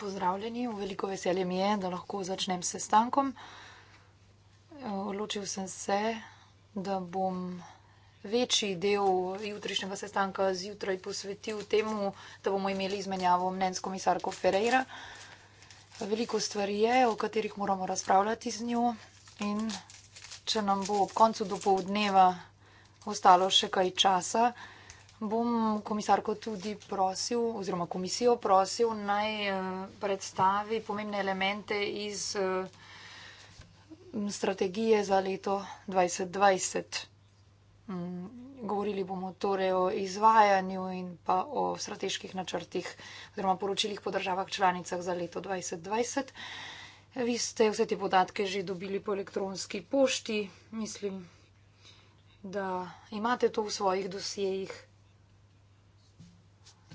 Pozdravljeni, veliko veselje mi je, da lahko začnem s stankom. Odločil sem se, da bom večji del jutrišnjega sestanka zjutraj posvetil temu, da bomo imeli izmenjavo mnen s komisarko Ferreira. Veliko stvari je, o katerih moramo razpravljati z njo in če nam bo ob koncu dopoldneva ostalo še kaj časa, bom komisarko tudi prosil, oziroma komisijo prosil, naj eh, predstavi pomembne elemente iz eh, strategije za leto 2020. Mm, govorili bomo torej o izvajanju in pa o strateških načrtih oziroma poročilih po državah članicah za leto 2020. Vi ste vse te podatke že dobili po elektronski pošti. Mislim, da imate to v svojih dosjejih.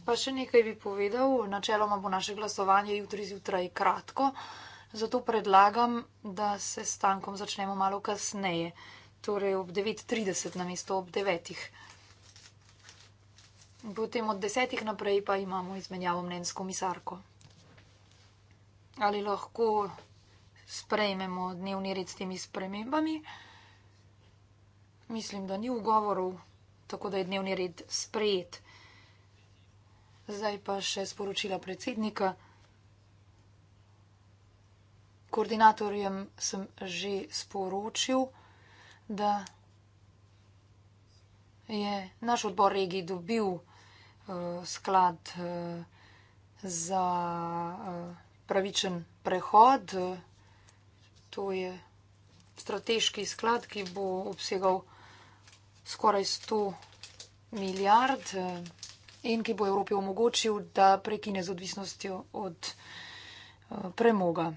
Pa še nekaj bi povedal. Načeloma bo naše glasovanje jutri zjutraj kratko, zato predlagam, da se s tankom začnemo malo kasneje, torej ob 9.30 namesto ob 9. Potem od 10. naprej pa imamo izmenjavo mnen s komisarko. Ali lahko sprejmemo dnevni red s temi spremembami? Mislim, da ni v govoru, tako da je dnevni red sprejet. Zdaj pa še sporočila predsednika. Koordinatorjem sem že sporočil, da je naš odbor regiji dobil uh, sklad uh, za uh, pravičen prehod. To je strateški sklad, ki bo obsegal skoraj 100 milijard. Uh, in ki bo Evropi omogočil, da prekine z odvisnostjo od eh, premoga.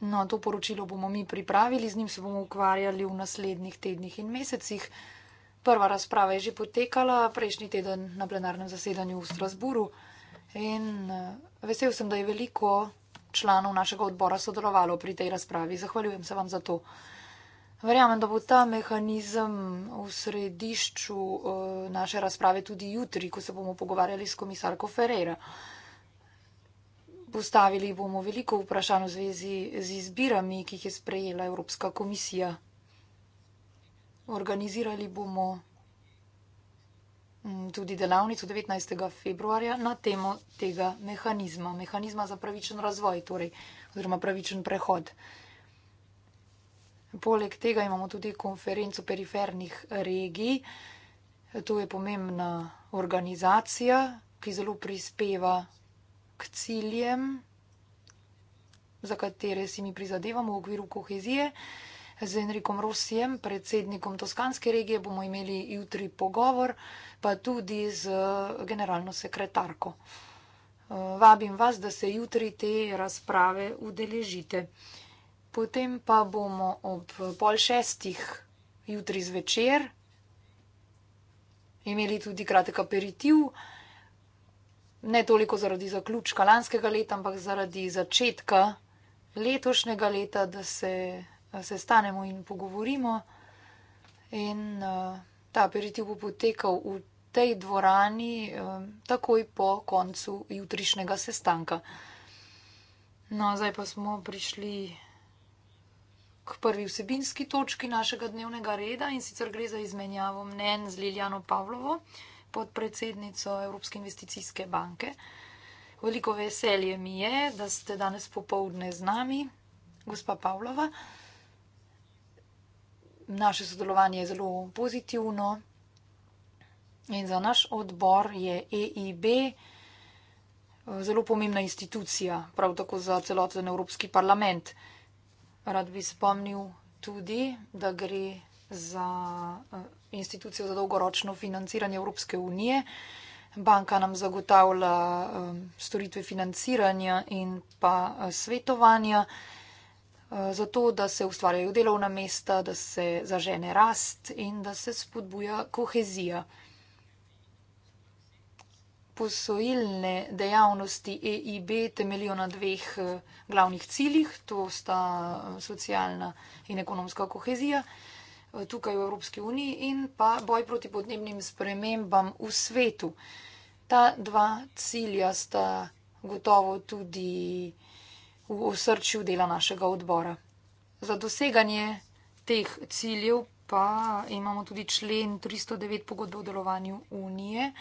No, to poročilo bomo mi pripravili, z njim se bomo ukvarjali v naslednjih tednih in mesecih. Prva razprava je že potekala prejšnji teden na plenarnem zasedanju v Strasburu in eh, vesel sem, da je veliko članov našega odbora sodelovalo pri tej razpravi. Zahvaljujem se vam za to. Verjamem, da bo ta mehanizem v središču uh, naše razprave tudi jutri, ko se bomo pogovarjali s komisarko Ferreira. Postavili bomo veliko vprašanj v zvezi z izbirami, ki jih je sprejela Evropska komisija. Organizirali bomo mm, tudi delavnico 19. februarja na temo tega mehanizma, mehanizma za pravičen razvoj, torej, oziroma pravičen prehod. Poleg tega imamo tudi konferenco perifernih regij. To je pomembna organizacija, ki zelo prispeva k ciljem, za katere si mi prizadevamo v okviru kohezije. Z Enrikom Rosijem, predsednikom Toskanske regije, bomo imeli jutri pogovor, pa tudi z generalno sekretarko. Vabim vas, da se jutri te razprave udeležite. Potem pa bomo ob pol šestih jutri zvečer imeli tudi kratek aperitiv, ne toliko zaradi zaključka lanskega leta, ampak zaradi začetka letošnjega leta, da se, se stanemo in pogovorimo. In uh, ta aperitiv bo potekal v tej dvorani um, takoj po koncu jutrišnjega sestanka. No, zdaj pa smo prišli k prvi vsebinski točki našega dnevnega reda in sicer gre za izmenjavo mnen z Liljano Pavlovo, podpredsednico Evropske investicijske banke. Veliko veselje mi je, da ste danes popovdne z nami, gospa Pavlova. Naše sodelovanje je zelo pozitivno in za naš odbor je EIB eh, zelo pomembna institucija, prav tako za celoten Evropski parlament. Rad bi spomnil tudi, da gre za eh, institucijo za dolgoročno financiranje Evropske unije. Banka nam zagotavlja eh, storitve financiranja in pa eh, svetovanja za to, da se ustvarjajo delovna mesta, da se zažene rast in da se spodbuja kohezija posojilne dejavnosti EIB temeljijo na dveh eh, glavnih ciljih, to sta eh, socialna in ekonomska kohezija eh, tukaj v Evropski uniji in pa boj proti podnebnim spremembam v svetu. Ta dva cilja sta gotovo tudi v osrčju dela našega odbora. Za doseganje teh ciljev pa imamo tudi člen 309 pogodbe o delovanju unije,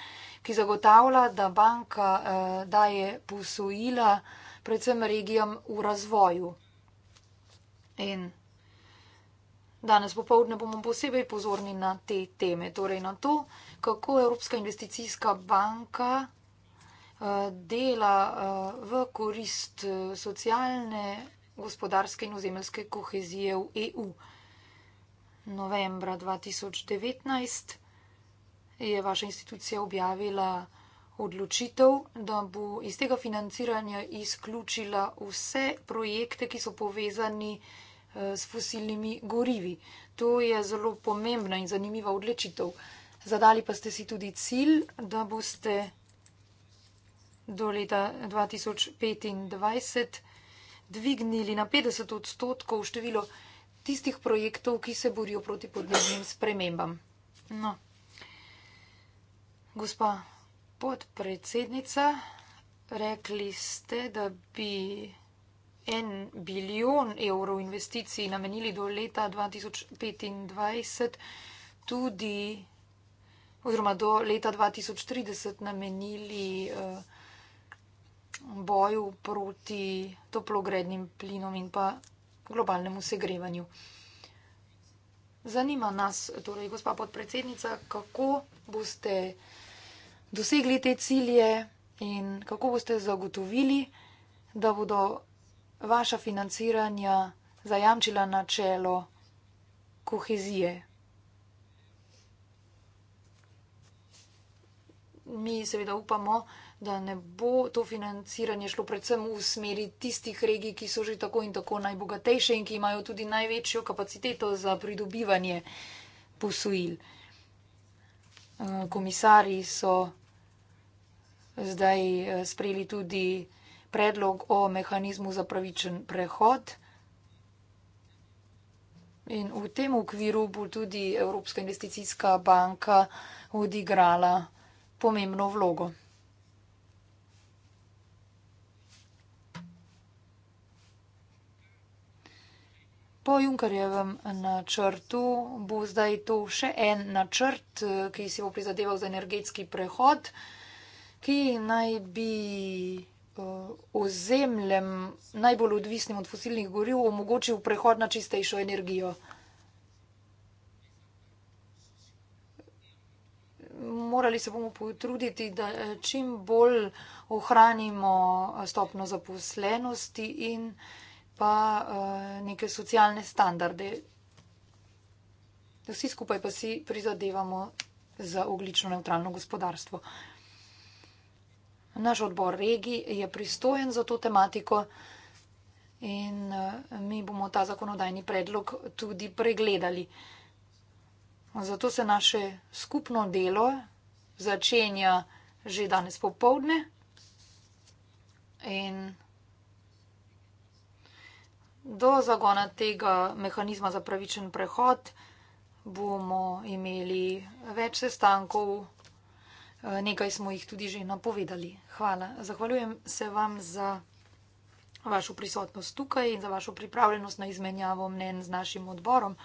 ki zagotavlja, da banka eh, daje posojila predvsem regijam v razvoju. In danes popovdne bomo posebej pozorni na te teme, torej na to, kako Evropska investicijska banka eh, dela eh, v korist eh, socialne, gospodarske in ozemeljske kohezije v EU novembra 2019 je vaša institucija objavila odločitev, da bo iz tega financiranja izključila vse projekte, ki so povezani eh, s fosilnimi gorivi. To je zelo pomembna in zanimiva odločitev. Zadali pa ste si tudi cilj, da boste do leta 2025 dvignili na 50 odstotkov število tistih projektov, ki se borijo proti podnebnim spremembam. No. Gospa podpredsednica, rekli ste, da bi en bilijon evrov investicij namenili do leta 2025, tudi oziroma do leta 2030 namenili uh, boju proti toplogrednim plinom in pa globalnemu segrevanju. Zanima nas, torej, gospa podpredsednica, kako boste dosegli te cilje in kako boste zagotovili, da bodo vaša financiranja zajamčila načelo kohezije. Mi seveda upamo, da da ne bo to financiranje šlo predvsem v smeri tistih regij, ki so že tako in tako najbogatejše in ki imajo tudi največjo kapaciteto za pridobivanje posojil. Eh, Komisari so eh, zdaj eh, sprejeli tudi predlog o mehanizmu za pravičen prehod. In v tem okviru bo tudi Evropska investicijska banka odigrala pomembno vlogo. Po Junkarjevem načrtu bo zdaj to še en načrt, eh, ki si bo prizadeval za energetski prehod, ki naj bi eh, ozemljem najbolj odvisnim od fosilnih goril omogočil prehod na čistejšo energijo. Morali se bomo potruditi, da eh, čim bolj ohranimo stopno zaposlenosti in vsega pa uh, neke socialne standarde. Vsi skupaj pa si prizadevamo za oglično neutralno gospodarstvo. Naš odbor regij je pristojen za to tematiko in eh, mi bomo ta zakonodajni predlog tudi pregledali. Zato se naše skupno delo začenja že danes popovdne in do zagona tega mehanizma za pravičen prehod bomo imeli več sestankov, eh, nekaj smo jih tudi že napovedali. Hvala. Zahvaljujem se vam za vašo prisotnost tukaj in za vašo pripravljenost na izmenjavo mnen z našim odborom.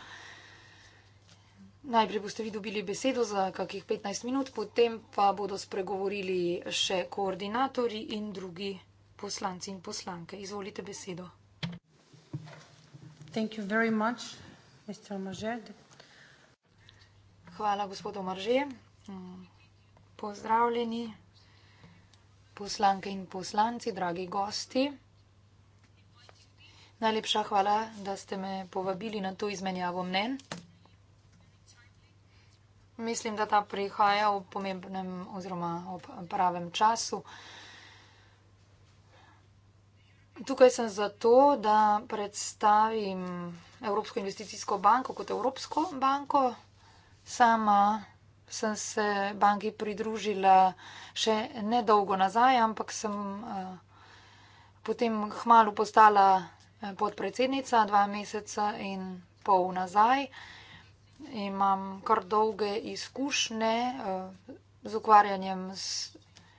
Najprej boste vi dobili besedo za kakih 15 minut, potem pa bodo spregovorili še koordinatori in drugi poslanci in poslanke. Izvolite besedo. Thank you very much, Mr. Omerzel. Hvala, gospod Omerzel. Mm, pozdravljeni poslanke in poslanci, dragi gosti. Najlepša hvala, da ste me povabili na to izmenjavo mnen. Mislim, da ta prihaja v pomembnem oziroma v pravem času. Uh, Tukaj sem zato, da predstavim Evropsko investicijsko banko kot Evropsko banko. Sama sem se banki pridružila še nedolgo nazaj, ampak sem eh, potem hmalo postala eh, podpredsednica dva meseca in pol nazaj. Imam kar dolge izkušnje eh, z ukvarjanjem s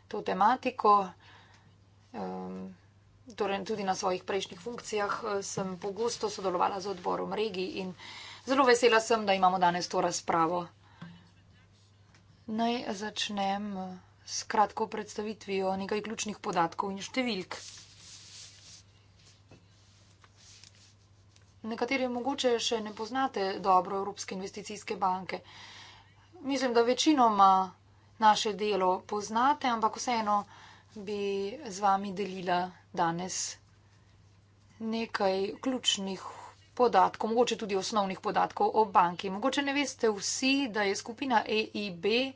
to tematiko torej tudi na svojih prejšnjih funkcijah, eh, sem pogosto sodelovala z odborom regij in zelo vesela sem, da imamo danes to razpravo. Naj začnem eh, s kratko predstavitvijo nekaj ključnih podatkov in številk. Nekateri mogoče še ne poznate dobro Evropske investicijske banke. Mislim, da večinoma naše delo poznate, ampak vseeno bi z vami delila danes nekaj ključnih podatkov, mogoče tudi osnovnih podatkov o banki. Mogoče ne veste vsi, da je skupina EIB eh,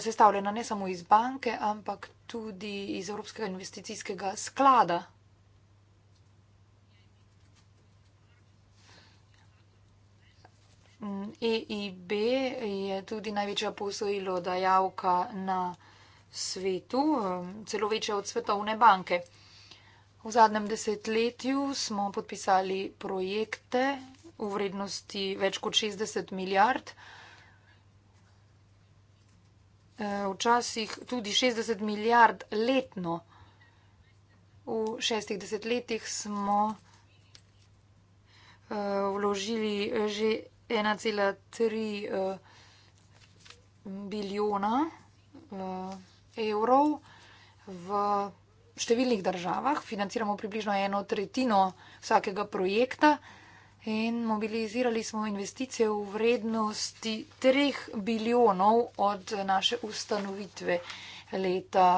sestavljena ne samo iz banke, ampak tudi iz Evropskega investicijskega sklada. Mm, EIB je tudi največja posojilo dajavka na banki svetu, um, celo večja od Svetovne banke. V zadnjem desetletju smo podpisali projekte v vrednosti več kot 60 milijard. Eh, včasih tudi 60 milijard letno. V šestih desetletjih smo eh, vložili eh, že 1,3 bilijona evrov v številnih državah, financiramo približno eno tretjino vsakega projekta in mobilizirali smo investicije v vrednosti 3 bilijonov od naše ustanovitve leta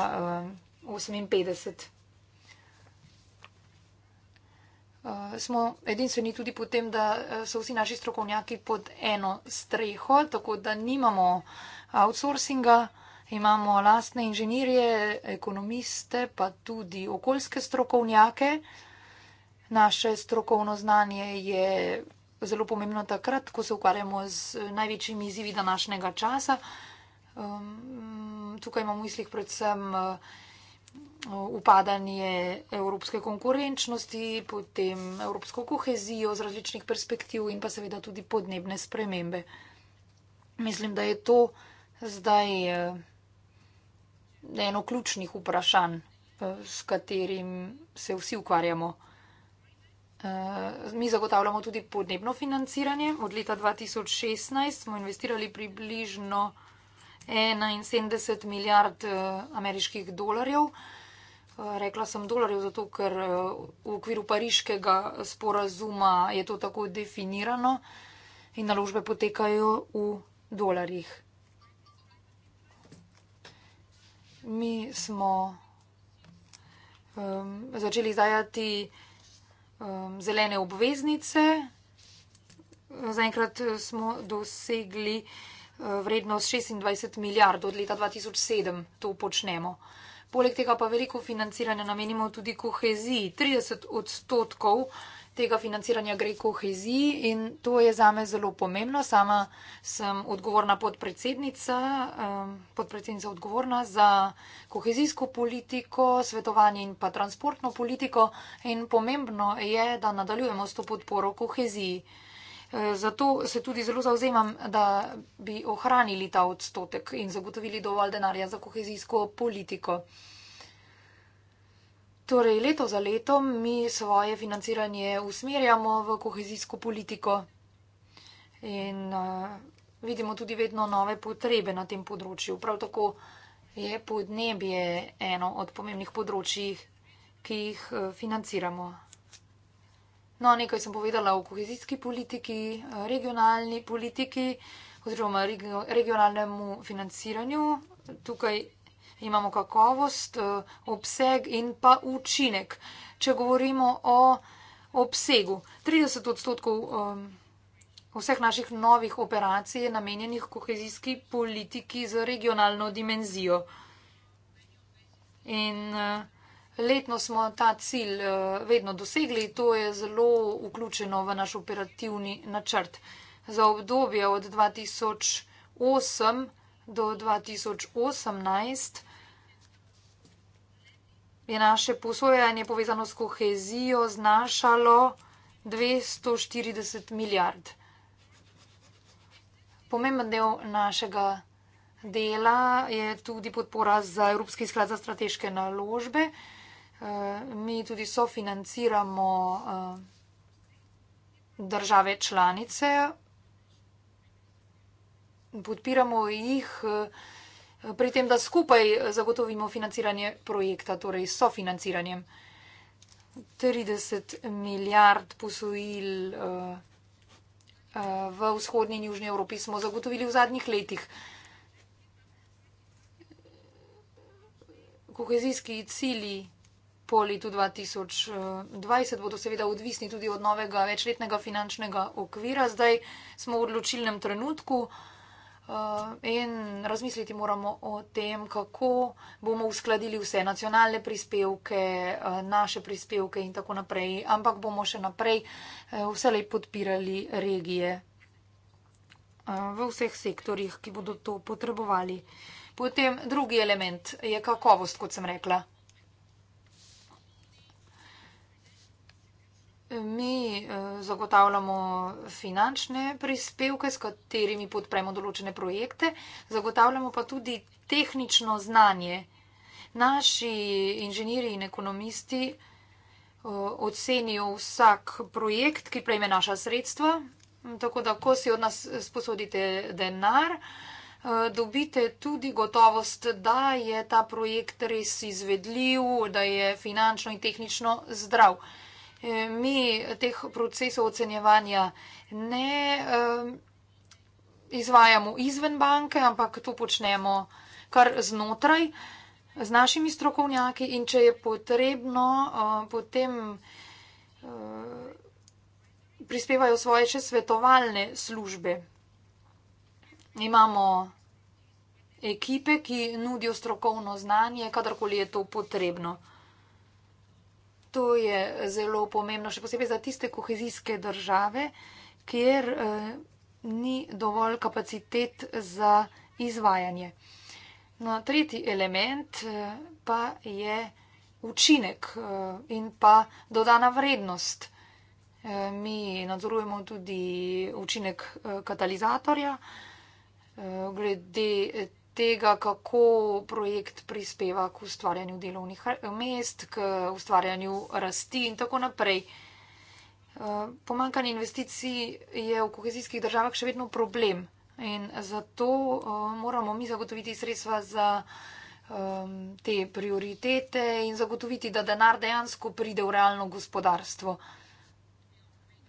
1958. Eh, eh, smo edinstveni tudi potem, da eh, so vsi naši strokovnjaki pod eno streho, tako da nimamo outsourcinga imamo lastne inženirje, ekonomiste, pa tudi okoljske strokovnjake. Naše strokovno znanje je zelo pomembno takrat, ko se ukvarjamo z največjimi izzivi današnjega časa. Um, tukaj imamo v mislih predvsem uh, upadanje evropske konkurenčnosti, potem evropsko kohezijo z različnih perspektiv in pa seveda tudi podnebne spremembe. Mislim, da je to zdaj uh, eno ključnih vprašanj, eh, s katerim se vsi ukvarjamo. Eh, mi zagotavljamo tudi podnebno financiranje. Od leta 2016 smo investirali približno 71 milijard eh, ameriških dolarjev. Rekla sem dolarjev zato, ker v okviru pariškega sporazuma je to tako definirano in naložbe potekajo v dolarjih. mi smo um, začeli izdajati um, zelene obveznice. Zaenkrat smo dosegli uh, vrednost 26 milijard od leta 2007, to počnemo. Poleg tega pa veliko financiranja namenimo tudi koheziji. 30 odstotkov tega financiranja gre koheziji in to je za me zelo pomembno. Sama sem odgovorna podpredsednica, podpredsednica odgovorna za kohezijsko politiko, svetovanje in pa transportno politiko in pomembno je, da nadaljujemo s to podporo koheziji. E, zato se tudi zelo zauzemam, da bi ohranili ta odstotek in zagotovili dovolj denarja za kohezijsko politiko. Torej, leto za letom mi svoje financiranje usmerjamo v kohezijsko politiko in uh, vidimo tudi vedno nove potrebe na tem področju. Prav tako je podnebje eno od pomembnih področji, ki jih eh, financiramo. No, nekaj sem povedala o kohezijski politiki, eh, regionalni politiki oziroma regionalnemu financiranju. Tukaj imamo kakovost, eh, obseg in pa učinek. Če govorimo o obsegu, 30 odstotkov eh, vseh naših novih operacij je namenjenih kohezijski politiki z regionalno dimenzijo. In eh, letno smo ta cilj vedno dosegli, to je zelo vključeno v naš operativni načrt. Za obdobje od 2008 do 2018 je naše posojanje povezano s kohezijo znašalo 240 milijard. Pomemben del našega dela je tudi podpora za Evropski sklad za strateške naložbe. Eh, mi tudi sofinanciramo eh, države članice, podpiramo jih. Eh, pri tem, da skupaj zagotovimo financiranje projekta, torej sofinanciranjem. 30 milijard posojil eh, eh, v vzhodni in južni Evropi smo zagotovili v zadnjih letih. Kohezijski cilji po letu 2020 eh, bodo seveda odvisni tudi od novega večletnega finančnega okvira. Zdaj smo v odločilnem trenutku. Eh, in razmisliti moramo o tem, kako bomo uskladili vse nacionalne prispevke, eh, naše prispevke in tako naprej, ampak bomo še naprej eh, vselej podpirali regije v vseh sektorjih, ki bodo to potrebovali. Potem drugi element je kakovost, kot sem rekla. Mi eh, zagotavljamo finančne prispevke, s katerimi podpremo določene projekte, zagotavljamo pa tudi tehnično znanje. Naši inženirji in ekonomisti eh, ocenijo vsak projekt, ki prejme naša sredstva. Tako da, ko si od nas sposodite denar, eh, dobite tudi gotovost, da je ta projekt res izvedljiv, da je finančno in tehnično zdrav. Eh, mi teh procesov ocenjevanja ne eh, izvajamo izven banke, ampak to počnemo kar znotraj z našimi strokovnjaki in če je potrebno, eh, potem prispevajo svoje še svetovalne službe. Imamo ekipe, ki nudijo strokovno znanje, kadarkoli je to potrebno to je eh, zelo pomembno, še posebej za tiste kohezijske države, kjer eh, ni dovolj kapacitet za izvajanje. No, tretji element eh, pa je učinek in pa dodana vrednost. Mi nadzorujemo tudi učinek katalizatorja. Glede tega, kako projekt prispeva k ustvarjanju delovnih mest, k ustvarjanju rasti in tako naprej. Eh, Pomankanje investicij je v kohezijskih državah še vedno problem in zato eh, moramo mi zagotoviti sredstva za ehm, te prioritete in zagotoviti, da denar dejansko pride v realno gospodarstvo.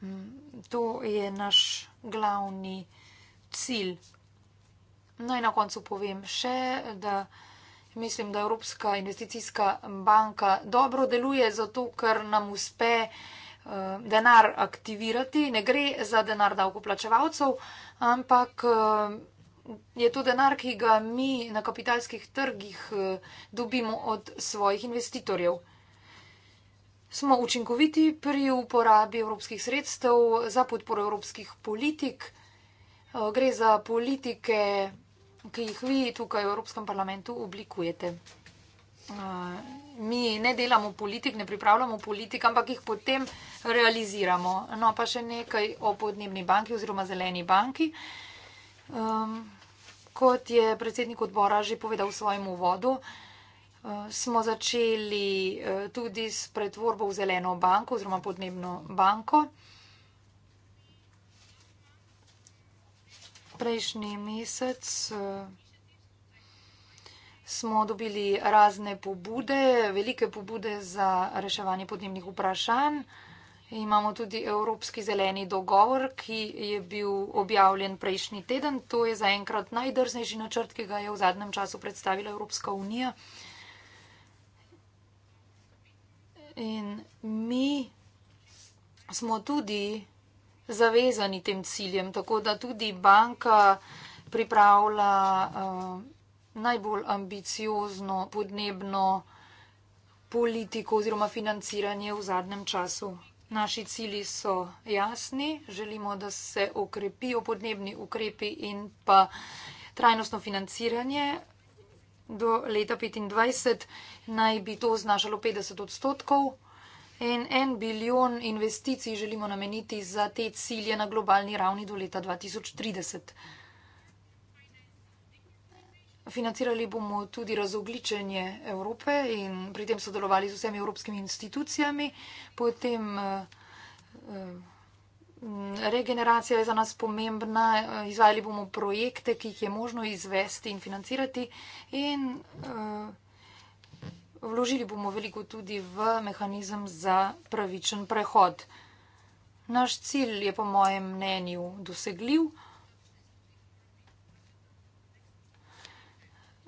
Mm, to je naš glavni cilj. Naj na koncu povem še, da mislim, da Evropska investicijska banka dobro deluje, zato ker nam uspe eh, denar aktivirati. Ne gre za denar davkoplačevalcev, ampak eh, je to denar, ki ga mi na kapitalskih trgih eh, dobimo od svojih investitorjev. Smo učinkoviti pri uporabi evropskih sredstev za podporo evropskih politik. Gre za politike ki jih vi tukaj v Evropskem parlamentu oblikujete. Uh, mi ne delamo politik, ne pripravljamo politik, ampak jih potem realiziramo. No, pa še nekaj o podnebni banki oziroma zeleni banki. Um, kot je predsednik odbora že povedal v svojem uvodu, uh, smo začeli uh, tudi s pretvorbo v zeleno banko oziroma podnebno banko. prejšnji mesec eh, smo dobili razne pobude, velike pobude za reševanje podnebnih vprašanj. Imamo tudi Evropski zeleni dogovor, ki je bil objavljen prejšnji teden. To je zaenkrat najdrznejši načrt, ki ga je v zadnjem času predstavila Evropska unija. In mi smo tudi zavezani tem ciljem, tako da tudi banka pripravlja eh, najbolj ambiciozno podnebno politiko oziroma financiranje v zadnjem času. Naši cili so jasni, želimo, da se okrepijo podnebni ukrepi in pa trajnostno financiranje. Do leta 2025 naj bi to znašalo 50 odstotkov in en bilijon investicij želimo nameniti za te cilje na globalni ravni do leta 2030. Financirali bomo tudi razogličenje Evrope in pri tem sodelovali z vsemi evropskimi institucijami. Potem eh, eh, regeneracija je za nas pomembna, izvajali bomo projekte, ki jih je možno izvesti in financirati. In, uh, vložili bomo veliko tudi v mehanizem za pravičen prehod. Naš cilj je po mojem mnenju dosegljiv,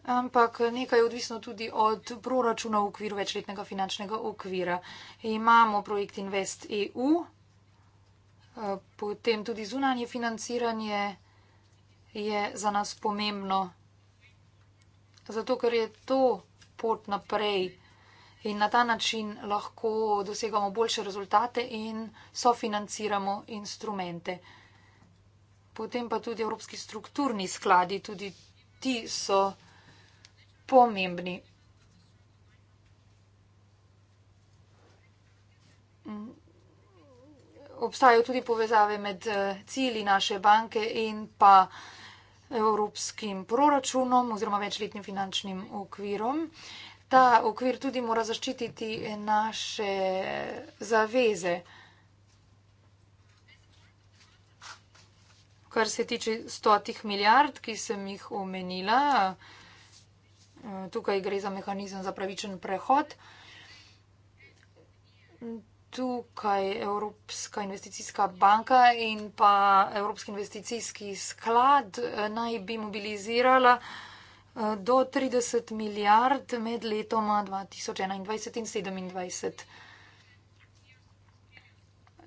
ampak nekaj je odvisno tudi od proračuna v okviru večletnega finančnega okvira. Imamo projekt Invest EU, potem tudi zunanje financiranje je za nas pomembno, zato ker je to pot naprej in na ta način lahko dosegamo boljše rezultate in sofinanciramo instrumente. Potem pa tudi Evropski strukturni skladi, tudi ti so pomembni. Obstajajo tudi povezave med eh, cili naše banke in pa evropskim proračunom oziroma večletnim finančnim okvirom. Ta okvir tudi mora zaščititi naše zaveze, kar se tiče stotih milijard, ki sem jih omenila. Eh, tukaj gre za mehanizem za pravičen prehod tukaj Evropska investicijska banka in pa Evropski investicijski sklad eh, naj bi mobilizirala eh, do 30 milijard med letoma 2021 in 2027.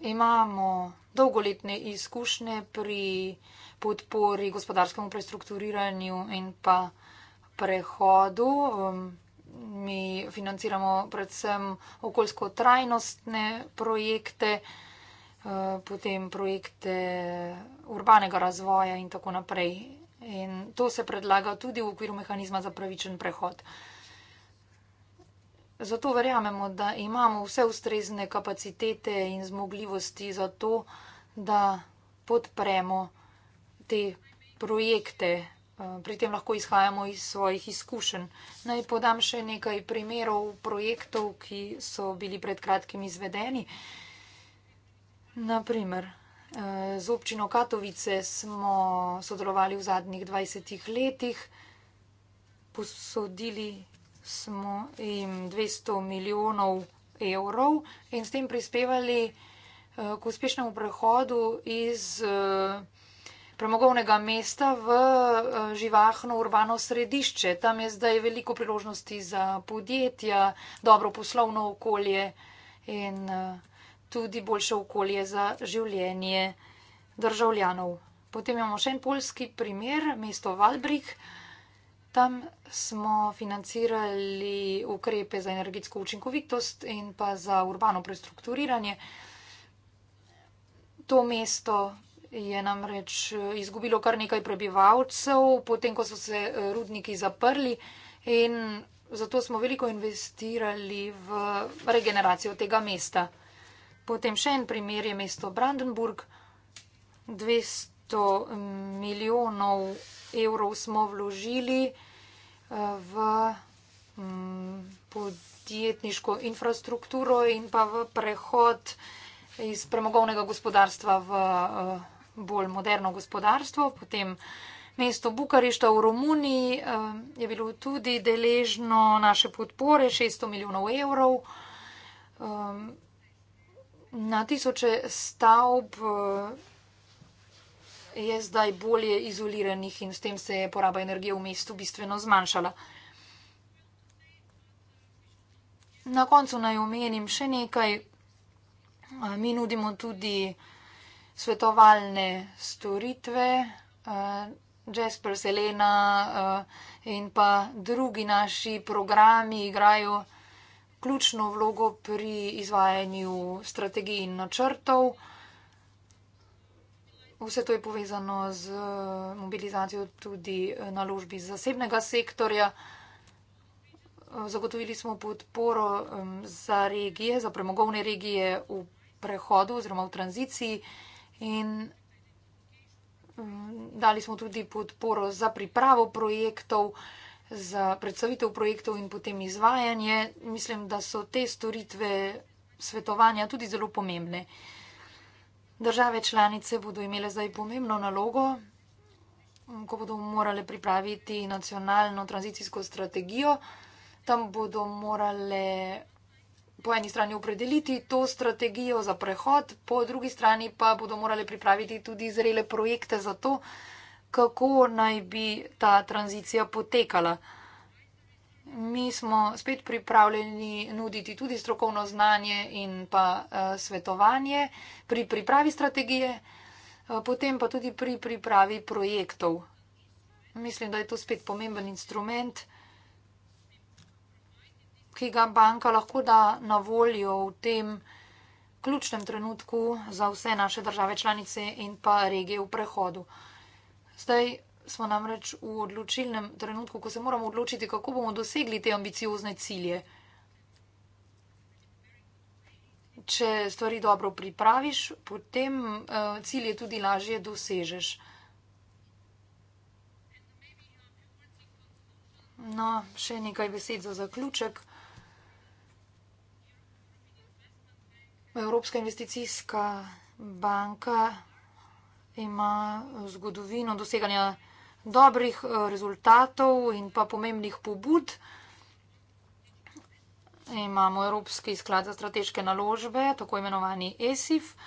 Imamo dolgoletne izkušnje pri podpori gospodarskemu prestrukturiranju in pa prehodu. Um, mi financiramo predvsem okoljsko trajnostne projekte, eh, potem projekte urbanega razvoja in tako naprej. In to se predlaga tudi v okviru mehanizma za pravičen prehod. Zato verjamemo, da imamo vse ustrezne kapacitete in zmogljivosti za to, da podpremo te projekte. Eh, pri tem lahko izhajamo iz svojih izkušenj. Naj podam še nekaj primerov projektov, ki so bili pred kratkim izvedeni. Naprimer, eh, z občino Katovice smo sodelovali v zadnjih 20 letih, posodili smo jim 200 milijonov evrov in s tem prispevali eh, k uspešnemu prehodu iz premogovnega mesta v eh, živahno urbano središče. Tam je zdaj veliko priložnosti za podjetja, dobro poslovno okolje in eh, tudi boljše okolje za življenje državljanov. Potem imamo še en polski primer, mesto Valbrik. Tam smo financirali ukrepe za energetsko učinkovitost in pa za urbano prestrukturiranje. To mesto je namreč eh, izgubilo kar nekaj prebivalcev, potem ko so se eh, rudniki zaprli in zato smo veliko investirali v regeneracijo tega mesta. Potem še en primer je mesto Brandenburg. 200 milijonov evrov smo vložili eh, v mm, podjetniško infrastrukturo in pa v prehod iz premogovnega gospodarstva v bolj moderno gospodarstvo, potem mesto Bukarešta v Romuniji eh, je bilo tudi deležno naše podpore 600 milijonov evrov. Eh, na tisoče stavb eh, je zdaj bolje izoliranih in s tem se je poraba energije v mestu bistveno zmanjšala. Na koncu naj omenim še nekaj. Mi nudimo tudi svetovalne storitve. Eh, Jasper Selena eh, in pa drugi naši programi igrajo ključno vlogo pri izvajanju strategij in načrtov. Vse to je povezano z eh, mobilizacijo tudi naložbi zasebnega sektorja. Zagotovili smo podporo za regije, za premogovne regije v prehodu oziroma v tranziciji. In mm, dali smo tudi podporo za pripravo projektov, za predstavitev projektov in potem izvajanje. Mislim, da so te storitve svetovanja tudi zelo pomembne. Države članice bodo imele zdaj pomembno nalogo, mm, ko bodo morale pripraviti nacionalno tranzicijsko strategijo. Tam bodo morale po eni strani opredeliti to strategijo za prehod, po drugi strani pa bodo morali pripraviti tudi zrele projekte za to, kako naj bi ta tranzicija potekala. Mi smo spet pripravljeni nuditi tudi strokovno znanje in pa eh, svetovanje pri pripravi strategije, eh, potem pa tudi pri pripravi projektov. Mislim, da je to spet pomemben instrument ki ga banka lahko da na voljo v tem ključnem trenutku za vse naše države članice in pa regije v prehodu. Zdaj smo namreč v odločilnem trenutku, ko se moramo odločiti, kako bomo dosegli te ambiciozne cilje. Če stvari dobro pripraviš, potem eh, cilje tudi lažje dosežeš. No, še nekaj besed za zaključek. Evropska investicijska banka ima zgodovino doseganja dobrih eh, rezultatov in pa pomembnih pobud. Imamo Evropski sklad za strateške naložbe, tako imenovani ESIF eh,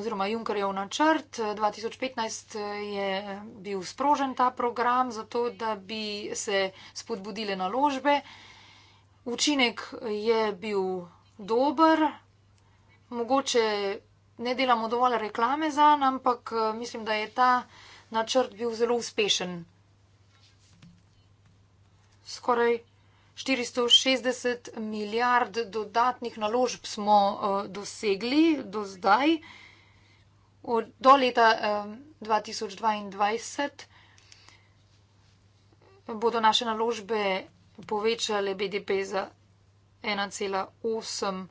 oziroma Junkerjev načrt. 2015 eh, je bil sprožen ta program za to, da bi se spodbudile naložbe. Učinek je bil dober, mogoče ne delamo dovolj reklame za, ampak eh, mislim, da je ta načrt bil zelo uspešen. Skoraj 460 milijard dodatnih naložb smo eh, dosegli do zdaj, do leta 2022 eh, bodo naše naložbe povečale BDP za 1,8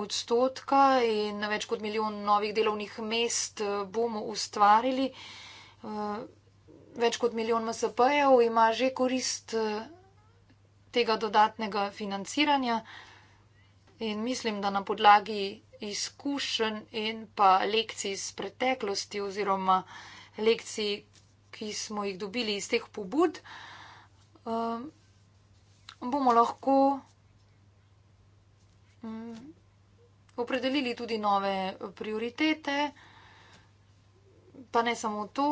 odstotka in več kot milijon novih delovnih mest eh, bomo ustvarili. Eh, več kot milijon MSP-jev ima že korist eh, tega dodatnega financiranja in mislim, da na podlagi izkušenj in pa lekcij iz preteklosti oziroma lekcij, ki smo jih dobili iz teh pobud, bomo lahko Mm. Opredelili tudi nove prioritete, pa ne samo to,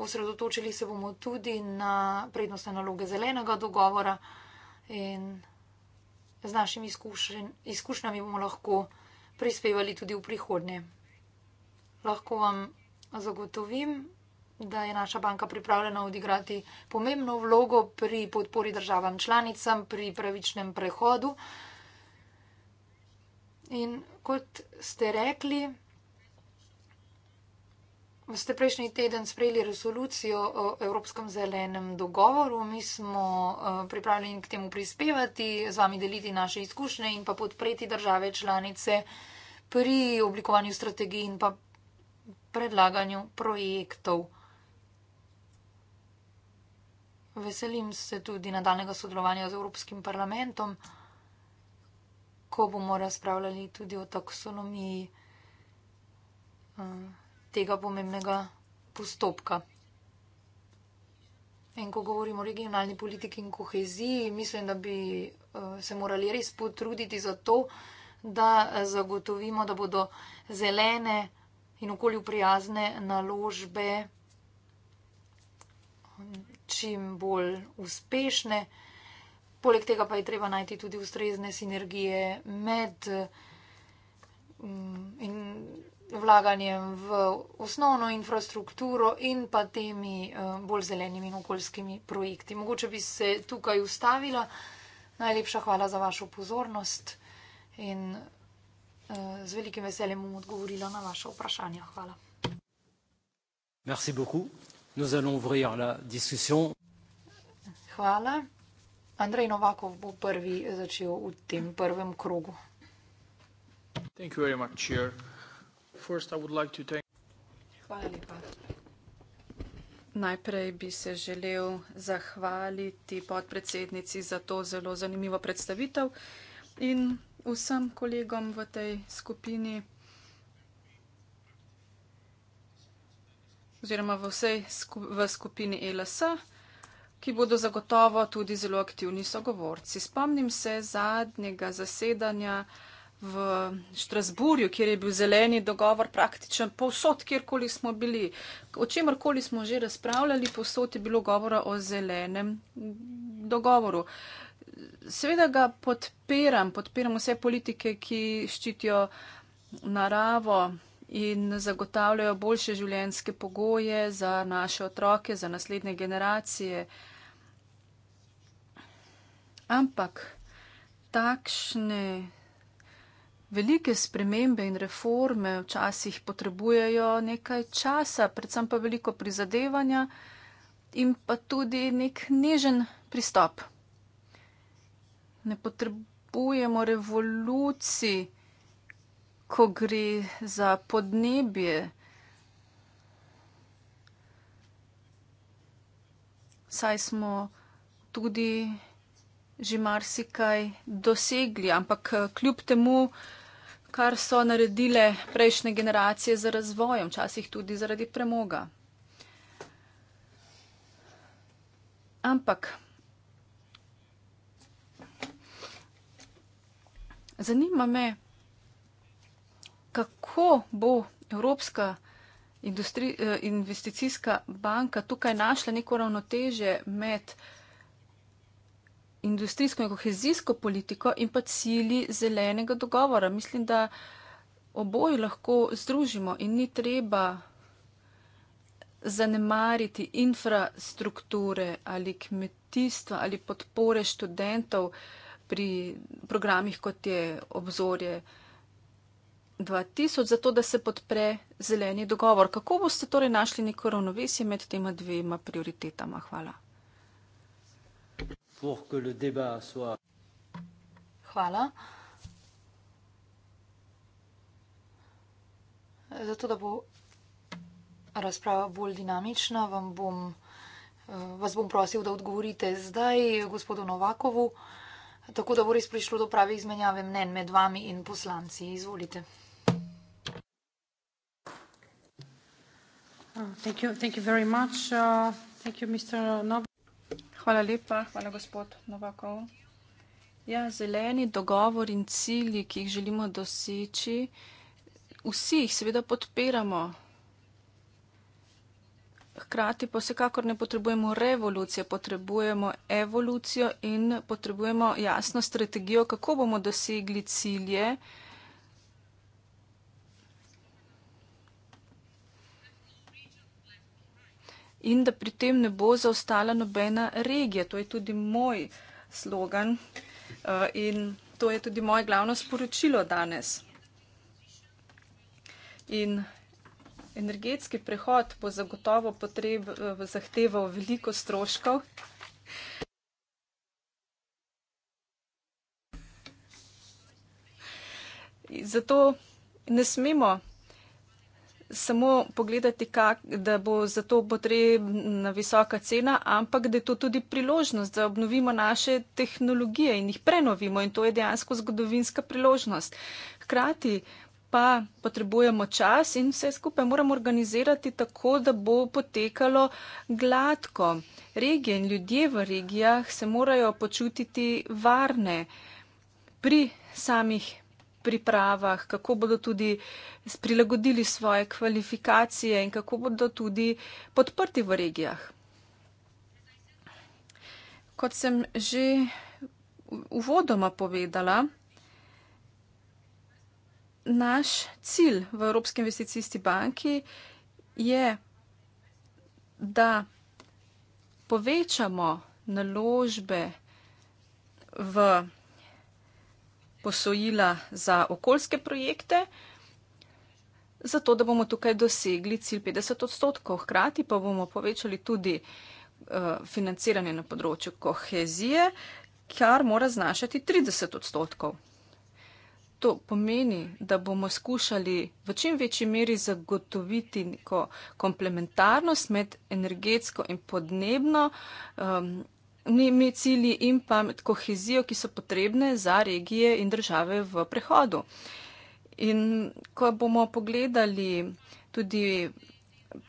osredotočili se bomo tudi na prednostne naloge zelenega dogovora in z našimi izkušen, izkušnjami bomo lahko prispevali tudi v prihodnje. Lahko vam zagotovim, da je naša banka pripravljena odigrati pomembno vlogo pri podpori državam članicam, pri pravičnem prehodu. In kot ste rekli, ste prejšnji teden sprejeli resolucijo o Evropskem zelenem dogovoru. Mi smo eh, pripravljeni k temu prispevati, z vami deliti naše izkušnje in pa podpreti države članice pri oblikovanju strategij in pa predlaganju projektov. Veselim se tudi nadaljnega sodelovanja z Evropskim parlamentom ko bomo razpravljali tudi o taksonomiji eh, tega pomembnega postopka. In ko govorimo o regionalni politiki in koheziji, mislim, da bi eh, se morali res potruditi za to, da eh, zagotovimo, da bodo zelene in okolju prijazne naložbe mm, čim bolj uspešne. Poleg tega pa je treba najti tudi ustrezne sinergije med mm, in vlaganjem v osnovno infrastrukturo in pa temi eh, bolj zelenimi in okoljskimi projekti. Mogoče bi se tukaj ustavila. Najlepša hvala za vašo pozornost in eh, z velikim veseljem bom odgovorila na vaše vprašanje. Hvala. Merci beaucoup. Nous allons ouvrir la discussion. Hvala. Andrej Novakov bo prvi začel v tem prvem krogu. Much, First, like thank... Hvala lepa. Najprej bi se želel zahvaliti podpredsednici za to zelo zanimivo predstavitev in vsem kolegom v tej skupini oziroma v vsej sku v skupini e LSA ki bodo zagotovo tudi zelo aktivni sogovorci. Spomnim se zadnjega zasedanja v Štrasburju, kjer je bil zeleni dogovor praktičen povsod, kjerkoli smo bili. O čemorkoli smo že razpravljali, povsod je bilo govora o zelenem dogovoru. Seveda ga podpiram, podpiram vse politike, ki ščitijo naravo in zagotavljajo boljše življenjske pogoje za naše otroke, za naslednje generacije. Ampak takšne velike spremembe in reforme včasih potrebujejo nekaj časa, predvsem pa veliko prizadevanja in pa tudi nek nežen pristop. Ne potrebujemo revolucij, ko gre za podnebje. Saj smo tudi že marsikaj dosegli, ampak eh, kljub temu, kar so naredile prejšnje generacije za razvojem, včasih tudi zaradi premoga. Ampak zanima me, kako bo Evropska eh, investicijska banka tukaj našla neko ravnoteže med industrijsko in kohezijsko politiko in pa cilji zelenega dogovora. Mislim, da oboji lahko združimo in ni treba zanemariti infrastrukture ali kmetijstva ali podpore študentov pri programih, kot je obzorje 2000, zato da se podpre zeleni dogovor. Kako boste torej našli neko ravnovesje med tema dvema prioritetama? Hvala. Hvala. Zato, da bo razprava bolj dinamična, vam bom, vas bom prosil, da odgovorite zdaj gospodu Novakovu, tako da bo res prišlo do prave izmenjave mnen med vami in poslanci. Izvolite. Oh, thank you, thank you very much. Uh, thank you, Mr. Novak. Hvala lepa, hvala gospod Novakov. Ja, zeleni dogovor in cilji, ki jih želimo doseči, vsi jih seveda podpiramo. Hkrati pa vsekakor ne potrebujemo revolucije, potrebujemo evolucijo in potrebujemo jasno strategijo, kako bomo dosegli cilje. in da pri tem ne bo zaostala nobena regija. To je tudi moj slogan eh, in to je tudi moje glavno sporočilo danes. In energetski prehod bo zagotovo potreb, eh, zahteval veliko stroškov. Zato ne smemo samo pogledati, kak, da bo za to potrebna visoka cena, ampak da je to tudi priložnost, da obnovimo naše tehnologije in jih prenovimo in to je dejansko zgodovinska priložnost. Hkrati pa potrebujemo čas in vse skupaj moramo organizirati tako, da bo potekalo gladko. Regije in ljudje v regijah se morajo počutiti varne pri samih pripravah, kako bodo tudi prilagodili svoje kvalifikacije in kako bodo tudi podprti v regijah. Kot sem že uvodoma povedala, naš cilj v Evropski investicijski banki je, da povečamo naložbe v posojila za okoljske projekte, zato da bomo tukaj dosegli cilj 50 odstotkov. Hkrati pa bomo povečali tudi eh, financiranje na področju kohezije, kar mora znašati 30 odstotkov. To pomeni, da bomo skušali v čim večji meri zagotoviti neko komplementarnost med energetsko in podnebno um, nekimi cilji in pa kohezijo, ki so potrebne za regije in države v prehodu. In ko bomo pogledali tudi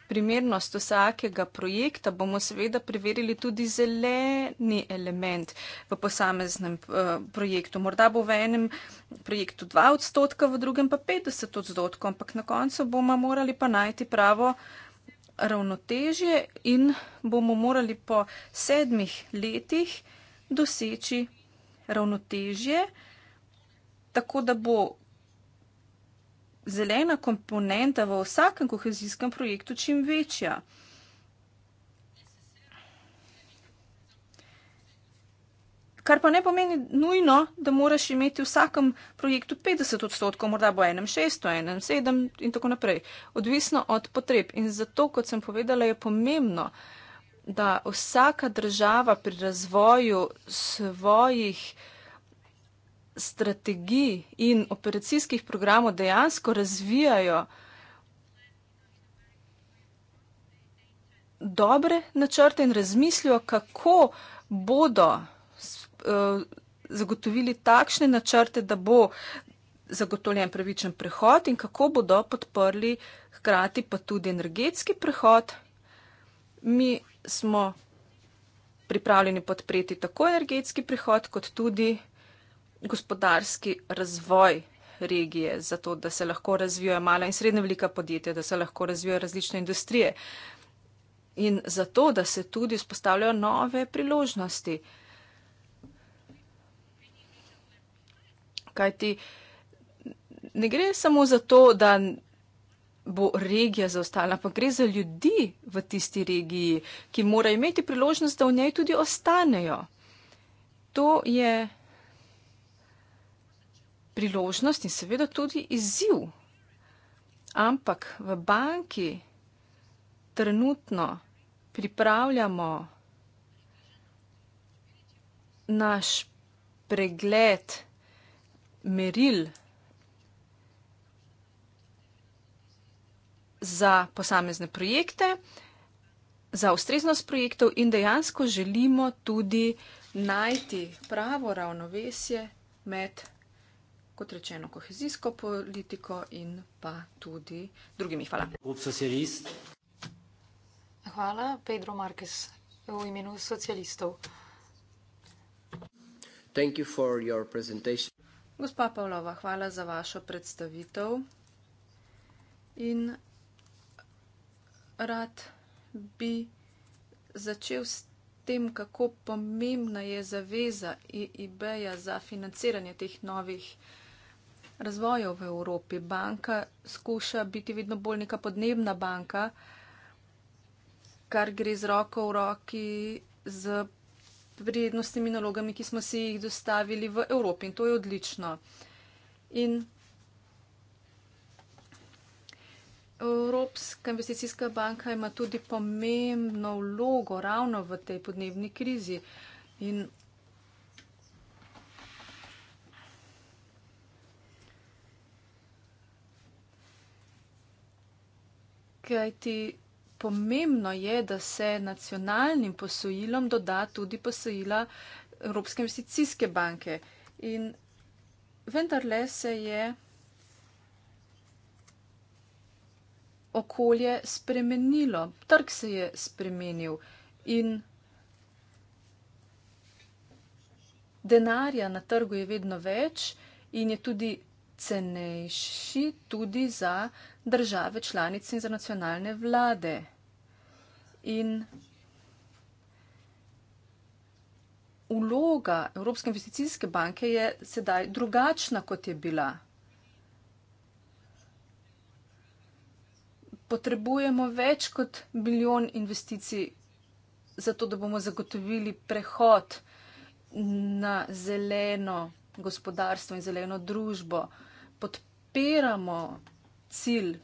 primernost vsakega projekta, bomo seveda preverili tudi zeleni element v posameznem uh, projektu. Morda bo v enem projektu 2 odstotka, v drugem pa 50 odstotkov, ampak na koncu bomo morali pa najti pravo uh, ravnotežje in bomo morali po sedmih letih doseči ravnotežje, tako da bo zelena komponenta v vsakem kohezijskem projektu čim večja. Kar pa ne pomeni nujno, da moraš imeti v vsakem projektu 50 odstotkov, morda bo enem 6, enem 7 in tako naprej. Odvisno od potreb. In zato, kot sem povedala, je pomembno, da vsaka država pri razvoju svojih strategij in operacijskih programov dejansko razvijajo dobre načrte in razmislijo, kako bodo Eh, zagotovili takšne načrte, da bo zagotovljen pravičen prehod in kako bodo podprli hkrati pa tudi energetski prehod. Mi smo pripravljeni podpreti tako energetski prehod, kot tudi gospodarski razvoj regije, zato da se lahko razvijajo mala in srednja velika podjetja, da se lahko razvijajo različne industrije in zato, da se tudi vzpostavljajo nove priložnosti. Uh, kaj ti ne gre samo za to, da bo regija zaostala, pa gre za ljudi v tisti regiji, ki morajo imeti priložnost, da v njej tudi ostanejo. To je priložnost in seveda tudi izziv. Ampak v banki trenutno pripravljamo naš pregled, meril za posamezne projekte, za ustreznost projektov in dejansko želimo tudi najti pravo ravnovesje med, kot rečeno, kohezijsko politiko in pa tudi drugimi. Hvala. Hvala, Pedro Marques, v imenu socialistov. Thank you for your presentation. Gospa Pavlova, hvala za vašo predstavitev. In rad bi začel s tem, kako pomembna je zaveza e IIB-ja za financiranje teh novih razvojev v Evropi. Banka skuša biti vedno bolj neka podnebna banka, kar gre z roko v roki z prednostnimi nalogami, ki smo si jih dostavili v Evropi in to je odlično. In Evropska investicijska banka ima tudi pomembno vlogo ravno v tej podnebni krizi. In kaj ti pomembno je, da se nacionalnim posojilom doda tudi posojila Evropske investicijske banke. In vendarle se je okolje spremenilo, trg se je spremenil in denarja na trgu je vedno več in je tudi cenejši tudi za države članice in za nacionalne vlade. In Uloga Evropske investicijske banke je sedaj drugačna, kot je bila. Potrebujemo več kot milijon investicij, zato da bomo zagotovili prehod na zeleno gospodarstvo in zeleno družbo podpiramo cilj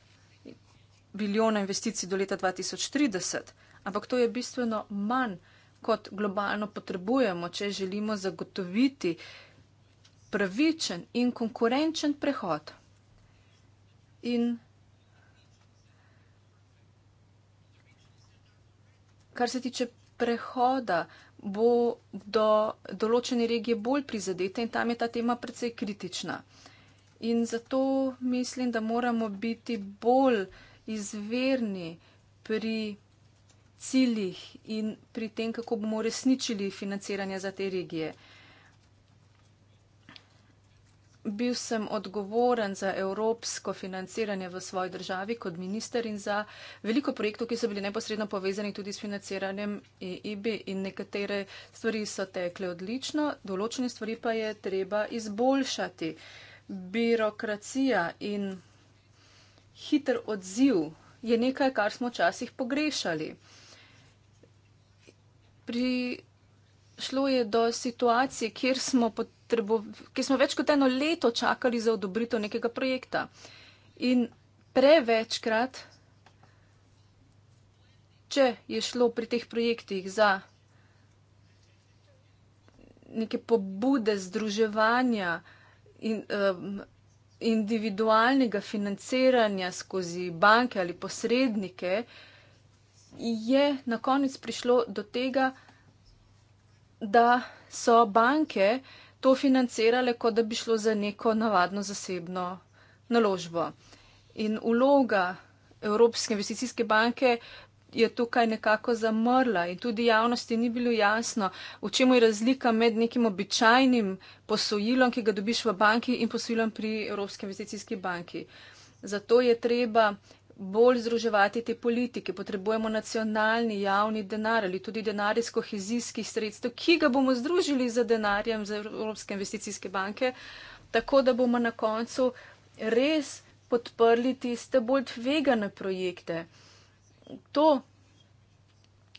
biljona investicij do leta 2030, ampak to je bistveno manj, kot globalno potrebujemo, če želimo zagotoviti pravičen in konkurenčen prehod. In kar se tiče prehoda, bo do določene regije bolj prizadete in tam je ta tema precej kritična. In zato mislim, da moramo biti bolj izverni pri ciljih in pri tem, kako bomo resničili financiranje za te regije. Bil sem odgovoren za evropsko financiranje v svoji državi kot minister in za veliko projektov, ki so bili neposredno povezani tudi s financiranjem EIB in nekatere stvari so tekle odlično, določene stvari pa je treba izboljšati. Uh, birokracija in hiter odziv je nekaj, kar smo včasih pogrešali. Prišlo je do situacije, kjer smo, potrebo, kjer smo več kot eno leto čakali za odobritev nekega projekta. In prevečkrat, če je šlo pri teh projektih za neke pobude združevanja, in, um, individualnega financiranja skozi banke ali posrednike, je na konec prišlo do tega, da so banke to financirale, kot da bi šlo za neko navadno zasebno naložbo. In uloga Evropske investicijske banke je tukaj nekako zamrla in tudi javnosti ni bilo jasno, v čem je razlika med nekim običajnim posojilom, ki ga dobiš v banki in posojilom pri Evropski investicijski banki. Zato je treba bolj združevati te politike. Potrebujemo nacionalni javni denar ali tudi denar iz kohezijskih sredstev, ki ga bomo združili z denarjem z Evropske investicijske banke, tako da bomo na koncu res podprli tiste bolj tvegane projekte to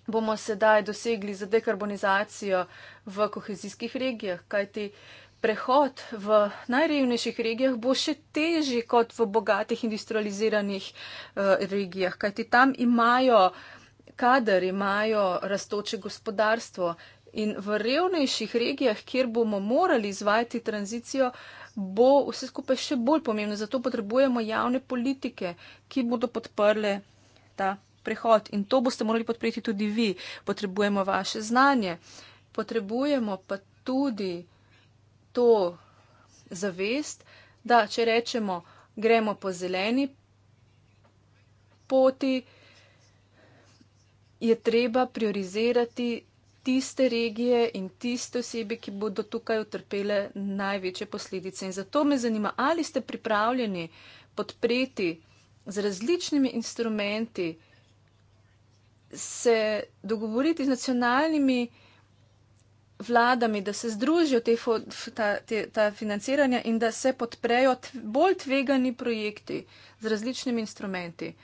bomo sedaj dosegli za dekarbonizacijo v kohezijskih regijah, kajti prehod v najrevnejših regijah bo še težji kot v bogatih industrializiranih uh, regijah, kajti tam imajo kader, imajo raztoče gospodarstvo in v revnejših regijah, kjer bomo morali izvajati tranzicijo, bo vse skupaj še bolj pomembno. Zato potrebujemo javne politike, ki bodo podprle ta prehod in to boste morali podpreti tudi vi. Potrebujemo vaše znanje, potrebujemo pa tudi to zavest, da če rečemo, gremo po zeleni poti, je treba priorizirati tiste regije in tiste osebe, ki bodo tukaj utrpele največje posledice. In zato me zanima, ali ste pripravljeni podpreti z različnimi instrumenti, se dogovoriti z nacionalnimi vladami, da se združijo te, ta, te, ta financiranja in da se podprejo bolj tvegani projekti z različnimi instrumenti.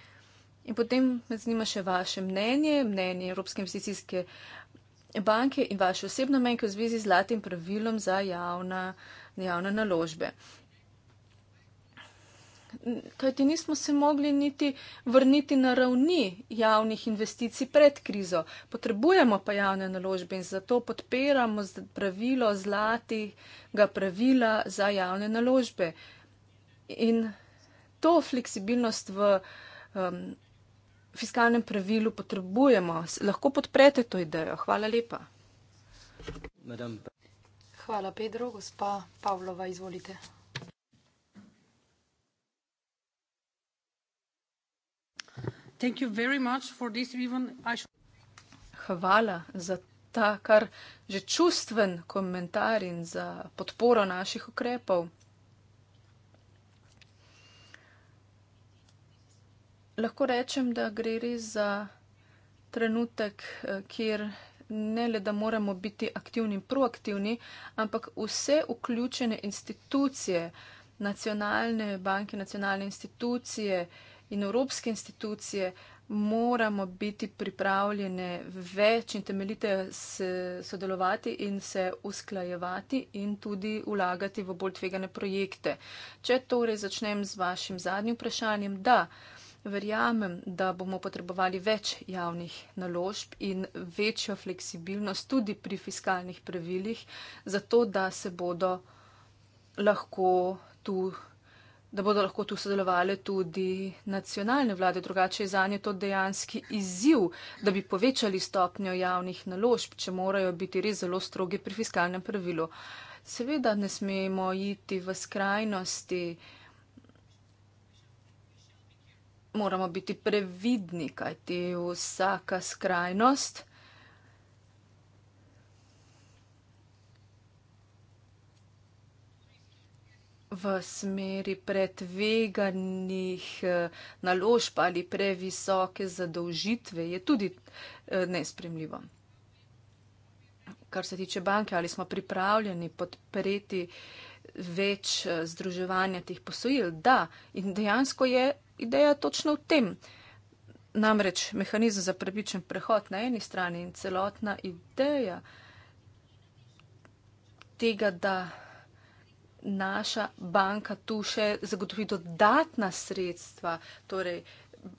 In potem me zanima še vaše mnenje, mnenje Evropske investicijske banke in vaše osebno mnenje v zvezi z zlatim pravilom za javna, javne naložbe kajti nismo se mogli niti vrniti na ravni javnih investicij pred krizo. Potrebujemo pa javne naložbe in zato podpiramo pravilo zlatega pravila za javne naložbe. In to fleksibilnost v um, fiskalnem pravilu potrebujemo. Lahko podprete to idejo. Hvala lepa. Madame. Hvala, Pedro. Gospa Pavlova, izvolite. Hvala za ta kar že čustven komentar in za podporo naših ukrepov. Lahko rečem, da gre res za trenutek, eh, kjer ne le, da moramo biti aktivni in proaktivni, ampak vse vključene institucije, nacionalne banke, nacionalne institucije, eh, in evropske institucije moramo biti pripravljene več in temeljite sodelovati in se usklajevati in tudi vlagati v bolj tvegane projekte. Če torej začnem z vašim zadnjim vprašanjem, da. Verjamem, da bomo potrebovali več javnih naložb in večjo fleksibilnost tudi pri fiskalnih pravilih, zato da se bodo lahko tu da bodo lahko tu sodelovali tudi nacionalne vlade. Drugače je za nje to dejanski izziv, da bi povečali stopnjo javnih naložb, če morajo biti res zelo strogi pri fiskalnem pravilu. Seveda ne smemo iti v skrajnosti. Moramo biti previdni, kajti vsaka skrajnost. v smeri pretveganih eh, naložb ali previsoke zadolžitve, je tudi eh, nespremljivo. Kar se tiče banke, ali smo pripravljeni podpreti več eh, združevanja teh posojil? Da, in dejansko je ideja točno v tem. Namreč mehanizem za prebičen prehod na eni strani in celotna ideja tega, da naša banka tu še zagotovi dodatna sredstva, torej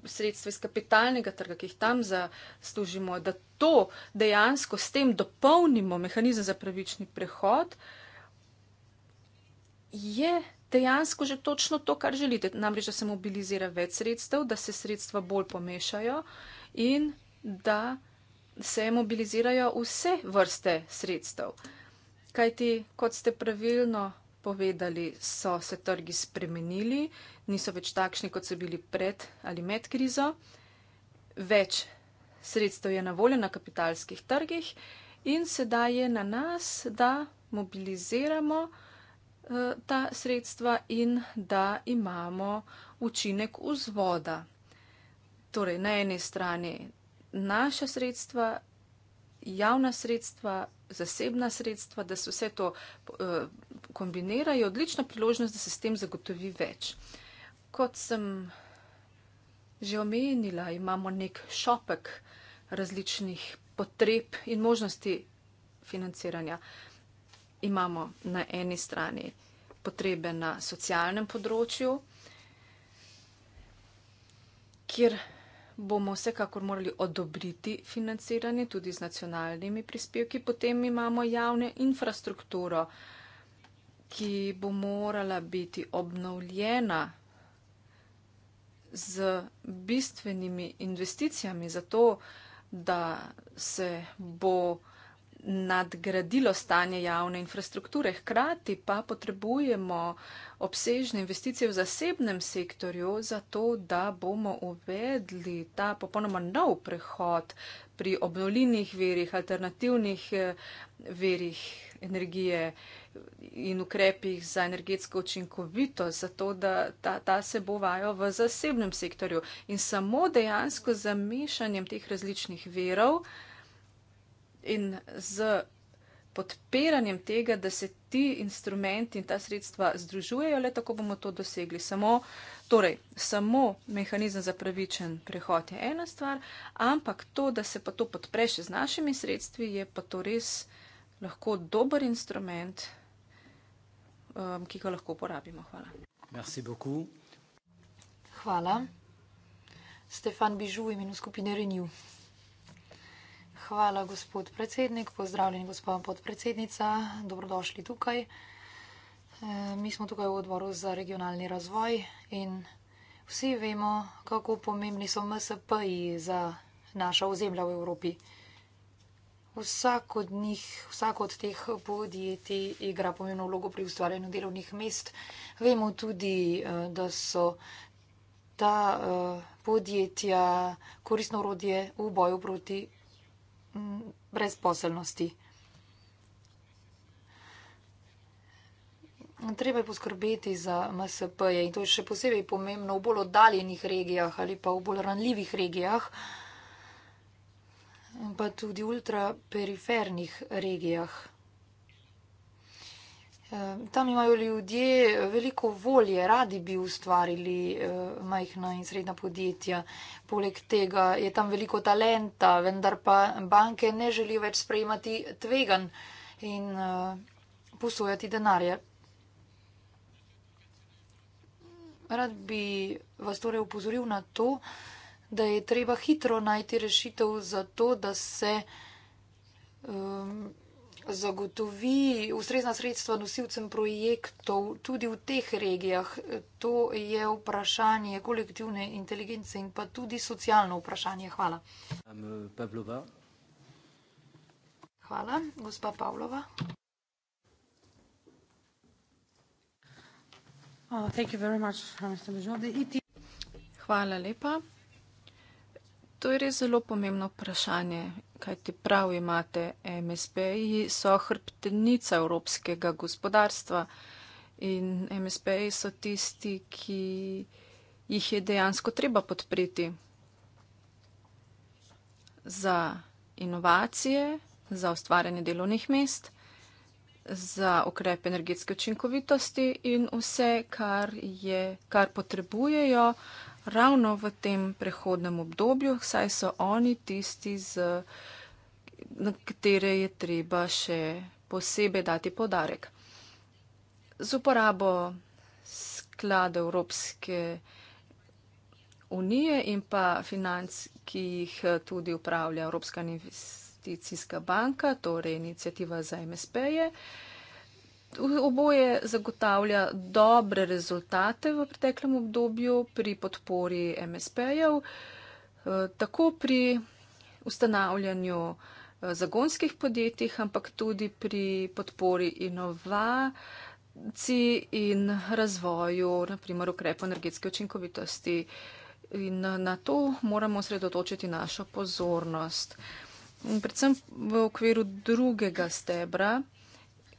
sredstva iz kapitalnega trga, ki jih tam zaslužimo, da to dejansko s tem dopolnimo mehanizem za pravični prehod, je dejansko že točno to, kar želite. Namreč, da se mobilizira več sredstev, da se sredstva bolj pomešajo in da se mobilizirajo vse vrste sredstev. Kajti, kot ste pravilno povedali, so se trgi spremenili, niso več takšni, kot so bili pred ali med krizo, več sredstev je na voljo na kapitalskih trgih in sedaj je na nas, da mobiliziramo eh, ta sredstva in da imamo učinek vzvoda. Torej, na eni strani naša sredstva, javna sredstva, zasebna sredstva, da se vse to eh, kombinira, je odlična priložnost, da se s tem zagotovi več. Kot sem že omenila, imamo nek šopek različnih potreb in možnosti financiranja. Imamo na eni strani potrebe na socialnem področju, kjer bomo vsekakor morali odobriti financiranje tudi z nacionalnimi prispevki. Potem imamo javno infrastrukturo, ki bo morala biti obnovljena z bistvenimi investicijami za to, da se bo nadgradilo stanje javne infrastrukture. Hkrati pa potrebujemo obsežne investicije v zasebnem sektorju, zato da bomo uvedli ta popolnoma nov prehod pri obnovljenih verjih, alternativnih eh, verjih energije in ukrepih za energetsko učinkovitost, zato da ta, ta se bo vajo v zasebnem sektorju. In samo dejansko z mešanjem teh različnih verov, in z podpiranjem tega, da se ti instrumenti in ta sredstva združujejo, le tako bomo to dosegli. Samo, torej, samo mehanizem za pravičen prehod je ena stvar, ampak to, da se pa to podpreš z našimi sredstvi, je pa to res lahko dober instrument, um, ki ga lahko uporabimo. Hvala. Merci beaucoup. Hvala. Stefan Bižu v imenu skupine Renew. Hvala, gospod predsednik. Pozdravljeni, gospa podpredsednica. Dobrodošli tukaj. E, mi smo tukaj v odboru za regionalni razvoj in vsi vemo, kako pomembni so MSP-ji za naša ozemlja v Evropi. Vsak od njih, vsak od teh podjetij igra pomembno vlogo pri ustvarjanju delovnih mest. Vemo tudi, e, da so ta e, podjetja koristno urodje v boju proti Mm, brezposelnosti. Treba je poskrbeti za MSP-je in to je še posebej pomembno v bolj oddaljenih regijah ali pa v bolj ranljivih regijah, pa tudi ultraperifernih regijah. Eh, tam imajo ljudje eh, veliko volje, radi bi ustvarili eh, majhna in srednja podjetja. Poleg tega je tam veliko talenta, vendar pa banke ne želijo več sprejemati tvegan in posojati denarje. Rad bi vas torej upozoril na to, da je treba hitro najti rešitev za to, da se. Um, zagotovi ustrezna sredstva nosilcem projektov tudi v teh regijah. To je vprašanje kolektivne inteligence in pa tudi socialno vprašanje. Hvala. Pavlova. Hvala, gospa Pavlova. Oh, Hvala lepa. To je res zelo pomembno vprašanje Kajti prav imate, MSP-ji so hrbtenica evropskega gospodarstva in MSP-ji so tisti, ki jih je dejansko treba podpreti za inovacije, za ustvarjanje delovnih mest, za ukrepe energetske učinkovitosti in vse, kar, je, kar potrebujejo ravno v tem prehodnem obdobju, saj so oni tisti, z, na katere je treba še posebej dati podarek. Z uporabo sklade Evropske unije in pa financ, ki jih eh, tudi upravlja Evropska investicijska banka, torej inicijativa za MSP-je, oboje zagotavlja dobre rezultate v preteklem obdobju pri podpori MSP-jev, eh, tako pri ustanavljanju eh, zagonskih podjetij, ampak tudi pri podpori inovaciji in razvoju, naprimer ukrepo energetske učinkovitosti. In eh, na to moramo sredotočiti našo pozornost. Predvsem v okviru drugega stebra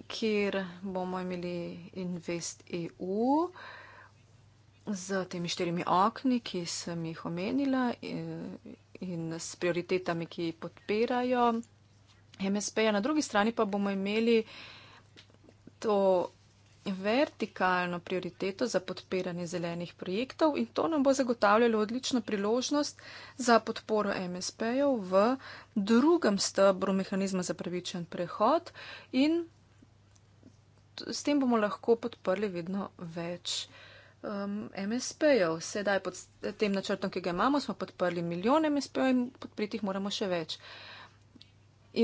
kjer bomo imeli Invest EU z temi štirimi okni, ki sem jih omenila in, eh, in s prioritetami, ki podpirajo MSP-ja. Na drugi strani pa bomo imeli to vertikalno prioriteto za podpiranje zelenih projektov in to nam bo zagotavljalo odlično priložnost za podporo MSP-jev v drugem stebru mehanizma za pravičen prehod in s tem bomo lahko podprli vedno več um, MSP-jev. Sedaj pod tem načrtom, ki ga imamo, smo podprli milijon MSP-jev in podpriti jih moramo še več.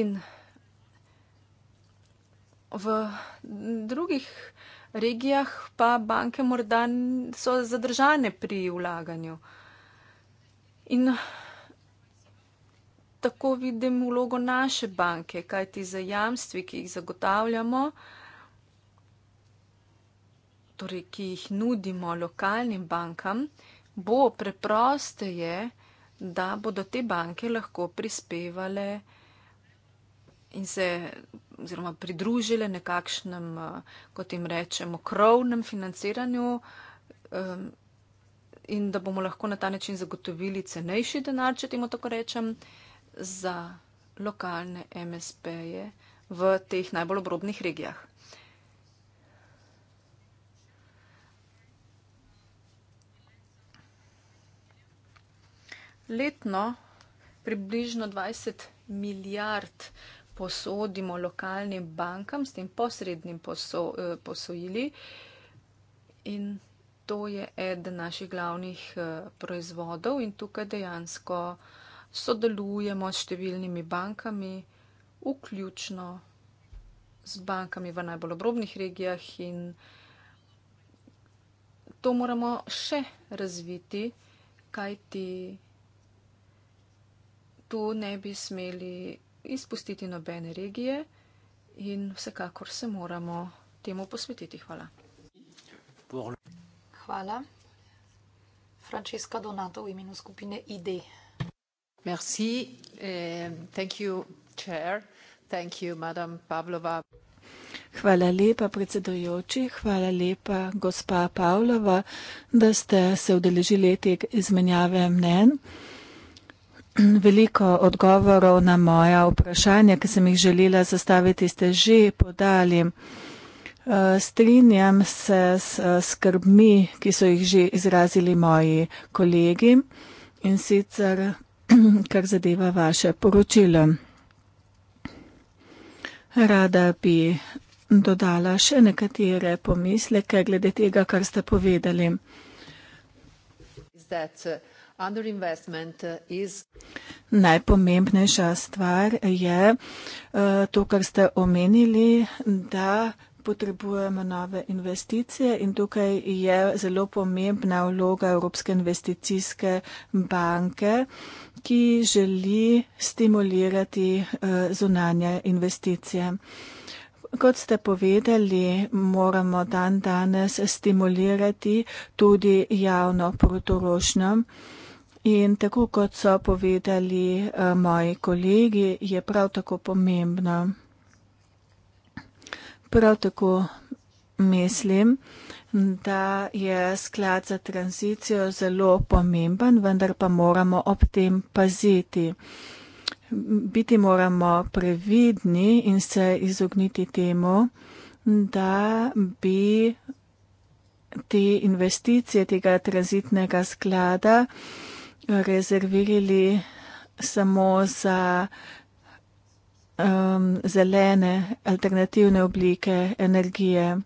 In v drugih regijah pa banke morda so zadržane pri vlaganju. In tako vidim vlogo naše banke, kajti za jamstvi, ki jih zagotavljamo, uh, torej, ki jih nudimo lokalnim bankam, bo preprosteje, da bodo te banke lahko prispevale in se oziroma pridružile nekakšnem, eh, kot jim rečemo, krovnem financiranju ehm, in da bomo lahko na ta način zagotovili cenejši denar, če temu tako rečem, za lokalne MSP-je v teh najbolj obrobnih regijah. letno približno 20 milijard posodimo lokalnim bankam s tem posrednim poso, eh, posojili in to je eden naših glavnih eh, proizvodov in tukaj dejansko sodelujemo s številnimi bankami, vključno z bankami v najbolj obrobnih regijah in to moramo še razviti, kaj ti tu ne bi smeli izpustiti nobene regije in vsekakor se moramo temu posvetiti. Hvala. Hvala. Francesca Donato v imenu skupine ID. Merci. Eh, thank you, chair. Thank you, madam Pavlova. Hvala lepa, predsedujoči. Hvala lepa, gospa Pavlova, da ste se udeležili te izmenjave mnenj. Veliko odgovorov na moja vprašanja, ki sem jih želela zastaviti, ste že podali. Eh, strinjam se s eh, skrbmi, ki so jih že izrazili moji kolegi in sicer, kar zadeva vaše poročilo. Rada bi dodala še nekatere pomisleke glede tega, kar ste povedali. That, uh, Najpomembnejša stvar je eh, to, kar ste omenili, da potrebujemo nove investicije in tukaj je zelo pomembna vloga Evropske investicijske banke, ki želi stimulirati eh, zunanje investicije. Kot ste povedali, moramo dan danes stimulirati tudi javno protorošnjo. In tako kot so povedali eh, moji kolegi, je prav tako pomembno. Prav tako mislim, da je sklad za tranzicijo zelo pomemben, vendar pa moramo ob tem paziti. Biti moramo previdni in se izogniti temu, da bi te investicije tega tranzitnega sklada rezervirali samo za um, zelene alternativne oblike energije.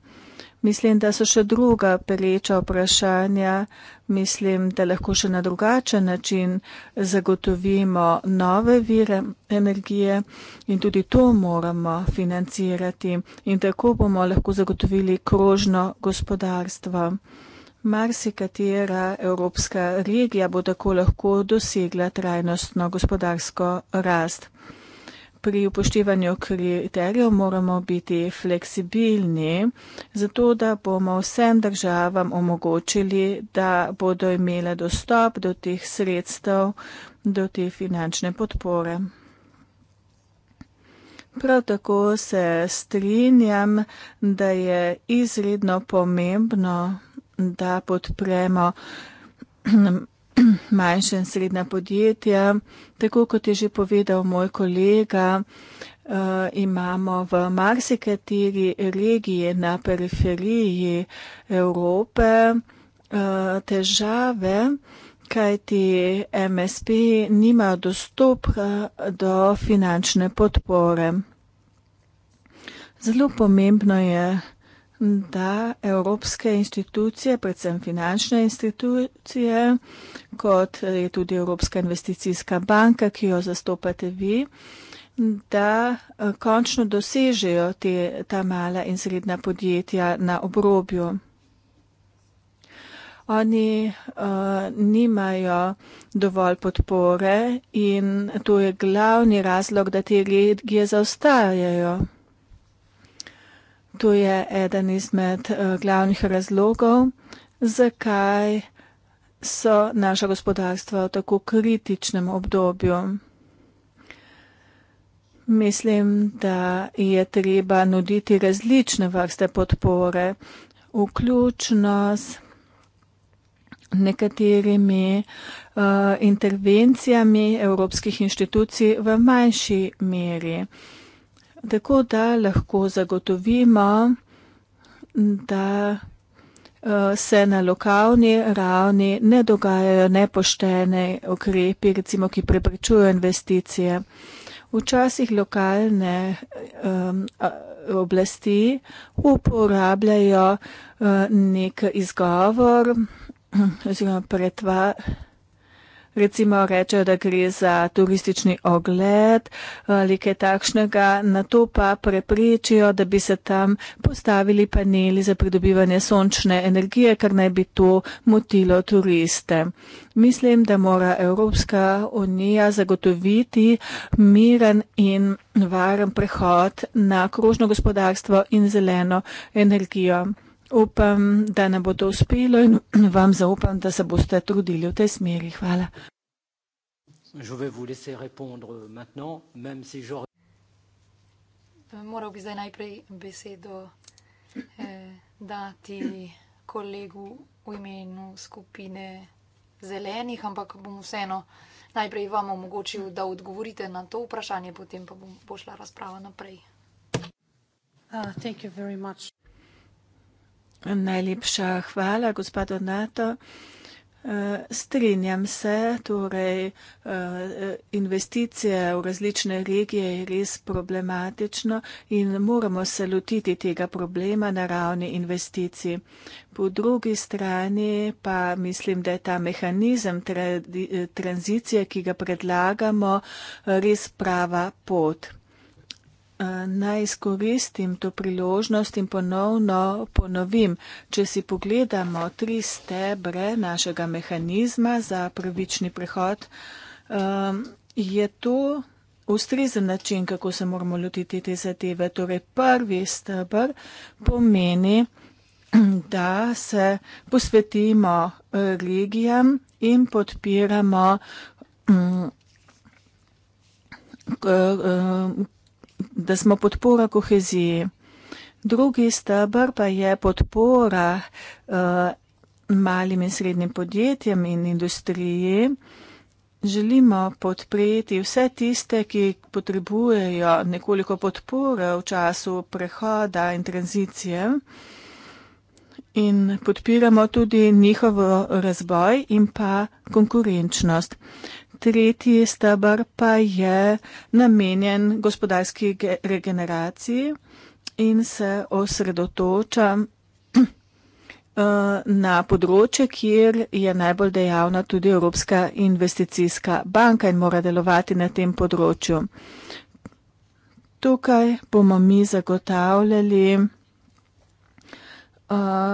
Mislim, da so še druga pereča vprašanja. Mislim, da lahko še na drugačen način zagotovimo nove vire energije in tudi to moramo financirati. In tako bomo lahko zagotovili krožno gospodarstvo. Marsikatera evropska regija bo tako lahko dosegla trajnostno gospodarsko rast. Pri upoštevanju kriterijev moramo biti fleksibilni, zato da bomo vsem državam omogočili, da bodo imele dostop do teh sredstev, do te finančne podpore. Prav tako se strinjam, da je izredno pomembno, da podpremo manjše in srednja podjetja. Tako kot je že povedal moj kolega, eh, imamo v marsikateri regiji na periferiji Evrope eh, težave, kajti MSP nima dostopa do finančne podpore. Zelo pomembno je, da evropske institucije, predvsem finančne institucije, kot je tudi Evropska investicijska banka, ki jo zastopate vi, da eh, končno dosežejo te, ta mala in srednja podjetja na obrobju. Oni uh, nimajo dovolj podpore in to je glavni razlog, da te regije zaostajajo. To je eden izmed eh, glavnih razlogov, zakaj so naša gospodarstva v tako kritičnem obdobju. Mislim, da je treba nuditi različne vrste podpore, vključno s nekaterimi uh, intervencijami evropskih inštitucij v manjši meri. Uh, Tako da lahko zagotovimo, da eh, se na lokalni ravni ne dogajajo nepoštene ukrepi, recimo, ki preprečujejo investicije. Včasih lokalne um, oblasti uporabljajo uh, nek izgovor oziroma pretvar recimo reče, da gre za turistični ogled ali kaj takšnega, na to pa preprečijo, da bi se tam postavili paneli za pridobivanje sončne energije, ker naj bi to motilo turiste. Mislim, da mora Evropska unija zagotoviti miren in varen prehod na krožno gospodarstvo in zeleno energijo upam, da nam bo to uspelo in vam zaupam, da se boste trudili v tej smeri. Hvala. Moral bi zdaj najprej besedo eh, dati kolegu v imenu skupine zelenih, ampak bom vseeno najprej vam omogočil, da odgovorite na to vprašanje, potem pa bom pošla razprava naprej. Uh, thank you very much. Najlepša hvala, gospod Donato. Eh, strinjam se, torej eh, investicije v različne regije je res problematično in moramo se lotiti tega problema na ravni investicij. Po drugi strani pa mislim, da je ta mehanizem tra eh, tranzicije, ki ga predlagamo, res prava pot. Eh, naj izkoristim to priložnost in ponovno ponovim. Če si pogledamo tri stebre našega mehanizma za pravični prehod, eh, je to ustrezen način, kako se moramo lotiti te zadeve. Torej, prvi stebr pomeni, da se posvetimo eh, regijam in podpiramo mm, da smo podpora koheziji. Drugi stebr pa je podpora uh, malim in srednjim podjetjem in industriji. Želimo podpreti vse tiste, ki potrebujejo nekoliko podpore v času prehoda in tranzicije in podpiramo tudi njihovo razvoj in pa konkurenčnost tretji stebr pa je namenjen gospodarski regeneraciji in se osredotoča eh, na področje, kjer je najbolj dejavna tudi Evropska investicijska banka in mora delovati na tem področju. Tukaj bomo mi zagotavljali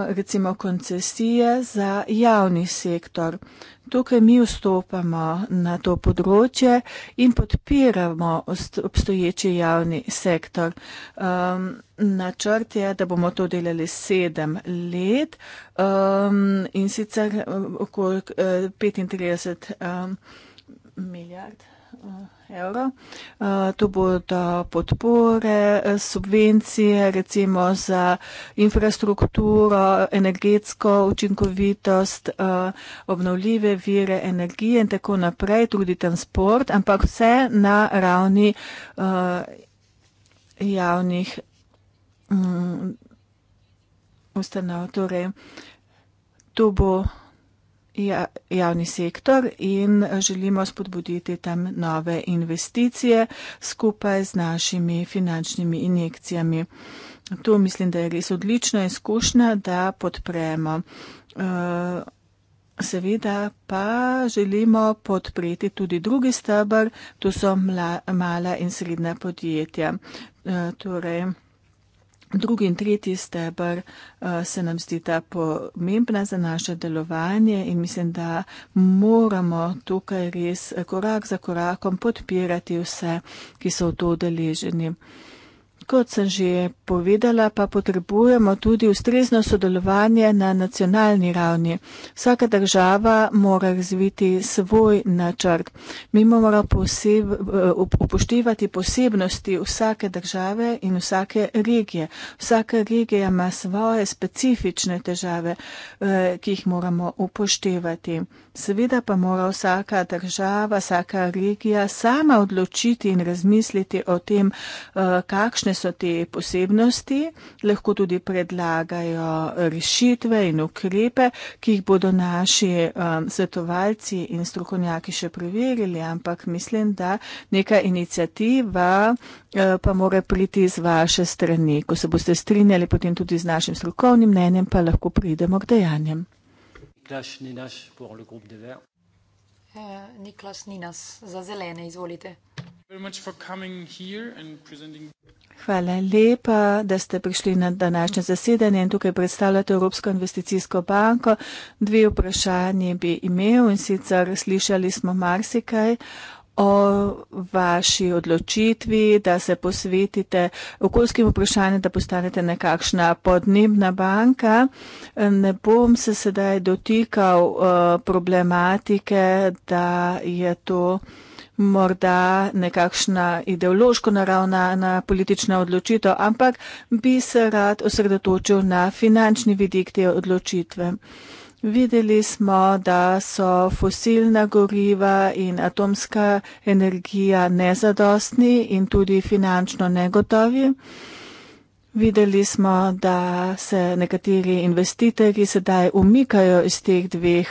recimo koncesije za javni sektor. Tukaj mi vstopamo na to področje in podpiramo obstoječi javni sektor. Um, načrt je, da bomo to delali sedem let um, in sicer okoli 35 um, milijard. Uh evrov. Eh, to bodo podpore, eh, subvencije, recimo za infrastrukturo, energetsko učinkovitost, eh, obnovljive vire energije in tako naprej, tudi transport, ampak vse na ravni javnih mm, ustanov. Torej, to bo. Ja, javni sektor in želimo spodbuditi tam nove investicije skupaj z našimi finančnimi injekcijami. Tu mislim, da je res odlična izkušnja, da podpremo. Eh, seveda pa želimo podpreti tudi drugi stebr, to so mala in srednja podjetja. Eh, torej, Drugi in tretji stebr eh, se nam zdi ta pomembna za naše delovanje in mislim, da moramo tukaj res korak za korakom podpirati vse, ki so v to deleženi. Kot sem že povedala, pa potrebujemo tudi ustrezno sodelovanje na nacionalni ravni. Vsaka država mora razviti svoj načrt. Mi moramo poseb, upoštevati posebnosti vsake države in vsake regije. Vsaka regija ima svoje specifične težave, eh, ki jih moramo upoštevati. Seveda pa mora vsaka država, vsaka regija sama odločiti in razmisliti o tem, eh, kakšne so so te posebnosti, lahko tudi predlagajo rešitve in ukrepe, ki jih bodo naši um, svetovalci in strokovnjaki še preverili, ampak mislim, da neka inicijativa uh, pa mora priti z vaše strani. Ko se boste strinjali potem tudi z našim strokovnim mnenjem, pa lahko pridemo k dejanjem. Eh, Niklas Ninas za zelene, izvolite. Hvala lepa, da ste prišli na današnje zasedanje in tukaj predstavljate Evropsko investicijsko banko. Dve vprašanje bi imel in sicer slišali smo marsikaj o vaši odločitvi, da se posvetite okoljskim vprašanjem, da postanete nekakšna podnebna banka. Ne bom se sedaj dotikal uh, problematike, da je to morda nekakšna ideološko naravna na politična odločitev, ampak bi se rad osredotočil na finančni vidik te odločitve. Videli smo, da so fosilna goriva in atomska energija nezadostni in tudi finančno negotovi. Videli smo, da se nekateri investitorji sedaj umikajo iz teh dveh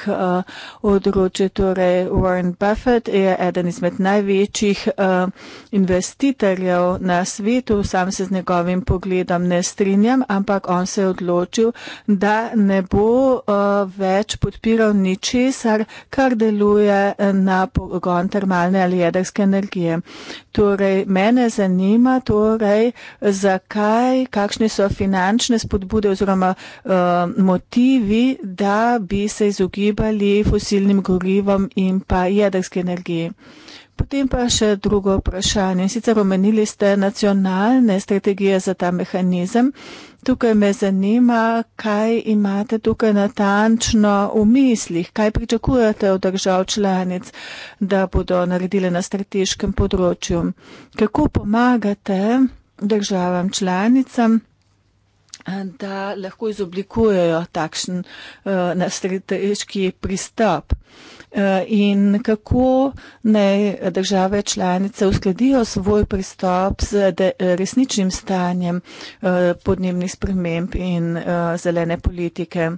področji. Eh, torej, Warren Buffett je eden izmed največjih eh, investitorjev na svetu. Sam se z njegovim pogledom ne strinjam, ampak on se je odločil, da ne bo eh, več podpiral ničesar, kar deluje na pogon termalne ali jedrske energije. Torej, mene zanima, torej, zakaj, kakšne so finančne spodbude oziroma uh, motivi, da bi se izogibali fosilnim gorivom in pa jedrski energiji. Potem pa še drugo vprašanje. Sicer omenili ste nacionalne strategije za ta mehanizem. Tukaj me zanima, kaj imate tukaj natančno v mislih, kaj pričakujete od držav članic, da bodo naredile na strateškem področju. Kako pomagate? državam članicam, eh, da lahko izoblikujejo takšen uh, strateški pristop eh, in kako naj države članice uskladijo svoj pristop z resničnim stanjem podnebnih sprememb in zelene politike.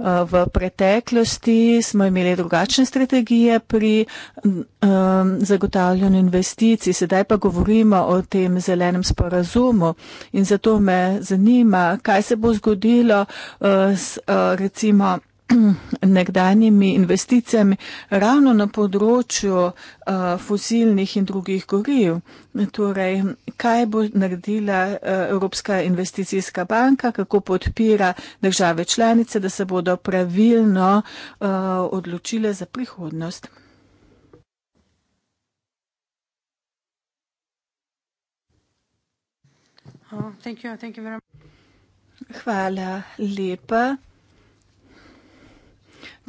V preteklosti smo imeli drugačne strategije pri zagotavljanju investicij, sedaj pa govorimo o tem zelenem sporazumu in zato me zanima, kaj se bo zgodilo eh, s eh, recimo nekdanjimi investicijami ravno na področju uh, fosilnih in drugih goriv. Torej, kaj bo naredila uh, Evropska investicijska banka, kako podpira države članice, da se bodo pravilno uh, odločile za prihodnost. Oh, thank you. Thank you Hvala lepa.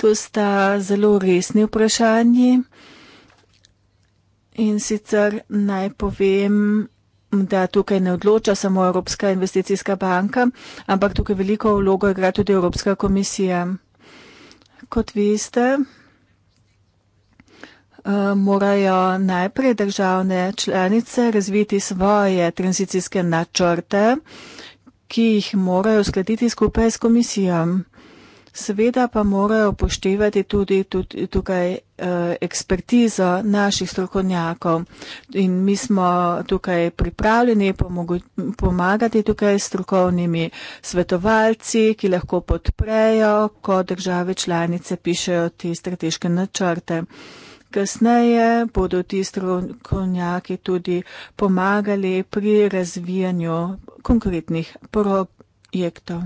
To sta zelo resni vprašanji. In sicer naj povem, da tukaj ne odloča samo Evropska investicijska banka, ampak tukaj veliko vlogo igra tudi Evropska komisija. Kot veste, eh, morajo najprej državne članice razviti svoje tranzicijske načrte, ki jih morajo uskladiti skupaj s komisijo. Seveda pa morajo upoštevati tudi tukaj eh, ekspertizo naših strokovnjakov in mi smo tukaj pripravljeni pomagati tukaj strokovnimi svetovalci, ki lahko podprejo, ko države članice pišejo te strateške načrte. Kasneje bodo ti strokovnjaki tudi pomagali pri razvijanju konkretnih projektov.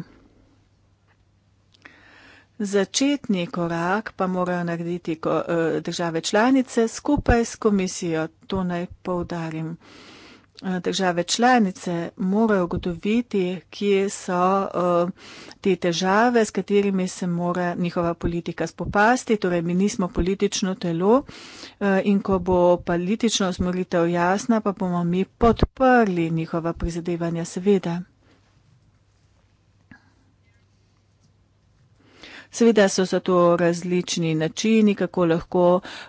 Začetni korak pa morajo narediti eh, države članice skupaj s komisijo. To naj povdarim. Eh, države članice morajo ugotoviti, kje so eh, te težave, s katerimi se mora njihova politika spopasti. Torej, mi nismo politično telo in ko bo politična usmeritev jasna, pa bomo mi podprli njihova prizadevanja, seveda. Seveda so za to različni načini, kako lahko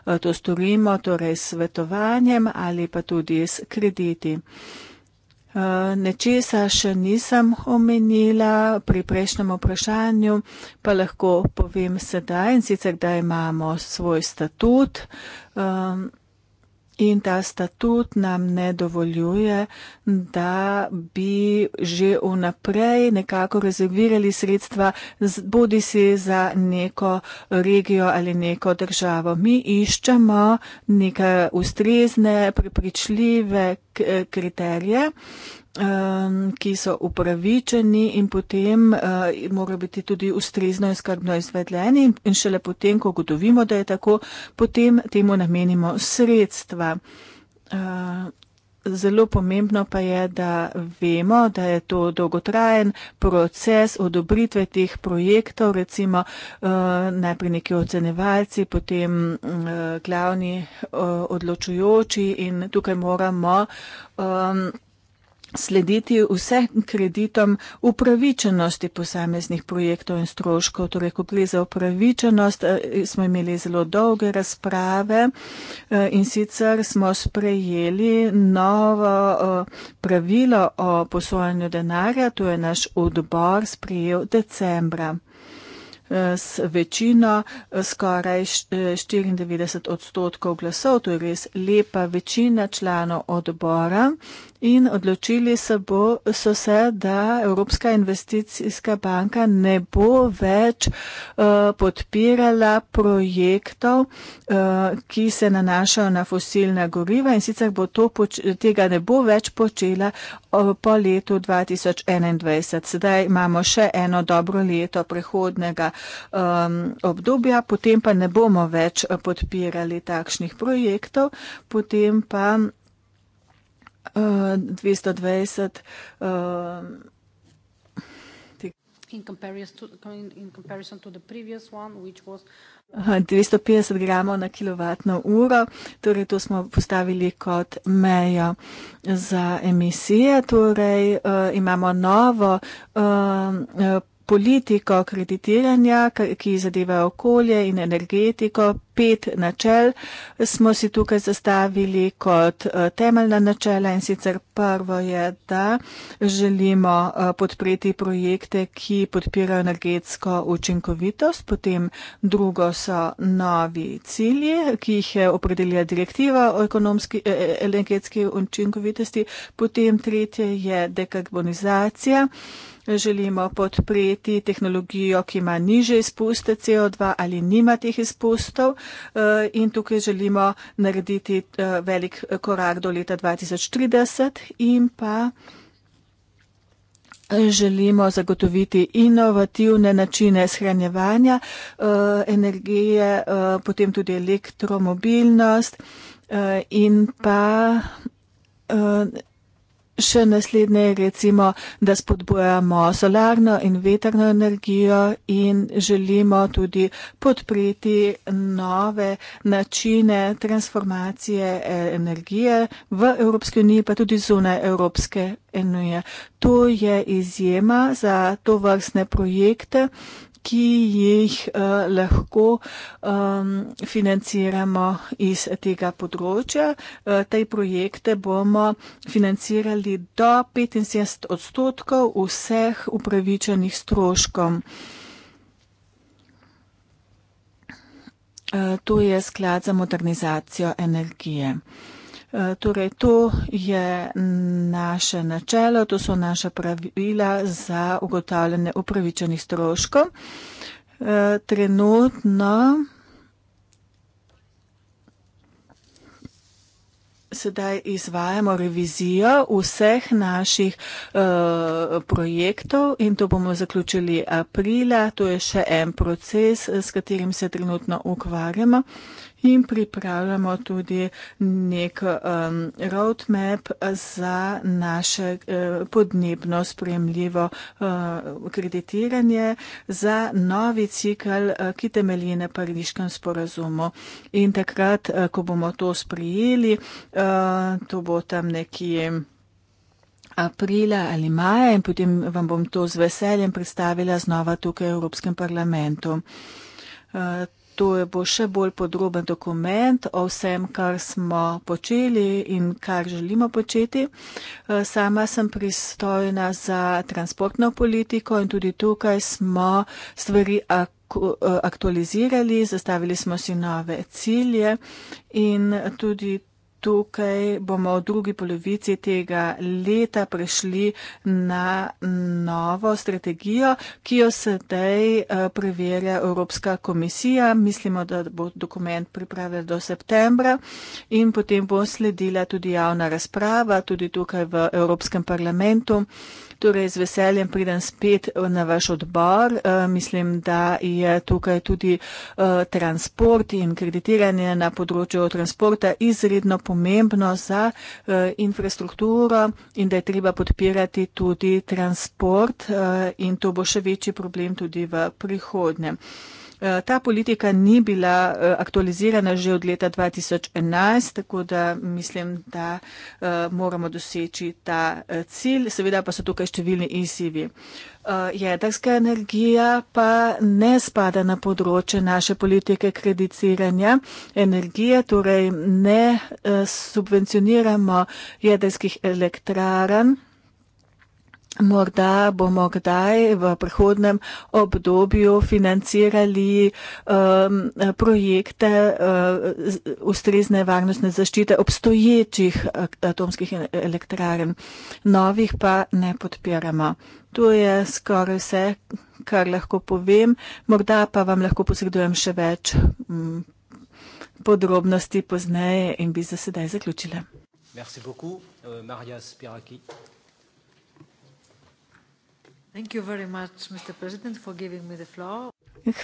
eh, to storimo, torej s svetovanjem ali pa tudi s krediti. Eh, nečesa še nisem omenila pri prejšnjem vprašanju, pa lahko povem sedaj in sicer, da imamo svoj statut. Um, In ta statut nam ne dovoljuje, da bi že vnaprej nekako rezervirali sredstva, bodi si za neko regijo ali neko državo. Mi iščemo neke ustrezne, prepričljive kriterije um, ki so upravičeni in potem uh, morajo biti tudi ustrezno in skrbno izvedljeni in šele potem, ko gotovimo, da je tako, potem temu namenimo sredstva. Uh, Zelo pomembno pa je, da vemo, da je to dolgotrajen proces odobritve teh projektov, recimo eh, najprej neki ocenevalci, potem glavni odločujoči in tukaj moramo. Um, slediti vsem kreditom upravičenosti posameznih projektov in stroškov. Torej, ko gre za upravičenost, eh, smo imeli zelo dolge razprave eh, in sicer smo sprejeli novo eh, pravilo o posojanju denarja, to je naš odbor sprejel decembra s večino skoraj 94 odstotkov glasov, to je res lepa večina članov odbora, in odločili se bo, so se, da Evropska investicijska banka ne bo več uh, podpirala projektov, uh, ki se nanašajo na fosilna goriva in sicer bo to, tega ne bo več počela po letu 2021. Sedaj imamo še eno dobro leto prehodnega um, obdobja, potem pa ne bomo več eh, podpirali takšnih projektov, potem pa. 250 ehm, gramov na kilovatno uro, torej to smo postavili kot mejo za emisije, torej uh, imamo novo uh, politiko kreditiranja, ki zadeva okolje in energetiko. Pet načel smo si tukaj zastavili kot eh, temeljna načela in sicer prvo je, da želimo eh, podpreti projekte, ki podpirajo energetsko učinkovitost, potem drugo so novi cilji, ki jih je eh, opredelila direktiva o ekonomski, e, e, energetski učinkovitosti, potem tretje je dekarbonizacija želimo podpreti tehnologijo, ki ima niže izpuste CO2 ali nima teh izpustov eh, in tukaj želimo narediti eh, velik korak do leta 2030 in pa eh, želimo zagotoviti inovativne načine shranjevanja energije, potem tudi elektromobilnost in pa še naslednje, recimo, da spodbojamo solarno in veterno energijo in želimo tudi podpreti nove načine transformacije eh, energije v Evropski uniji, pa tudi zunaj Evropske unije. To je izjema za to vrstne projekte ki jih eh, lahko eh, financiramo iz tega področja. Eh, te projekte bomo financirali do 75 odstotkov vseh upravičenih stroškov. Eh, to je sklad za modernizacijo energije. E, torej, to je naše načelo, to so naša pravila za ugotavljanje upravičenih stroškov. E, trenutno sedaj izvajamo revizijo vseh naših e, projektov in to bomo zaključili aprila. To je še en proces, s katerim se trenutno ukvarjamo in pripravljamo tudi nek um, roadmap za naše uh, podnebno spremljivo uh, eh, kreditiranje za novi cikl, uh, eh, ki temelji na pariškem sporazumu. In takrat, uh, ko bomo to sprijeli, uh, to bo tam nekje aprila ali maja in potem vam bom to z veseljem predstavila znova tukaj v Evropskem parlamentu. Uh, To je bo še bolj podroben dokument o vsem, kar smo počeli in kar želimo početi. Eh, sama sem pristojna za transportno politiko in tudi tukaj smo stvari eh, aktualizirali, zastavili smo si nove cilje in tudi tukaj bomo v drugi polovici tega leta prešli na novo strategijo, ki jo sedaj eh, preverja Evropska komisija. Mislimo, da bo dokument pripravljen do septembra in potem bo sledila tudi javna razprava, tudi tukaj v Evropskem parlamentu. Torej, z veseljem pridem spet eh, na vaš odbor. E, mislim, da je tukaj tudi e, transport in kreditiranje na področju transporta izredno pomembno za e, infrastrukturo in da je treba podpirati tudi transport e, in to bo še večji problem tudi v prihodnje. Eh, ta politika ni bila eh, aktualizirana že od leta 2011, tako da mislim, da eh, moramo doseči ta cilj. Seveda pa so tukaj številni izzivi. Jedrska energija pa ne spada na področje naše politike krediciranja energije, torej ne subvencioniramo jedrskih elektrarn. Morda bomo kdaj v prihodnem obdobju financirali um, projekte uh, ustrezne varnostne zaščite obstoječih uh, atomskih elektrarn, novih pa ne podpiramo. To je skoraj vse, kar lahko povem. Morda pa vam lahko posredujem še več um, podrobnosti pozneje in bi za sedaj zaključila. Merci beaucoup, uh, Marija Spiraki.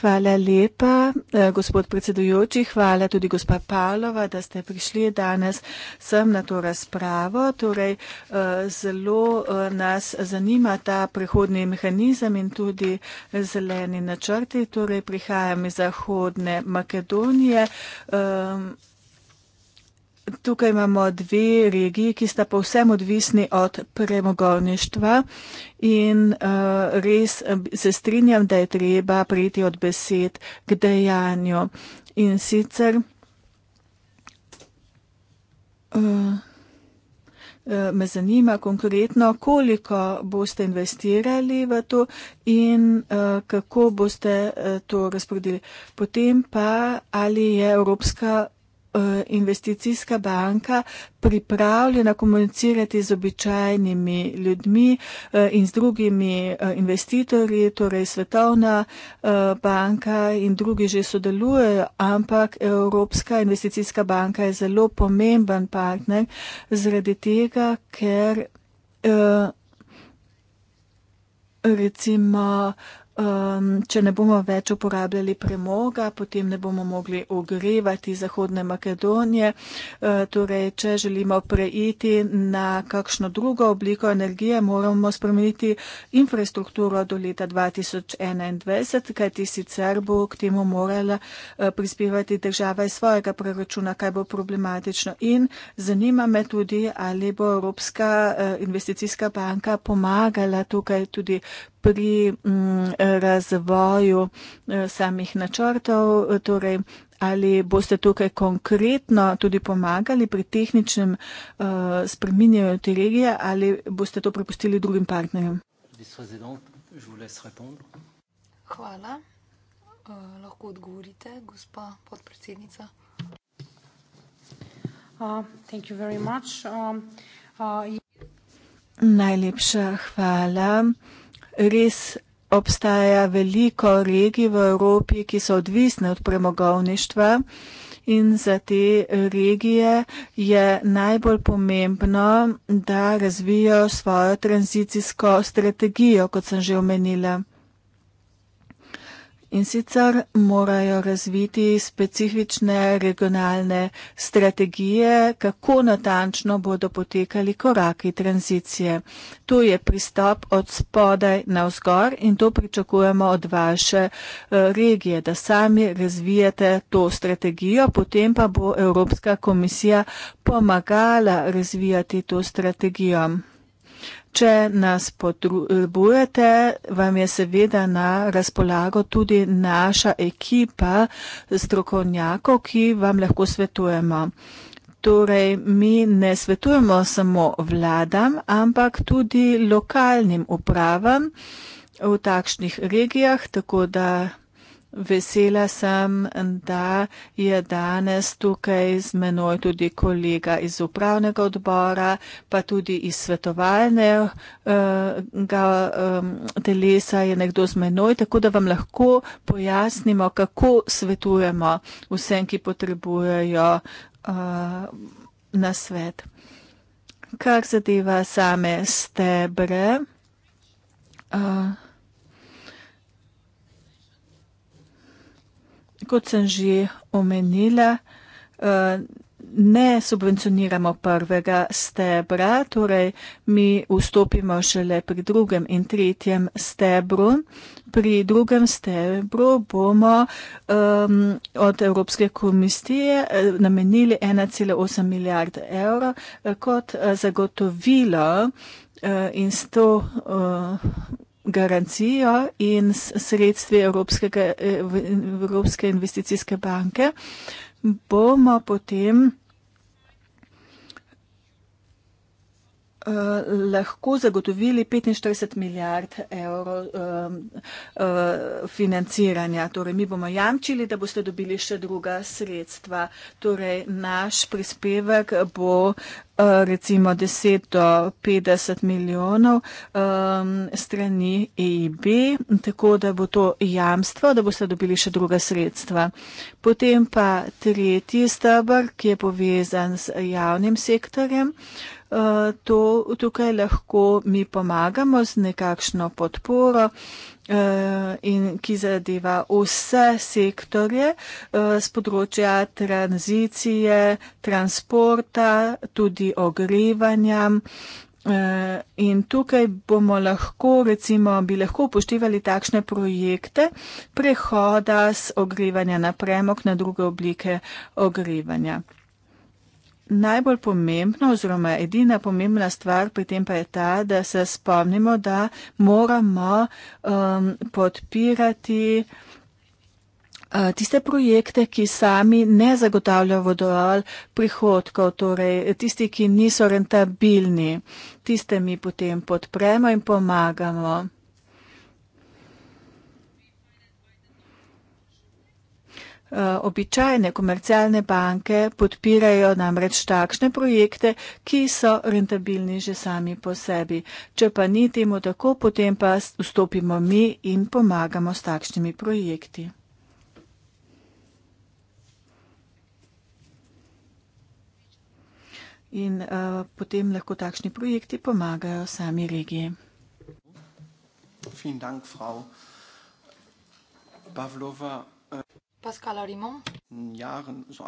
Hvala lepa, eh, gospod predsedujoči, hvala tudi gospa Pavlova, da ste prišli danes sem na to razpravo. Torej, eh, zelo eh, nas zanima ta prehodni mehanizem in tudi zeleni načrti. Torej, prihajam iz Zahodne Makedonije. Um, Tukaj imamo dve regiji, ki sta povsem odvisni od premogovništva in uh, res eh, se strinjam, da je treba priti od besed k dejanju. In sicer uh, me zanima konkretno, koliko boste investirali v to in uh, kako boste uh, to razporedili. Potem pa ali je Evropska Eh, investicijska banka pripravljena komunicirati z običajnimi ljudmi eh, in z drugimi eh, investitorji, torej Svetovna banka in drugi že sodelujejo, ampak Evropska investicijska banka je zelo pomemben partner zaradi tega, ker recimo Um, če ne bomo več uporabljali premoga, potem ne bomo mogli ogrevati Zahodne Makedonije. Uh, torej, če želimo preiti na kakšno drugo obliko energije, moramo spremeniti infrastrukturo do leta 2021, kajti sicer bo k temu morala uh, prispevati država iz svojega preračuna, kaj bo problematično. In zanima me tudi, ali bo Evropska uh, investicijska banka pomagala tukaj tudi pri. Um, razvoju eh, samih načrtov, eh, torej ali boste tukaj konkretno tudi pomagali pri tehničnem eh, spreminjanju te regije ali boste to prepustili drugim partnerjem? Hvala. Lahko odgovorite, gospa podpredsednica. Uh, um, uh, Najlepša hvala. Res obstaja veliko regij v Evropi, ki so odvisne od premogovništva. In za te regije je najbolj pomembno, da razvijajo svojo tranzicijsko strategijo, kot sem že omenila. In sicer morajo razviti specifične regionalne strategije, kako natančno bodo potekali koraki tranzicije. To je pristop od spodaj na vzgor in to pričakujemo od vaše eh, regije, da sami razvijete to strategijo, potem pa bo Evropska komisija pomagala razvijati to strategijo. Če nas potrebujete, vam je seveda na razpolago tudi naša ekipa strokovnjakov, ki vam lahko svetujemo. Torej, mi ne svetujemo samo vladam, ampak tudi lokalnim upravam v takšnih regijah, tako da Vesela sem, da je danes tukaj z menoj tudi kolega iz upravnega odbora, pa tudi iz svetovalnega telesa je nekdo z menoj, tako da vam lahko pojasnimo, kako svetujemo vsem, ki potrebujejo na svet. Kar zadeva same stebre, kot sem že omenila, eh, ne subvencioniramo prvega stebra, torej mi vstopimo šele pri drugem in tretjem stebru. Pri drugem stebru bomo um, od Evropske komisije eh, namenili 1,8 milijard evra eh, kot zagotovilo in s to uh, garancijo in sredstvi eh, Evropske investicijske banke, bomo potem Eh, lahko zagotovili 45 milijard evrov uh, uh, financiranja. Torej, mi bomo jamčili, da boste dobili še druga sredstva. Torej, naš prispevek bo recimo 10 do 50 milijonov um, strani EIB, tako da bo to jamstvo, da boste dobili še druga sredstva. Potem pa tretji stebr, ki je povezan z javnim sektorjem. Uh, Eh, to tukaj lahko mi pomagamo z nekakšno podporo eh, in ki zadeva vse sektorje z eh, področja tranzicije, transporta, tudi ogrevanja. In tukaj bomo lahko, recimo, bi lahko upoštevali takšne projekte prehoda z ogrevanja na premok na druge oblike ogrevanja najbolj pomembno oziroma edina pomembna stvar pri tem pa je ta, da se spomnimo, da moramo um, podpirati uh, Tiste projekte, ki sami ne zagotavljajo vodoval prihodkov, torej tisti, ki niso rentabilni, tiste mi potem podpremo in pomagamo. Eh, običajne komercialne banke podpirajo namreč takšne projekte, ki so rentabilni že sami po sebi. Če pa ni temu tako, potem pa vstopimo mi in pomagamo s takšnimi projekti. In uh, potem lahko takšni projekti pomagajo sami regiji. Vielen Dank, Frau Pavlova pascal arimon jahren so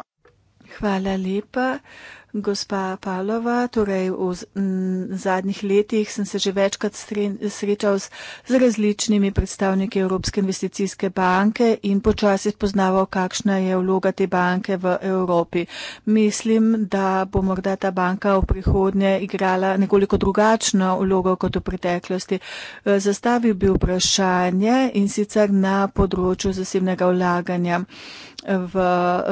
Hvala lepa, gospa Palova. Torej, v zadnjih letih sem se že večkrat srečal z, z različnimi predstavniki Evropske investicijske banke in počasi spoznaval, kakšna je vloga te banke v Evropi. Mislim, da bo morda ta banka v prihodnje igrala nekoliko drugačno vlogo kot v preteklosti. Zastavil bi vprašanje in sicer na področju zasebnega vlaganja. V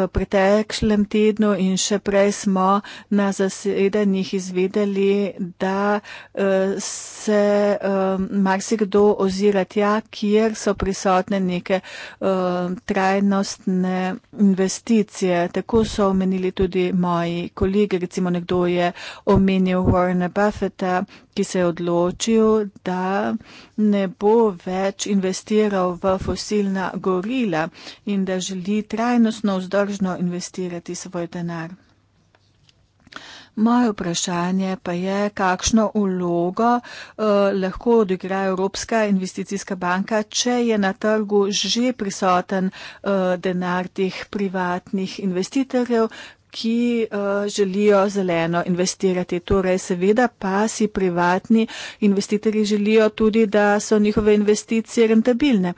preteklem tednu tednu in še prej smo na zasedanjih izvedeli, da eh, se eh, marsikdo ozira tja, kjer so prisotne neke eh, trajnostne investicije. Tako so omenili tudi moji kolegi, recimo nekdo je omenil Warrena Buffetta, ki se je odločil, da ne bo več investiral v fosilna gorila in da želi trajnostno vzdržno investirati svoj denar. Moje vprašanje pa je, kakšno ulogo eh, lahko odigra Evropska investicijska banka, če je na trgu že prisoten eh, denar teh privatnih investitorjev, ki uh, želijo zeleno investirati. Torej, seveda pa si privatni investitorji želijo tudi, da so njihove investicije rentabilne.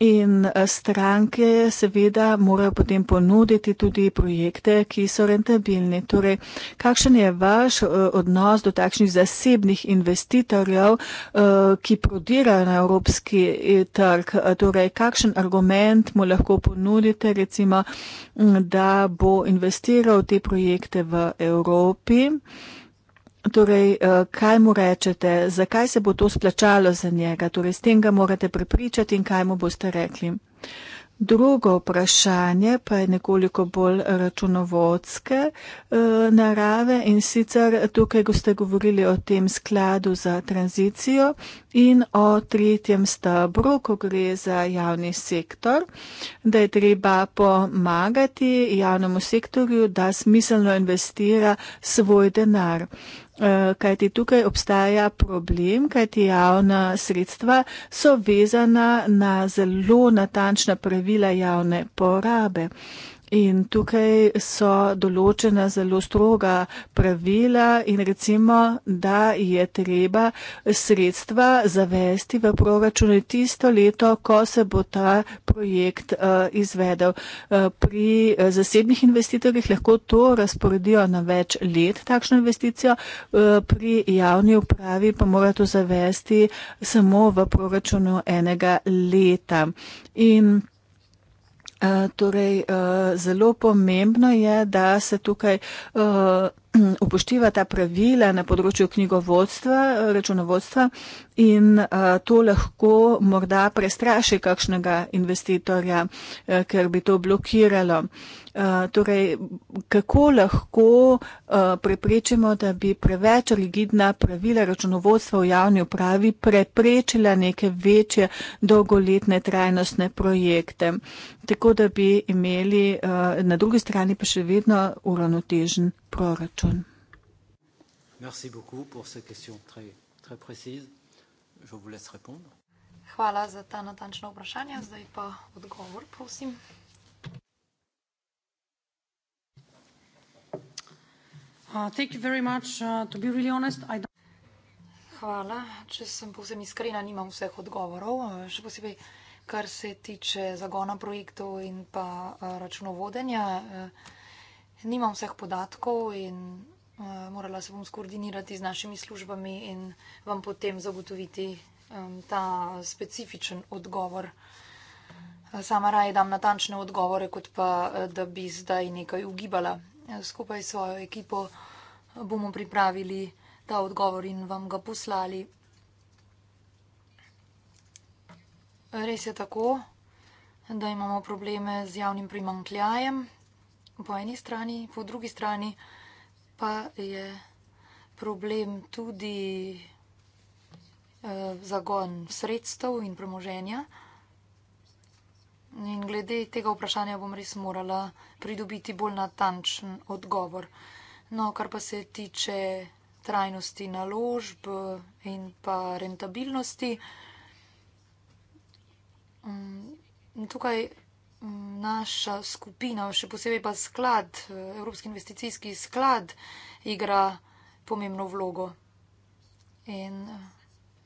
In eh, stranke seveda morajo potem ponuditi tudi projekte, ki so rentabilni. Torej, kakšen je vaš eh, odnos do takšnih zasebnih investitorjev, eh, ki prodirajo na evropski trg? Torej, kakšen argument mu lahko ponudite, recimo, da bo investiral te projekte v Evropi? Torej, eh, kaj mu rečete, zakaj se bo to splačalo za njega, torej s tem ga morate prepričati in kaj mu boste rekli. Drugo vprašanje pa je nekoliko bolj računovodske e, narave in sicer tukaj boste govorili o tem skladu za tranzicijo in o tretjem stabru, ko gre za javni sektor, da je treba pomagati javnemu sektorju, da smiselno investira svoj denar. Eh, kajti tukaj obstaja problem, kajti javna sredstva so vezana na zelo natančna pravila javne porabe. In tukaj so določena zelo stroga pravila in recimo, da je treba sredstva zavesti v proračune tisto leto, ko se bo ta projekt eh, izvedel. Eh, pri eh, zasebnih investitorjih lahko to razporedijo na več let, takšno investicijo, pri javni upravi pa mora to zavesti samo v proračunu enega leta. In Eh, torej, eh, zelo pomembno je, da se tukaj eh, upošteva ta pravila na področju knjigovodstva, računovodstva in to lahko morda prestraši kakšnega investitorja, ker bi to blokiralo. Eh, torej, kako lahko uh, preprečimo, da bi preveč rigidna pravila računovodstva v javni upravi preprečila neke večje dolgoletne trajnostne projekte, tako da bi imeli uh, na drugi strani pa še vedno uravnotežen proračun. Hvala za ta natančno vprašanje. Zdaj pa odgovor, prosim. Uh, uh, Hvala. Če sem povsem iskrena, nimam vseh odgovorov, uh, še posebej, kar se tiče zagona projektov in pa računovodenja. Nimam vseh podatkov in morala se bom skoordinirati z našimi službami in vam potem zagotoviti um, ta specifičen odgovor. Sama raje dam natančne odgovore, kot pa da bi zdaj nekaj ugibala skupaj s svojo ekipo bomo pripravili ta odgovor in vam ga poslali. Res je tako, da imamo probleme z javnim primankljajem po eni strani, po drugi strani pa je problem tudi eh, zagon sredstev in premoženja. Eh, In glede tega vprašanja bom res morala pridobiti bolj natančen odgovor. No, kar pa se tiče trajnosti naložb in pa rentabilnosti. Mm, tukaj mm, naša skupina, še posebej pa sklad, Evropski investicijski sklad, igra pomembno vlogo. In,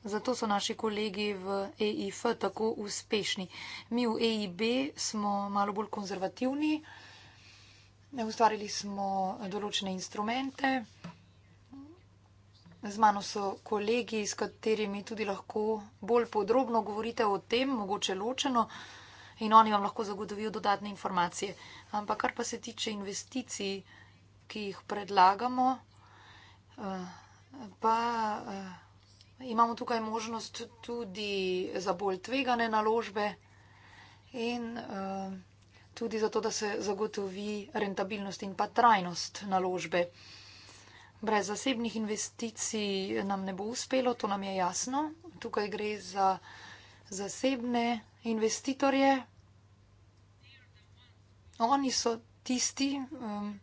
Zato so naši kolegi v EIF tako uspešni. Mi v EIB smo malo bolj konzervativni, ustvarili smo določene instrumente. Z mano so kolegi, s katerimi tudi lahko bolj podrobno govorite o tem, mogoče ločeno, in oni vam lahko zagotovijo dodatne informacije. Ampak kar pa se tiče investicij, ki jih predlagamo, eh, pa. Eh, Imamo tukaj možnost tudi za bolj tvegane naložbe in eh, tudi zato, da se zagotovi rentabilnost in pa trajnost naložbe. Brez zasebnih investicij nam ne bo uspelo, to nam je jasno. Tukaj gre za zasebne investitorje. Oni so tisti, eh,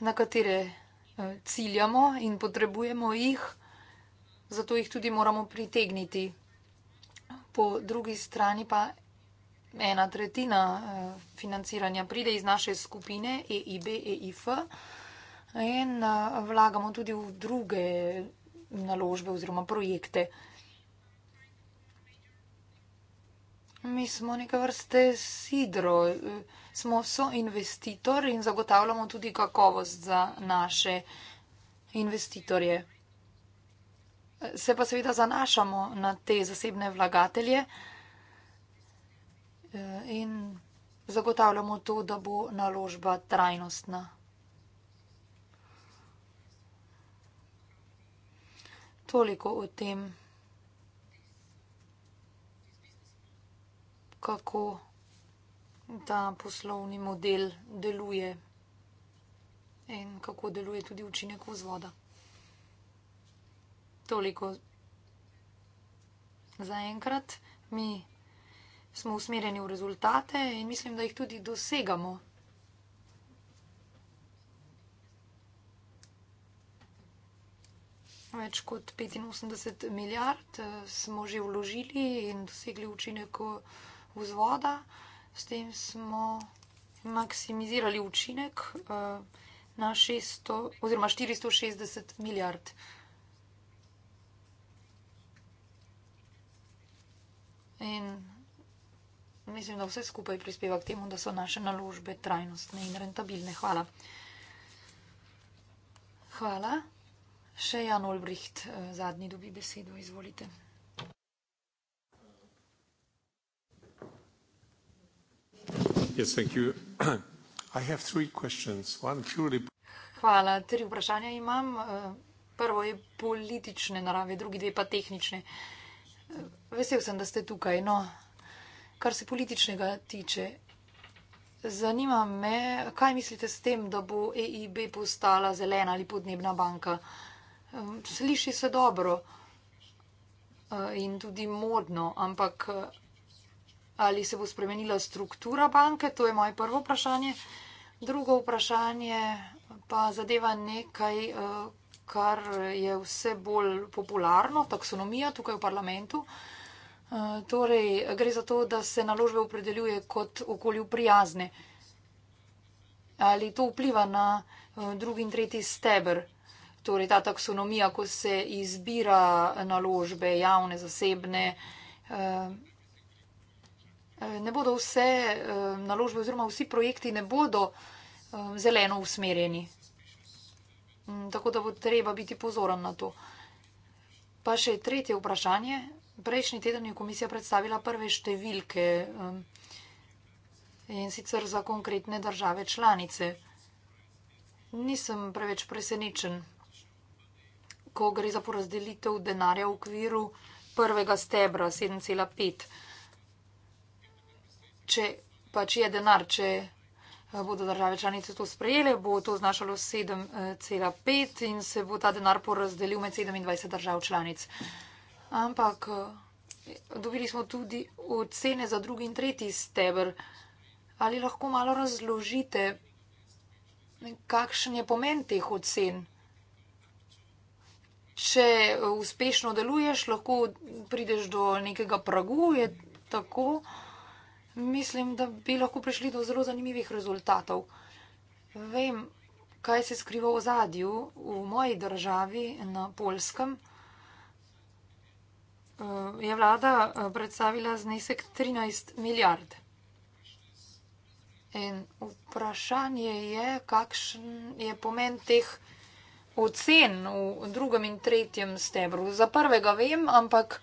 na katere eh, ciljamo in potrebujemo jih zato jih tudi moramo pritegniti. Po drugi strani pa ena tretjina eh, financiranja pride iz naše skupine EIB, EIF in eh, vlagamo tudi v druge naložbe oziroma projekte. Mi smo neke vrste sidro, eh, smo soinvestitor in zagotavljamo tudi kakovost za naše investitorje se pa seveda zanašamo na te zasebne vlagatelje eh, in zagotavljamo to, da bo naložba trajnostna. Toliko o tem, kako ta poslovni model deluje in kako deluje tudi učinek vzvoda toliko zaenkrat. Mi smo usmerjeni v rezultate in mislim, da jih tudi dosegamo. Več kot 85 milijard eh, smo že vložili in dosegli učinek vzvoda. S tem smo maksimizirali učinek eh, na 600, 460 milijard. In mislim, da vse skupaj prispeva k temu, da so naše naložbe trajnostne in rentabilne. Hvala. Hvala. Še Jan Olbricht, eh, zadnji dobi besedo, izvolite. Yes, Hvala, tri vprašanja imam. Eh, Prvo je politične narave, drugi dve pa tehnične. Uh, Vesel sem, da ste tukaj. No, kar se političnega tiče, zanima me, kaj mislite s tem, da bo EIB postala zelena ali podnebna banka. Sliši se dobro eh, in tudi modno, ampak eh, ali se bo spremenila struktura banke, to je moje prvo vprašanje. Drugo vprašanje pa zadeva nekaj, eh, kar je vse bolj popularno, taksonomija tukaj v parlamentu. Eh, torej, gre za to, da se naložbe opredeljuje kot okolju prijazne. Ali to vpliva na eh, drugi in tretji stebr, torej ta taksonomija, ko se izbira naložbe javne, zasebne. Eh, ne bodo vse naložbe oziroma vsi projekti ne bodo zeleno usmerjeni. Mm, tako da bo treba biti pozoren na to. Pa še tretje vprašanje. Prejšnji teden je komisija predstavila prve številke um, in sicer za konkretne države članice. Nisem preveč presenečen, ko gre za porazdelitev denarja v okviru prvega stebra 7,5. Če pač je denar, če bodo države članice to sprejele, bo to znašalo 7,5 eh, in se bo ta denar porazdelil med 27 držav članic. Ampak eh, dobili smo tudi ocene za drugi in tretji stebr. Ali lahko malo razložite, kakšen je pomen teh ocen? Če eh, uspešno deluješ, lahko prideš do nekega pragu, je tako. Mislim, da bi lahko prišli do zelo zanimivih rezultatov. Vem, kaj se skriva v zadju v moji državi na Polskem. Eh, je vlada eh, predstavila znesek 13 milijard. In vprašanje je, kakšen je pomen teh ocen v drugem in tretjem stebru. Za prvega vem, ampak.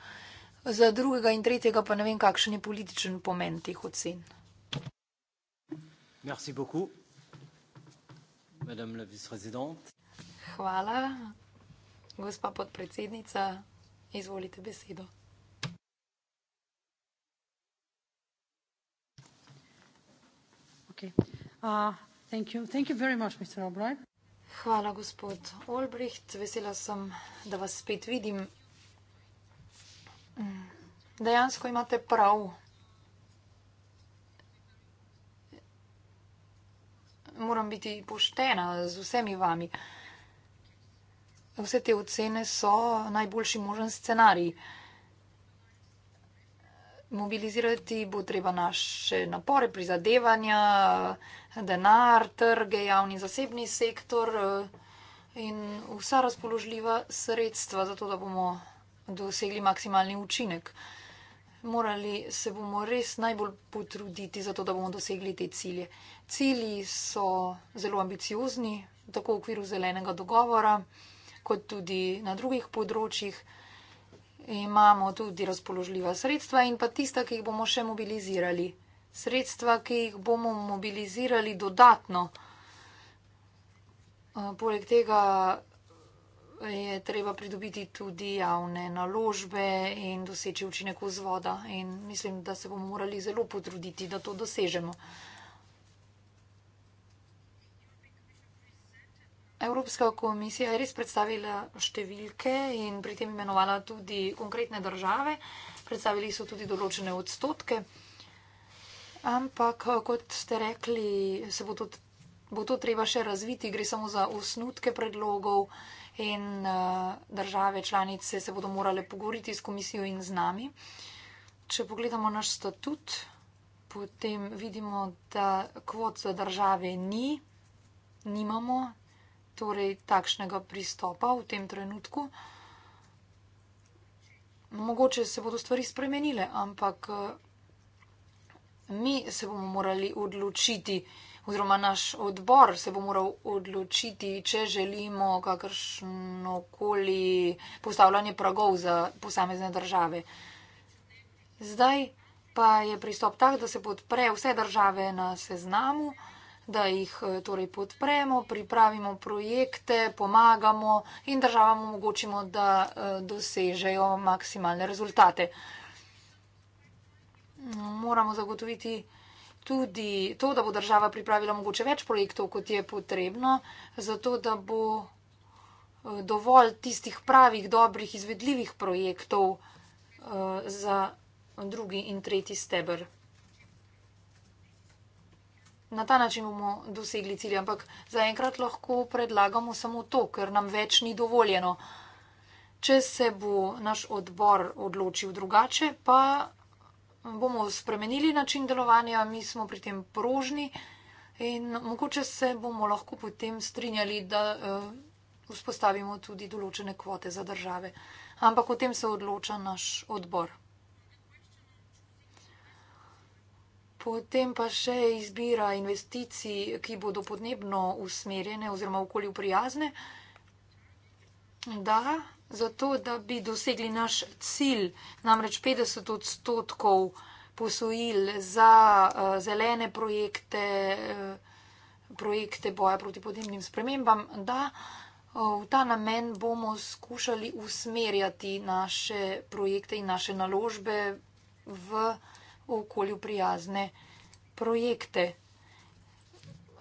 Za drugega in tretjega pa ne vem, kakšen je političen pomen teh ocen. Merci beaucoup, madame la vice-présidente. Hvala, gospa podpredsednica. Izvolite besedo. Okay. Uh, thank you. Thank you very much, Mr. Hvala, gospod Olbricht. Vesela sem, da vas spet vidim Dejansko imate prav. Moram biti poštena z vsemi vami. Vse te ocene so najboljši možen scenarij. Mobilizirati bo treba naše napore, prizadevanja, denar, trge, javni in zasebni sektor eh, in vsa razpoložljiva sredstva, zato da bomo dosegli maksimalni učinek. Morali se bomo res najbolj potruditi, zato da bomo dosegli te cilje. Cilji so zelo ambiciozni, tako v okviru zelenega dogovora, kot tudi na drugih področjih. Imamo tudi razpoložljiva sredstva in pa tista, ki jih bomo še mobilizirali. Sredstva, ki jih bomo mobilizirali dodatno. Poleg tega je treba pridobiti tudi javne naložbe in doseči učinek vzvoda. In mislim, da se bomo morali zelo potruditi, da to dosežemo. Evropska komisija je res predstavila številke in pri tem imenovala tudi konkretne države. Predstavili so tudi določene odstotke. Ampak, kot ste rekli, se bo to, bo to treba še razviti, gre samo za osnutke predlogov in uh, države članice se bodo morale pogovoriti s komisijo in z nami. Če pogledamo naš statut, potem vidimo, da kvot za države ni, nimamo torej takšnega pristopa v tem trenutku. Mogoče se bodo stvari spremenile, ampak uh, mi se bomo morali odločiti, uh, oziroma naš odbor se bo moral odločiti, če želimo kakršno koli postavljanje pragov za posamezne države. Zdaj pa je pristop tak, da se podpre vse države na seznamu, da jih eh, torej podpremo, pripravimo projekte, pomagamo in državam omogočimo, da eh, dosežejo maksimalne rezultate. Moramo zagotoviti tudi to, da bo država pripravila mogoče več projektov, kot je potrebno, zato da bo eh, dovolj tistih pravih, dobrih, izvedljivih projektov eh, za drugi in tretji steber. Na ta način bomo dosegli cilj, ampak zaenkrat lahko predlagamo samo to, ker nam več ni dovoljeno. Če se bo naš odbor odločil drugače, pa bomo spremenili način delovanja, mi smo pri tem prožni in mogoče se bomo lahko potem strinjali, da uh, vzpostavimo tudi določene kvote za države. Ampak o tem se odloča naš odbor. Potem pa še izbira investicij, ki bodo podnebno usmerjene oziroma okolju prijazne. Da, zato, da bi dosegli naš cilj, namreč 50 odstotkov posojil za uh, zelene projekte, uh, projekte boja proti podnebnim spremembam, da uh, v ta namen bomo skušali usmerjati naše projekte in naše naložbe v okolju prijazne projekte.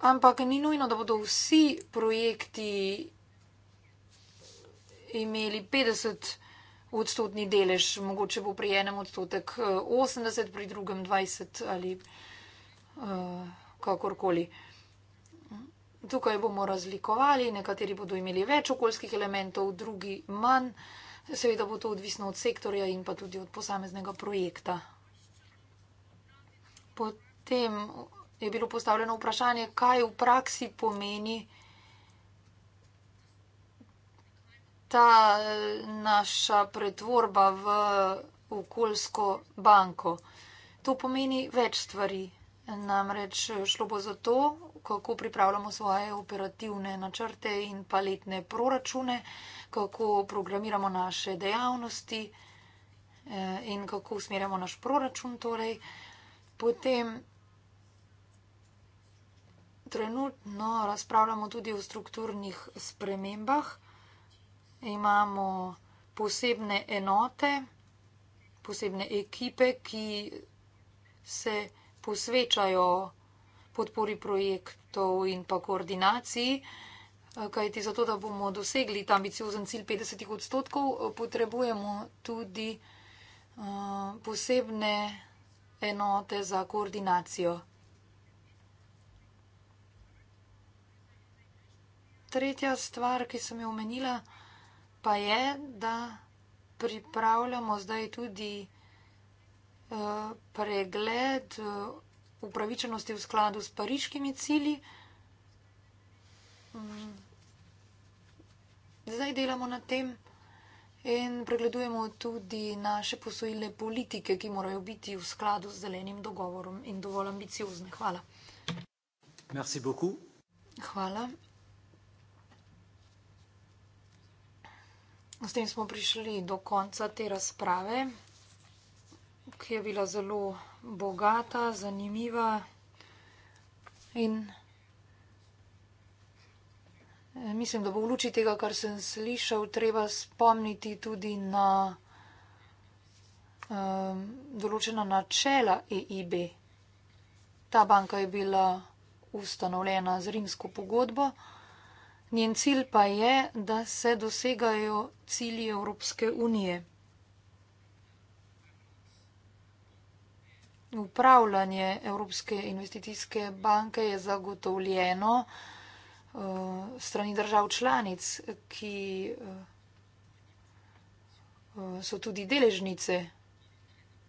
Ampak ni nujno, da bodo vsi projekti imeli 50 odstotni delež, mogoče bo pri enem odstotek 80, eh, pri drugem 20 ali uh, kakorkoli. Tukaj bomo razlikovali, nekateri bodo imeli več okoljskih elementov, drugi manj. Seveda bo to odvisno od sektorja in pa tudi od posameznega projekta. Potem je bilo postavljeno vprašanje, kaj v praksi pomeni. ta eh, naša pretvorba v okoljsko banko. To pomeni več stvari. Namreč eh, šlo bo za to, kako pripravljamo svoje operativne načrte in paletne proračune, kako programiramo naše dejavnosti eh, in kako usmerjamo naš proračun. Torej. Potem trenutno razpravljamo tudi o strukturnih spremembah imamo posebne enote, posebne ekipe, ki se posvečajo podpori projektov in pa koordinaciji, kajti zato, da bomo dosegli ta ambiciozen cilj 50 odstotkov, potrebujemo tudi eh, posebne enote za koordinacijo. Tretja stvar, ki sem jo omenila, pa je, da pripravljamo zdaj tudi eh, pregled eh, upravičenosti v skladu s pariškimi cili. Mm. Zdaj delamo na tem in pregledujemo tudi naše posojile politike, ki morajo biti v skladu z zelenim dogovorom in dovolj ambiciozne. Hvala. Merci beaucoup. Hvala. S tem smo prišli do konca te razprave, ki je bila zelo bogata, zanimiva in eh, mislim, da bo v luči tega, kar sem slišal, treba spomniti tudi na um, določena načela EIB. Ta banka je bila ustanovljena z rimsko pogodbo. Njen cilj pa je, da se dosegajo cilji Evropske unije. Upravljanje Evropske investicijske banke je zagotovljeno uh, strani držav članic, ki uh, so tudi deležnice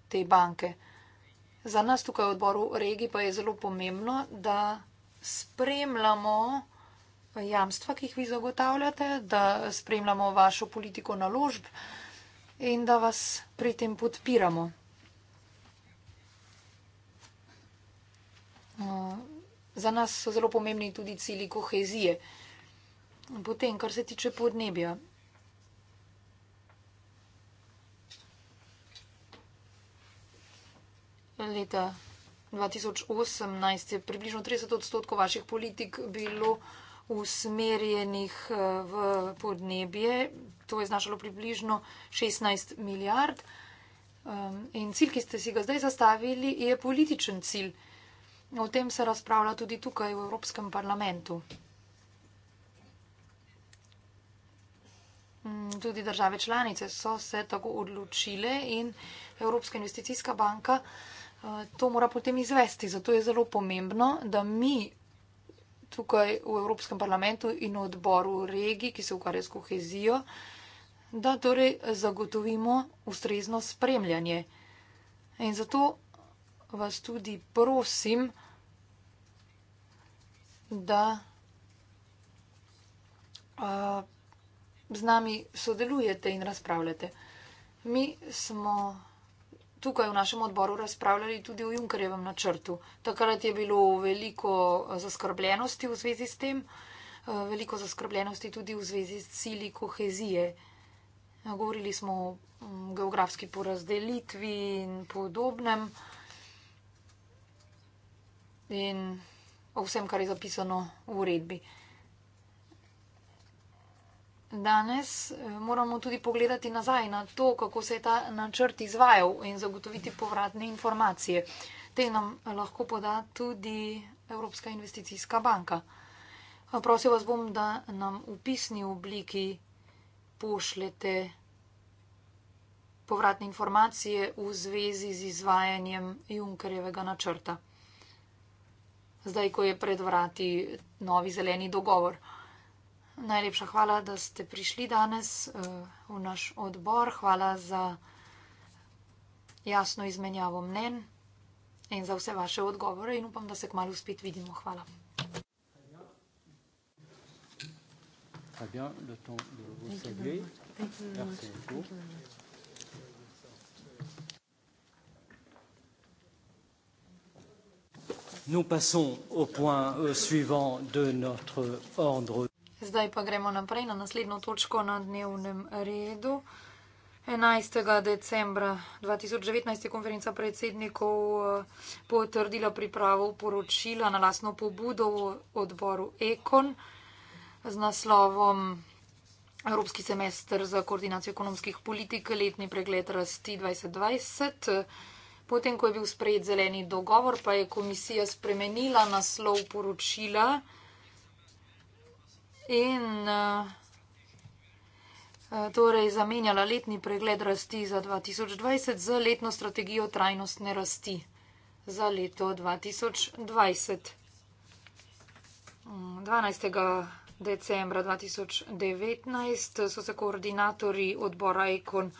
te banke. Za nas tukaj v odboru regi pa je zelo pomembno, da spremljamo jamstva, ki jih vi zagotavljate, da spremljamo vašo politiko naložb in da vas pri tem podpiramo. Za nas so zelo pomembni tudi cili kohezije. Potem, kar se tiče podnebja. Leta 2018 je približno 30 odstotkov vaših politik bilo usmerjenih eh, v podnebje. To je znašalo približno 16 milijard. Ehm, in cilj, ki ste si ga zdaj zastavili, je političen cilj. O tem se razpravlja tudi tukaj v Evropskem parlamentu. Mm, tudi države članice so se tako odločile in Evropska investicijska banka eh, to mora potem izvesti. Zato je zelo pomembno, da mi tukaj v Evropskem parlamentu in odboru regij, ki se ukvarja s kohezijo, da torej zagotovimo ustrezno spremljanje. In zato vas tudi prosim, da uh, z nami sodelujete in razpravljate. Mi smo tukaj v našem odboru razpravljali tudi o Junkerjevem načrtu. Takrat je bilo veliko eh, zaskrbljenosti v zvezi s tem, eh, veliko zaskrbljenosti tudi v zvezi s cili kohezije. Eh, govorili smo o mm, geografski porazdelitvi in podobnem in o vsem, kar je zapisano v uredbi danes eh, moramo tudi pogledati nazaj na to, kako se je ta načrt izvajal in zagotoviti povratne informacije. Te nam lahko poda tudi Evropska investicijska banka. Prosim vas bom, da nam v pisni obliki pošljete povratne informacije v zvezi z izvajanjem Junkerjevega načrta. Zdaj, ko je pred vrati novi zeleni dogovor. Najlepša hvala, da ste prišli danes eh, v naš odbor. Hvala za jasno izmenjavo mnen in za vse vaše odgovore in upam, da se kmalo spet vidimo. Hvala. Nous passons au point euh, suivant de notre ordre. Zdaj pa gremo naprej na naslednjo točko na dnevnem redu. 11. decembra 2019 je konferenca predsednikov eh, potrdila pripravo poročila na lasno pobudo v odboru Ekon z naslovom Evropski semester za koordinacijo ekonomskih politik, letni pregled rasti 2020. Potem, ko je bil sprejet zeleni dogovor, pa je komisija spremenila naslov poročila in eh, eh, torej zamenjala letni pregled rasti za 2020 z letno strategijo trajnostne rasti za leto 2020. 12. Mm, decembra 2019 so se koordinatori odbora Ekon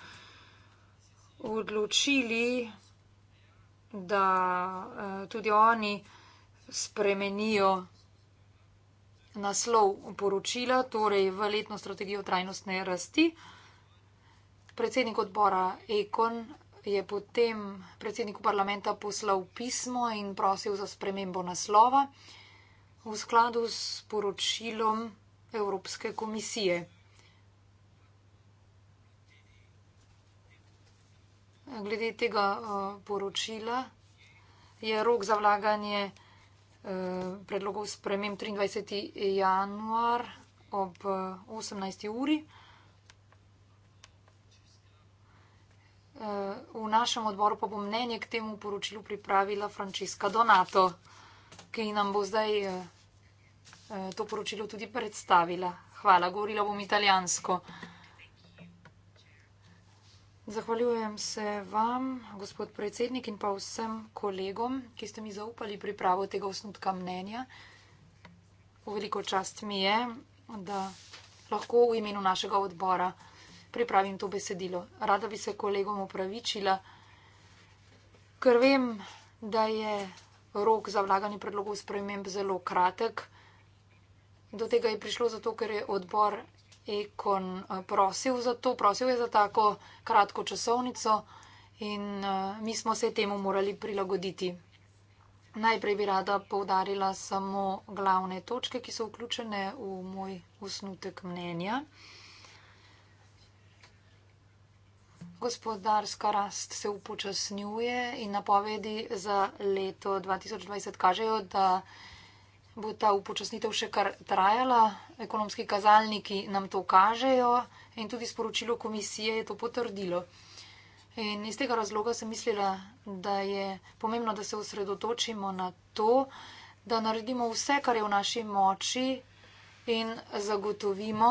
odločili, da eh, tudi oni spremenijo naslov poročila, torej v letno strategijo trajnostne rasti. Predsednik odbora Ekon je potem predsedniku parlamenta poslal pismo in prosil za spremembo naslova v skladu s poročilom Evropske komisije. Glede tega eh, poročila je rok za vlaganje. Eh, predlogov spremem 23. januar ob 18. Eh, uri. Eh, v našem odboru pa bo mnenje k temu poročilu pripravila Frančiska Donato, ki nam bo zdaj to poročilo tudi predstavila. Hvala, govorila bom italijansko. Zahvaljujem se vam, gospod predsednik, in pa vsem kolegom, ki ste mi zaupali pripravo tega osnutka mnenja. Veliko čast mi je, da lahko v imenu našega odbora pripravim to besedilo. Rada bi se kolegom upravičila, ker vem, da je rok za vlaganje predlogov sprememb zelo kratek. Do tega je prišlo zato, ker je odbor Ekon eh, prosil za to, prosil je za tako kratko časovnico in eh, mi smo se temu morali prilagoditi. Najprej bi rada povdarila samo glavne točke, ki so vključene v moj usnutek mnenja. Gospodarska rast se upočasnjuje in napovedi za leto 2020 kažejo, da bo ta upočasnitev še kar trajala. Ekonomski kazalniki nam to kažejo in tudi sporočilo komisije je to potrdilo. In iz tega razloga sem mislila, da je pomembno, da se osredotočimo na to, da naredimo vse, kar je v naši moči in zagotovimo,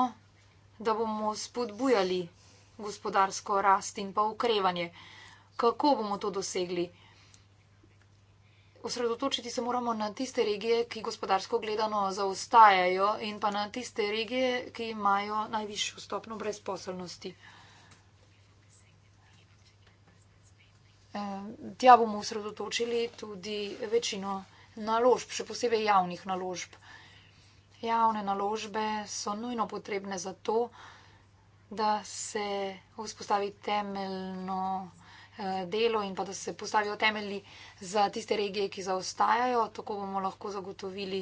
da bomo spodbujali gospodarsko rast in pa ukrevanje. Kako bomo to dosegli? osredotočiti se moramo na tiste regije, ki gospodarsko gledano zaostajajo in pa na tiste regije, ki imajo najvišjo stopno brezposelnosti. Eh, tja bomo osredotočili tudi večino naložb, še posebej javnih naložb. Javne naložbe so nujno potrebne za to, da se vzpostavi temeljno Eh, delo in pa da se postavijo temelji za tiste regije, ki zaostajajo. Tako bomo lahko zagotovili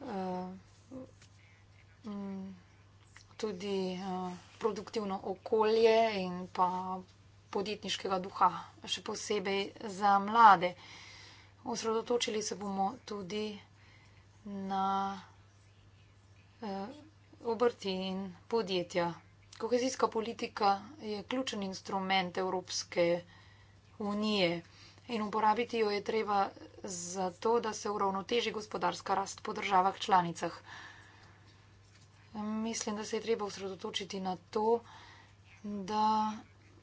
eh, mm, tudi eh, produktivno okolje in pa podjetniškega duha, še posebej za mlade. Osredotočili se bomo tudi na obrti in podjetja kohezijska politika je ključen instrument Evropske unije in uporabiti jo je treba zato, da se uravnoteži gospodarska rast po državah članicah. Mislim, da se je treba usredotočiti na to, da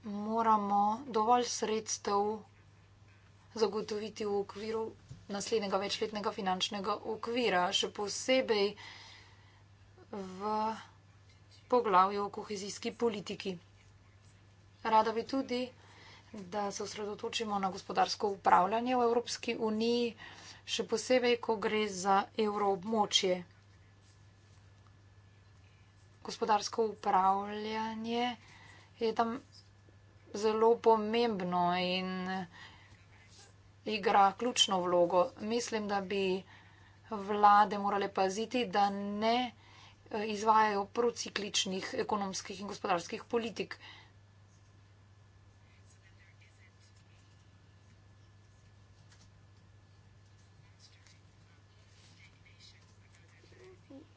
moramo dovolj sredstev zagotoviti v okviru naslednjega večletnega finančnega okvira, še posebej v poglavju o kohezijski politiki. Rada bi tudi, da se osredotočimo na gospodarsko upravljanje v Evropski uniji, še posebej, ko gre za evroobmočje. Gospodarsko upravljanje je tam zelo pomembno in igra ključno vlogo. Mislim, da bi vlade morale paziti, da ne izvajajo procikličnih ekonomskih in gospodarskih politik.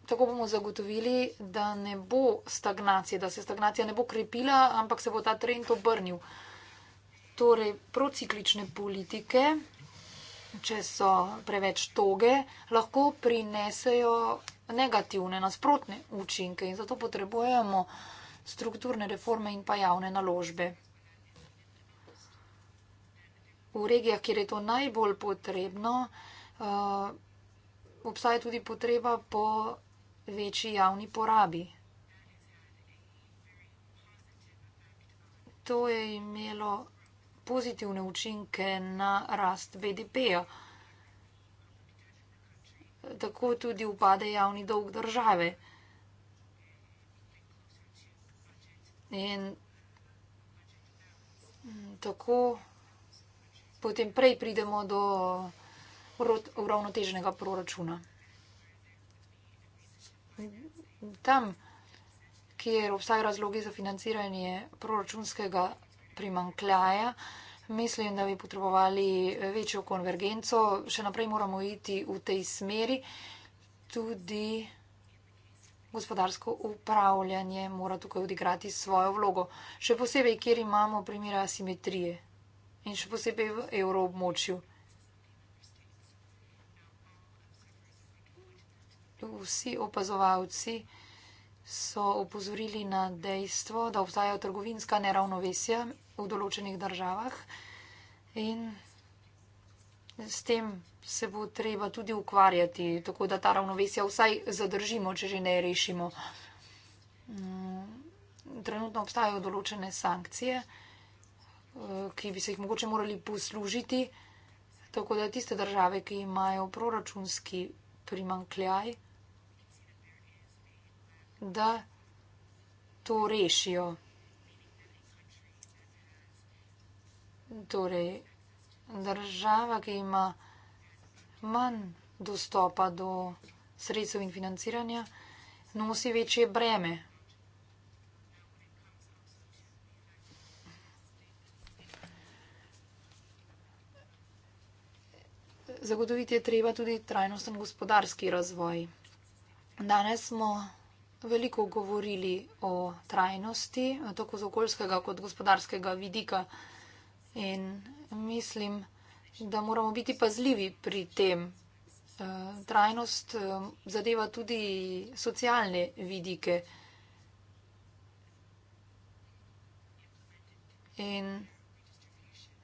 Tako bomo zagotovili, da ne bo stagnacije, da se stagnacija ne bo krepila, ampak se bo ta trend obrnil. Torej, prociklične politike če so preveč toge, lahko prinesejo negativne, nasprotne učinke in zato potrebujemo strukturne reforme in pa javne naložbe. V regijah, kjer je to najbolj potrebno, eh, obstaja tudi potreba po večji javni porabi. To je imelo pozitivne učinke na rast BDP-ja. Tako tudi upade javni dolg države. In tako potem prej pridemo do uravnoteženega proračuna. Tam, kjer obstaja razlogi za financiranje proračunskega proračuna, primankljaja. Mislim, da bi potrebovali eh, večjo konvergenco. Še naprej moramo iti v tej smeri. Tudi gospodarsko upravljanje mora tukaj odigrati svojo vlogo. Še posebej, kjer imamo primere asimetrije in še posebej v evroobmočju. Vsi opazovalci so opozorili na dejstvo, da obstajajo trgovinska neravnovesja v določenih državah. In s tem se bo treba tudi ukvarjati, tako da ta ravnovesja vsaj zadržimo, če že ne rešimo. Mm, trenutno obstajajo določene sankcije, eh, ki bi se jih mogoče morali poslužiti, tako da tiste države, ki imajo proračunski primankljaj, da to rešijo. torej država, ki ima manj dostopa do sredstev in financiranja, nosi večje breme. Zagotoviti je treba tudi trajnosten gospodarski razvoj. Danes smo veliko govorili o trajnosti, tako z okoljskega kot gospodarskega vidika. In mislim, da moramo biti pazljivi pri tem. Eh, trajnost eh, zadeva tudi socialne vidike. In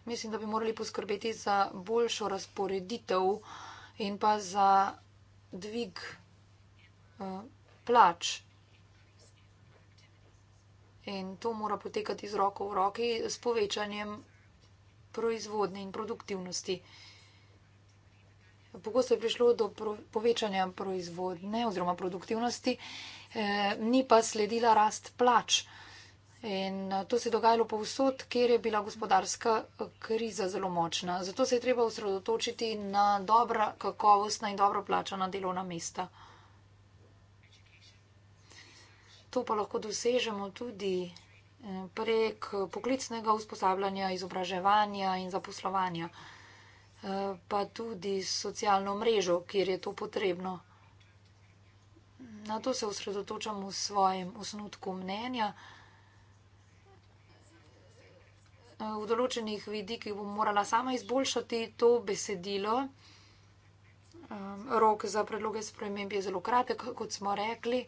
mislim, da bi morali poskrbeti za boljšo razporeditev in pa za dvig eh, plač. In to mora potekati z roko v roki, s povečanjem proizvodnje in produktivnosti. Pogosto je prišlo do povečanja proizvodne oziroma produktivnosti, eh, ni pa sledila rast plač. In eh, to se je dogajalo povsod, kjer je bila gospodarska eh, kriza zelo močna. Zato se je treba osredotočiti na dobra, kakovostna in dobro plačana delovna mesta. To pa lahko dosežemo tudi prek poklicnega usposabljanja, izobraževanja in zaposlovanja, eh, pa tudi socialno mrežo, kjer je to potrebno. Na to se osredotočam v svojem osnutku mnenja. Eh, v določenih vidikih bom morala sama izboljšati to besedilo. Eh, rok za predloge spremembe je zelo kratek, kot smo rekli.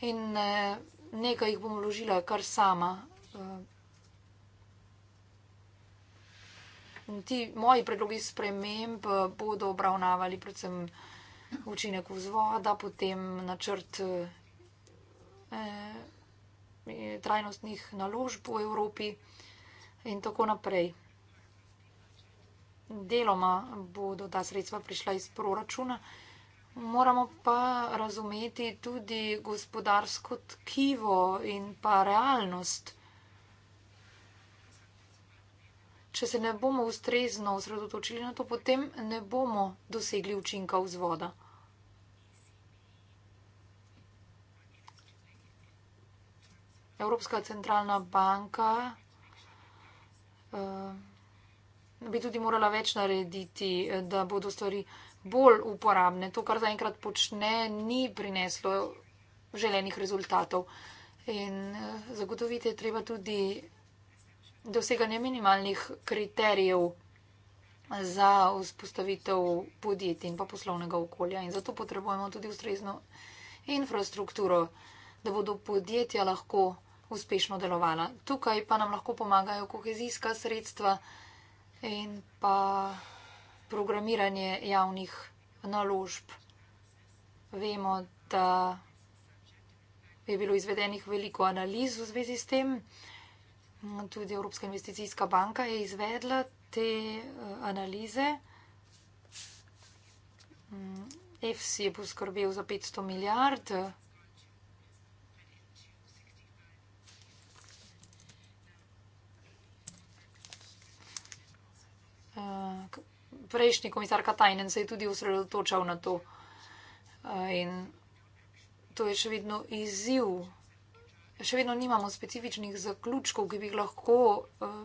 In nekaj jih bom vložila kar sama. Eh. Ti moji predlogi sprememb eh, bodo obravnavali predvsem učinek vzvoda, potem načrt eh, trajnostnih naložb v Evropi in tako naprej. Deloma bodo ta sredstva prišla iz proračuna in tako naprej. Moramo pa razumeti tudi gospodarsko tkivo in pa realnost. Če se ne bomo ustrezno osredotočili na to, potem ne bomo dosegli učinka vzvoda. Evropska centralna banka uh, bi tudi morala več narediti, eh, da bodo stvari. Uh, bolj uporabne. To, kar zaenkrat počne, ni prineslo želenih rezultatov. In eh, zagotoviti je treba tudi doseganje minimalnih kriterijev za vzpostavitev podjetij in pa poslovnega okolja. In zato potrebujemo tudi ustrezno infrastrukturo, da bodo podjetja lahko uspešno delovala. Tukaj pa nam lahko pomagajo kohezijska sredstva in pa programiranje javnih naložb. Vemo, da je bilo izvedenih veliko analiz v zvezi s tem. Tudi Evropska investicijska banka je izvedla te eh, analize. EFS mm, je poskrbel za 500 milijard. Uh, prejšnji komisar Katajnen se je tudi usredotočal na to. Eh, in to je še vedno izziv. Še vedno nimamo specifičnih zaključkov, ki bi jih lahko eh,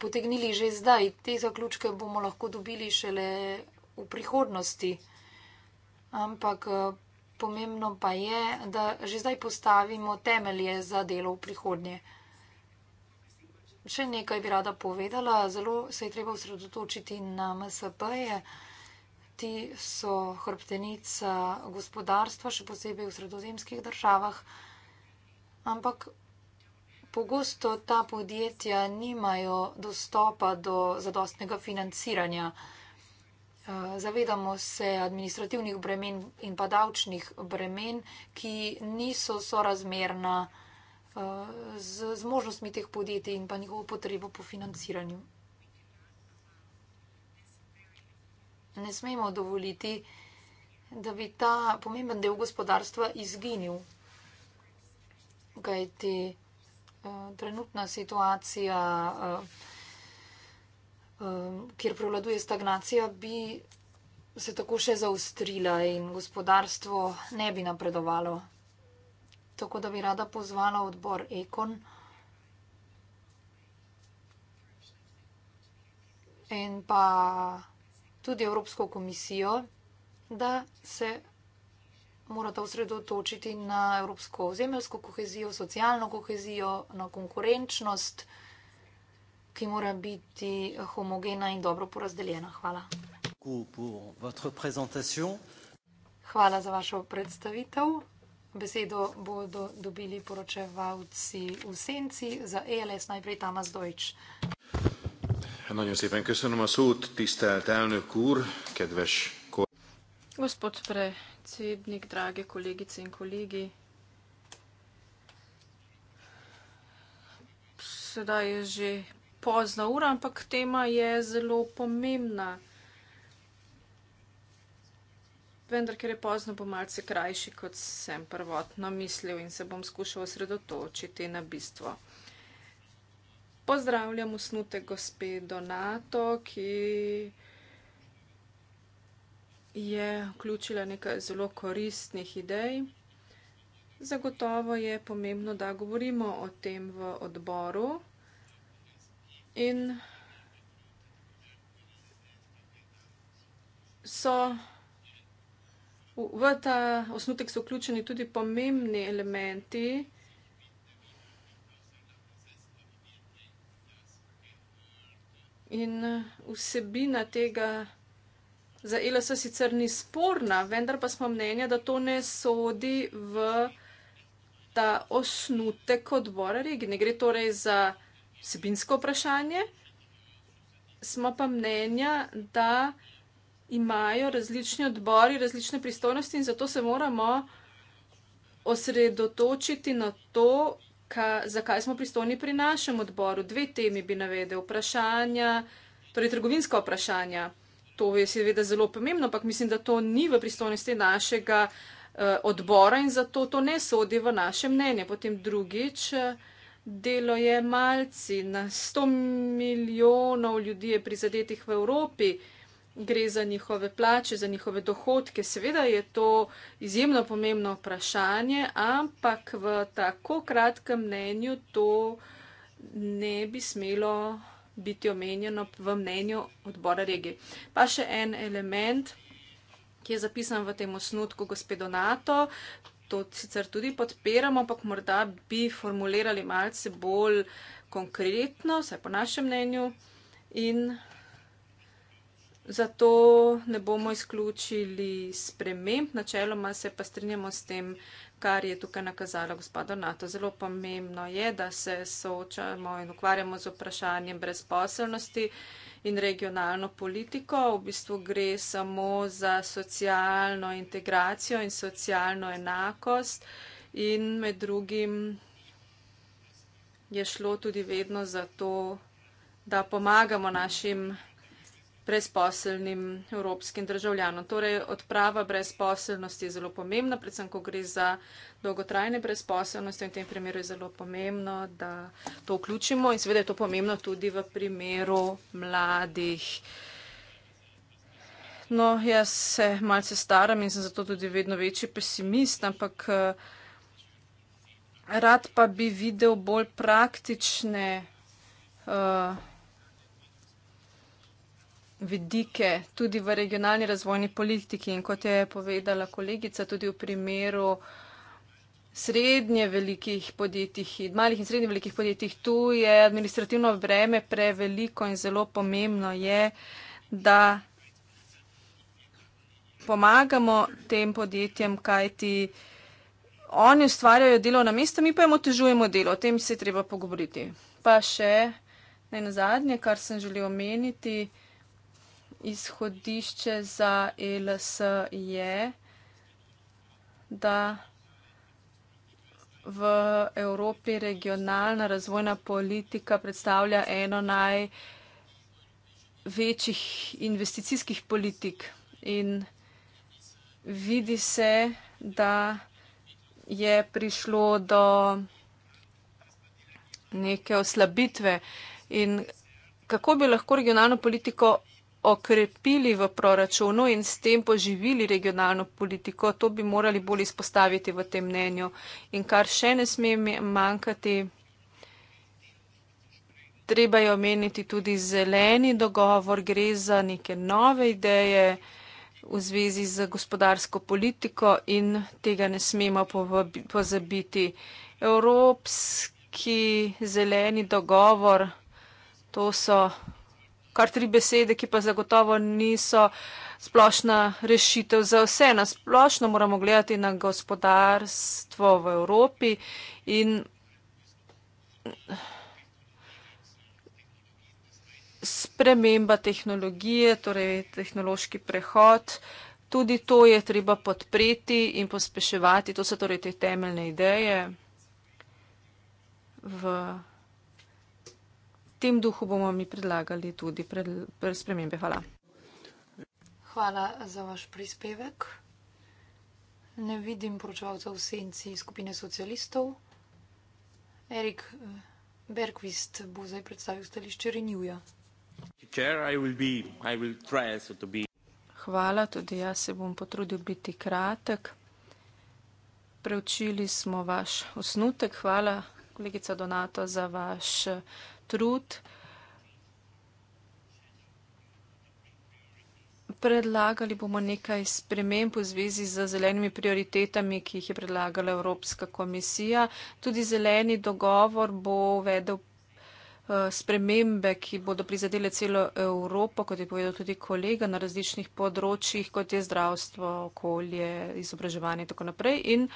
potegnili že zdaj. Te zaključke bomo lahko dobili šele v prihodnosti. Ampak eh, pomembno pa je, da že zdaj postavimo temelje za delo v prihodnje. Še nekaj bi rada povedala. Zelo se je treba usredotočiti na MSP-je. Ti so hrbtenica gospodarstva, še posebej v sredozemskih državah. Ampak pogosto ta podjetja nimajo dostopa do zadostnega financiranja. Eh, zavedamo se administrativnih bremen in pa davčnih bremen, ki niso sorazmerna z zmožnostmi teh podjetij in pa njihovo potrebo po financiranju. Ne smemo dovoliti, da bi ta pomemben del gospodarstva izginil, kajti trenutna situacija, kjer prevladuje stagnacija, bi se tako še zaustrila in gospodarstvo ne bi napredovalo tako da bi rada pozvala odbor Ekon in pa tudi Evropsko komisijo, da se morata osredotočiti na evropsko zemeljsko kohezijo, socialno kohezijo, na konkurenčnost, ki mora biti homogena in dobro porazdeljena. Hvala. Hvala za vašo predstavitev. Besedo bodo dobili poročevalci v senci za ELS, najprej Tamas Dojč. Nagyon szépen köszönöm a szót, tisztelt elnök úr, kedves kollégák. Gospod predsednik, drage kolegice in kolegi. Sedaj je že pozna ura, ampak tema je zelo pomembna vendar ker je pozno, bo malce krajši, kot sem prvotno mislil in se bom skušal osredotočiti na bistvo. Pozdravljam usnute gospe Donato, ki je vključila nekaj zelo koristnih idej. Zagotovo je pomembno, da govorimo o tem v odboru in so v ta osnutek so vključeni tudi pomembni elementi. In vsebina tega za e LSO sicer ni sporna, vendar pa smo mnenja, da to ne sodi v ta osnutek odbora regij. Ne gre torej za vsebinsko vprašanje, smo pa mnenja, da imajo različni odbori, različne pristojnosti in zato se moramo osredotočiti na to, ka, zakaj smo pristojni pri našem odboru. Dve temi bi navedel, vprašanja, torej trgovinska vprašanja. To je seveda zelo pomembno, ampak mislim, da to ni v pristojnosti našega eh, odbora in zato to ne sodi v naše mnenje. Potem drugič, eh, delo je malci, na 100 milijonov ljudi je prizadetih v Evropi. Eh, gre za njihove plače, za njihove dohodke. Seveda je to izjemno pomembno vprašanje, ampak v tako kratkem mnenju to ne bi smelo biti omenjeno v mnenju odbora regije. Pa še en element, ki je zapisan v tem osnutku gospodo NATO, to sicer tudi podpiramo, ampak morda bi formulirali malce bolj konkretno, vsaj po našem mnenju. In Zato ne bomo izključili sprememb, načeloma se pa strinjamo s tem, kar je tukaj nakazala gospoda NATO. Zelo pomembno je, da se soočamo in ukvarjamo z vprašanjem brezposelnosti in regionalno politiko. V bistvu gre samo za socialno integracijo in socialno enakost in med drugim je šlo tudi vedno za to, da pomagamo našim brezposelnim evropskim državljanom. Torej, odprava brezposelnosti je zelo pomembna, predvsem, ko gre za dolgotrajne brezposelnosti in v tem primeru je zelo pomembno, da to vključimo in seveda je to pomembno tudi v primeru mladih. No, jaz se malce staram in sem zato tudi vedno večji pesimist, ampak eh, rad pa bi videl bolj praktične. Uh, vidike tudi v regionalni razvojni politiki in kot je povedala kolegica, tudi v primeru srednje velikih podjetjih, malih in srednje velikih podjetjih, tu je administrativno breme preveliko in zelo pomembno je, da pomagamo tem podjetjem, kajti oni ustvarjajo delo na mesto, mi pa jim otežujemo delo, o tem se je treba pogovoriti. Pa še, ne na zadnje, kar sem želel omeniti, izhodišče za ELS je, da v Evropi regionalna razvojna politika predstavlja eno največjih investicijskih politik in vidi se, da je prišlo do neke oslabitve in kako bi lahko regionalno politiko okrepili v proračunu in s tem poživili regionalno politiko. To bi morali bolj izpostaviti v tem mnenju. In kar še ne sme manjkati, treba je omeniti tudi zeleni dogovor, gre za neke nove ideje v zvezi z gospodarsko politiko in tega ne smemo pozabiti. Evropski zeleni dogovor, to so kar tri besede, ki pa zagotovo niso splošna rešitev za vse. Na splošno moramo gledati na gospodarstvo v Evropi in sprememba tehnologije, torej tehnološki prehod. Tudi to je treba podpreti in pospeševati. To so torej te temeljne ideje. V tem duhu bomo mi predlagali tudi pred, pred spremembe. Hvala. Hvala za vaš prispevek. Ne vidim poročevalcev v senci skupine socialistov. Erik eh, Bergvist bo zdaj predstavil stališče Renewja. Hvala, tudi jaz se bom potrudil biti kratek. Preučili smo vaš osnutek. Hvala kolegica Donato, za vaš eh, trud. Predlagali bomo nekaj sprememb v zvezi z zelenimi prioritetami, ki jih je predlagala Evropska komisija. Tudi zeleni dogovor bo uvedel eh, spremembe, ki bodo prizadele celo Evropo, kot je povedal tudi kolega, na različnih področjih, kot je zdravstvo, okolje, izobraževanje in tako naprej. In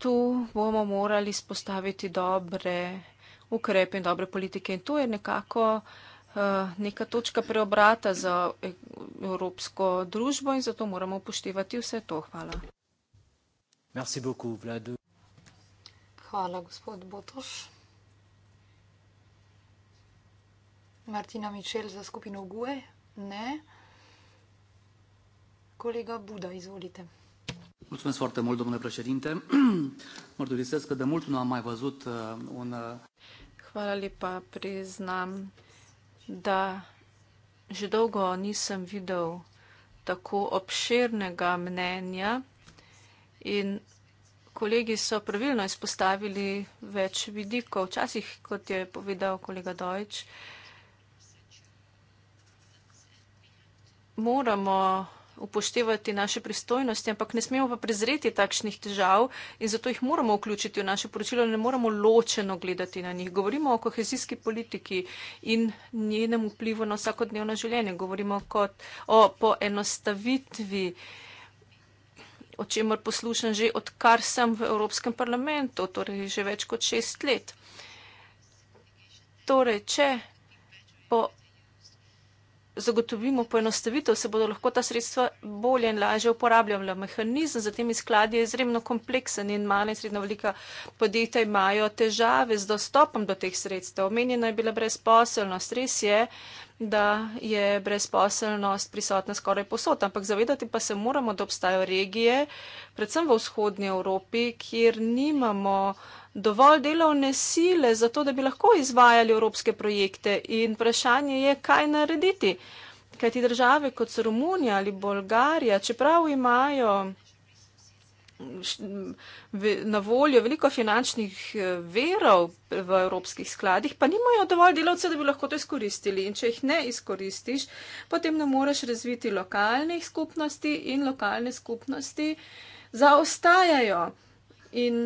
tu bomo morali spostaviti dobre ukrepe in dobre politike. In to je nekako uh, neka točka preobrata za evropsko družbo in zato moramo upoštevati vse to. Hvala. Merci beaucoup, Vladu. Hvala, gospod Botoš. Martina Mičel za skupino GUE? Ne. Kolega Buda, izvolite. Mulțumesc foarte mult, domnule președinte. Mărturisesc că de mult nu am mai văzut uh, un... Uh, Hvala lepa, priznam, da že dolgo nisem videl tako obširnega mnenja in kolegi so pravilno izpostavili več vidikov. Včasih, kot je povedal kolega Dojč, moramo upoštevati naše pristojnosti, ampak ne smemo pa prezreti takšnih težav in zato jih moramo vključiti v naše poročilo, ne moramo ločeno gledati na njih. Govorimo o kohezijski politiki in njenem vplivu na vsakodnevno življenje. Govorimo kot o poenostavitvi, o čemer poslušam že odkar sem v Evropskem parlamentu, torej že več kot šest let. Torej, če po zagotovimo poenostavitev, se bodo lahko ta sredstva bolje in lažje uporabljala. Mehanizem za temi skladi je izredno kompleksen in mala in srednja velika podjetja imajo težave z dostopom do teh sredstev. Omenjena je bila brezposelnost. Res je, da je brezposelnost prisotna skoraj posod, ampak zavedati pa se moramo, da obstajajo regije, predvsem v vzhodnji Evropi, kjer nimamo dovolj delovne sile za to, da bi lahko izvajali evropske projekte in vprašanje je, kaj narediti. Kaj ti države kot so Romunija ali Bolgarija, čeprav imajo na voljo veliko finančnih eh, verov v evropskih skladih, pa nimajo dovolj delavcev, da bi lahko to izkoristili. In če jih ne izkoristiš, potem ne moreš razviti lokalnih skupnosti in lokalne skupnosti zaostajajo. In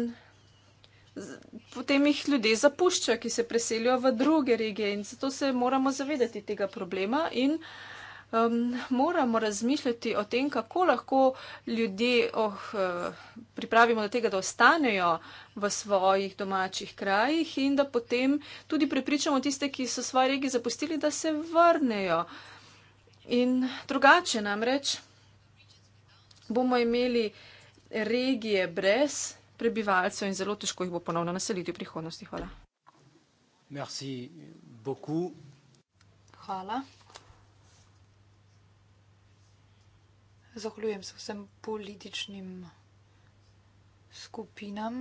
potem jih ljudje zapuščajo, ki se preselijo v druge regije. In zato se moramo zavedati tega problema in um, moramo razmišljati o tem, kako lahko ljudi oh, eh, pripravimo do tega, da ostanejo v svojih domačih krajih in da potem tudi prepričamo tiste, ki so svoje regije zapustili, da se vrnejo. In drugače namreč bomo imeli regije brez prebivalcev in zelo težko jih bo ponovno naseliti v prihodnosti. Hvala. Merci beaucoup. Hvala. zahvaljujem se vsem političnim skupinam.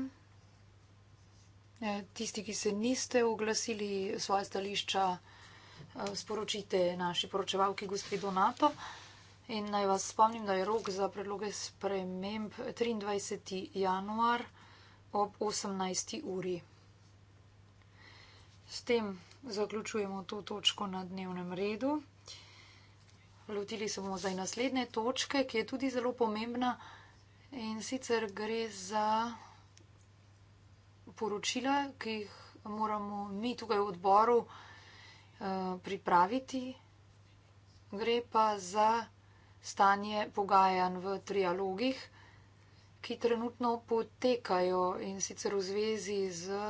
E, tisti, ki se niste oglasili svoje stališča, e, sporočite naši poročevalki gospe Donato. In naj vas spomnim, da je rok za predloge sprememb 23. januar ob 18. uri. S tem zaključujemo to točko na dnevnem redu. Lotili se bomo zdaj naslednje točke, ki je tudi zelo pomembna in sicer gre za poročila, ki jih moramo mi tukaj v odboru eh, pripraviti. Gre pa za stanje pogajanj v trialogih, ki trenutno potekajo in sicer v zvezi z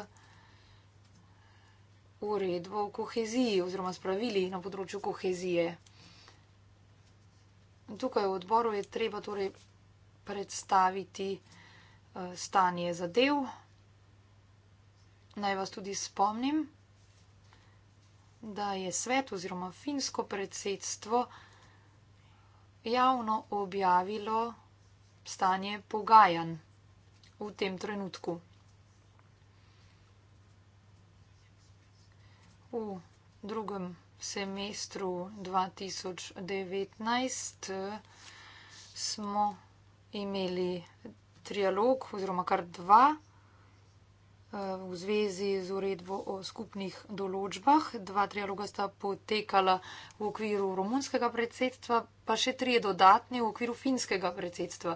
uredbo o koheziji oziroma spravili na področju kohezije tukaj v odboru je treba torej predstaviti eh, stanje zadev. Naj vas tudi spomnim, da je svet oziroma finsko predsedstvo javno objavilo stanje pogajan v tem trenutku. V drugem semestru 2019 smo imeli trialog oziroma kar dva eh, v zvezi z uredbo o skupnih določbah. Dva trialoga sta potekala v okviru romunskega predsedstva, pa še tri dodatne v okviru finskega predsedstva.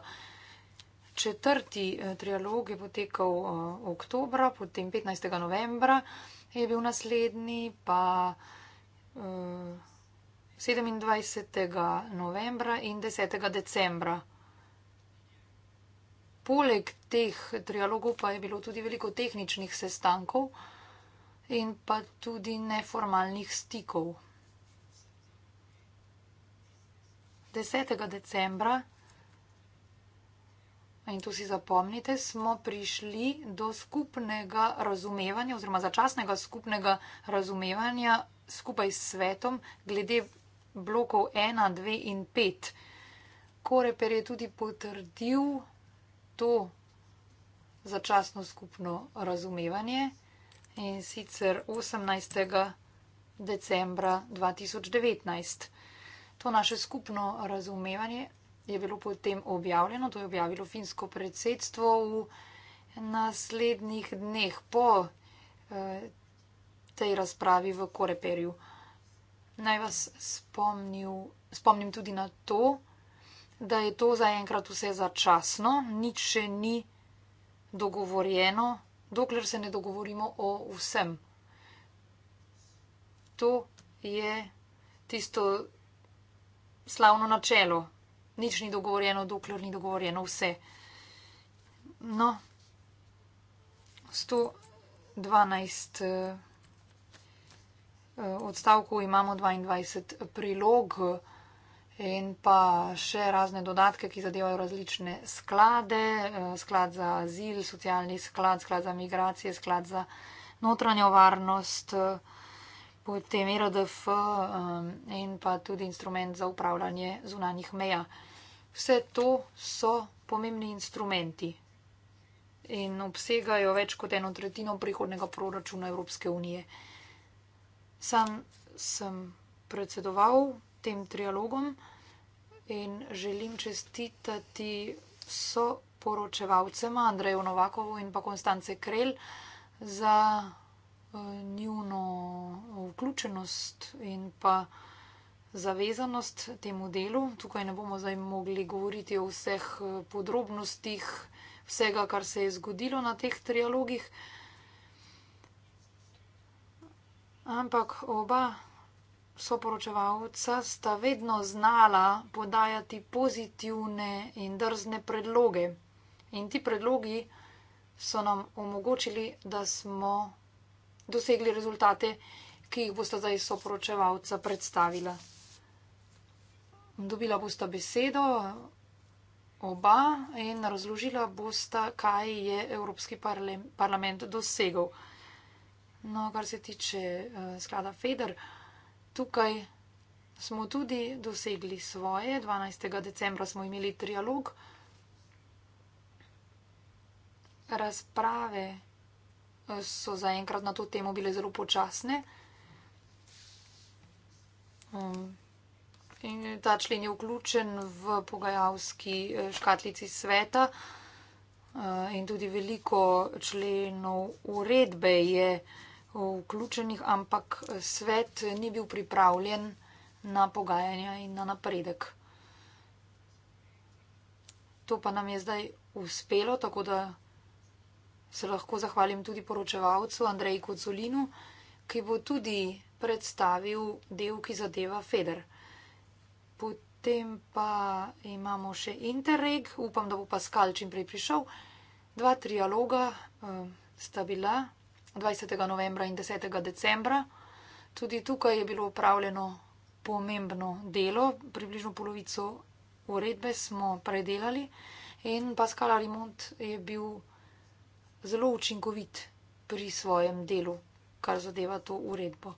Četrti eh, trialog je potekal eh, oktobra, potem 15. novembra je bil naslednji, pa 27. novembra in 10. decembra. Poleg teh trialogov pa je bilo tudi veliko tehničnih sestankov in pa tudi neformalnih stikov. 10. decembra, in to si zapomnite, smo prišli do skupnega razumevanja oziroma začasnega skupnega razumevanja skupaj s svetom glede blokov 1, 2 in 5. Koreper je tudi potrdil to začasno skupno razumevanje in sicer 18. decembra 2019. To naše skupno razumevanje je bilo potem objavljeno, to je objavilo finsko predsedstvo v naslednjih dneh po eh, tej razpravi v Koreperju. Naj vas spomnil, spomnim tudi na to, da je to zaenkrat vse začasno, nič še ni dogovorjeno, dokler se ne dogovorimo o vsem. To je tisto slavno načelo. Nič ni dogovorjeno, dokler ni dogovorjeno vse. No, 112 odstavkov imamo 22 prilog in pa še razne dodatke, ki zadevajo različne sklade, eh, sklad za azil, socialni sklad, sklad za migracije, sklad za notranjo varnost, eh, potem IRDF eh, in pa tudi instrument za upravljanje zunanjih meja. Vse to so pomembni instrumenti in obsegajo več kot eno tretjino prihodnega proračuna Evropske unije. Sam sem predsedoval tem trialogom in želim čestitati so poročevalcema Andreju Novakovu in pa Konstance Krel za eh, njuno vključenost in pa zavezanost temu delu. Tukaj ne bomo zdaj mogli govoriti o vseh eh, podrobnostih vsega, kar se je zgodilo na teh trialogih. Ampak oba soporočevalca sta vedno znala podajati pozitivne in drzne predloge. In ti predlogi so nam omogočili, da smo dosegli rezultate, ki jih bosta zdaj soporočevalca predstavila. Dobila bosta besedo oba in razložila bosta, kaj je Evropski parlament dosegal. No, kar se tiče uh, sklada Feder, tukaj smo tudi dosegli svoje. 12. decembra smo imeli trialog. Razprave eh, so zaenkrat na to temo bile zelo počasne. Um, in ta člen je vključen v pogajalski eh, škatlici sveta in tudi veliko členov uredbe je uh, vključenih, ampak svet ni bil pripravljen na pogajanja in na napredek. To pa nam je zdaj uspelo, tako da se lahko zahvalim tudi poročevalcu Andreji Kocolinu, ki bo tudi predstavil del, ki zadeva Feder. Potem pa imamo še Interreg, upam, da bo Pascal čim prej prišel. Dva trialoga uh, sta bila. 20. novembra in 10. decembra. Tudi tukaj je bilo upravljeno pomembno delo, približno polovico uredbe smo predelali in Pascal Arimont je bil zelo učinkovit pri svojem delu, kar zadeva to uredbo.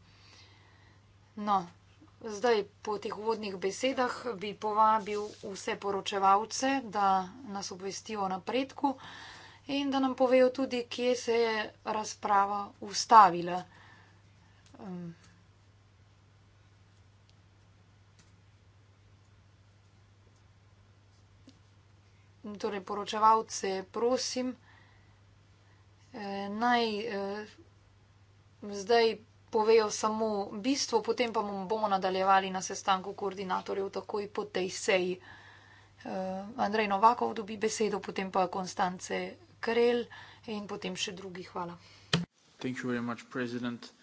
No, zdaj po teh uvodnih besedah bi povabil vse poročevalce, da nas obvestijo o napredku in da nam povejo tudi, kje se je razprava ustavila. Um. Torej, poročevalce, prosim, eh, naj eh, zdaj povejo samo bistvo, potem pa bomo nadaljevali na sestanku koordinatorjev takoj po tej seji. Uh, Andrej Novakov dobi besedo, potem pa Konstance Krel in potem še drugi. Hvala. Much,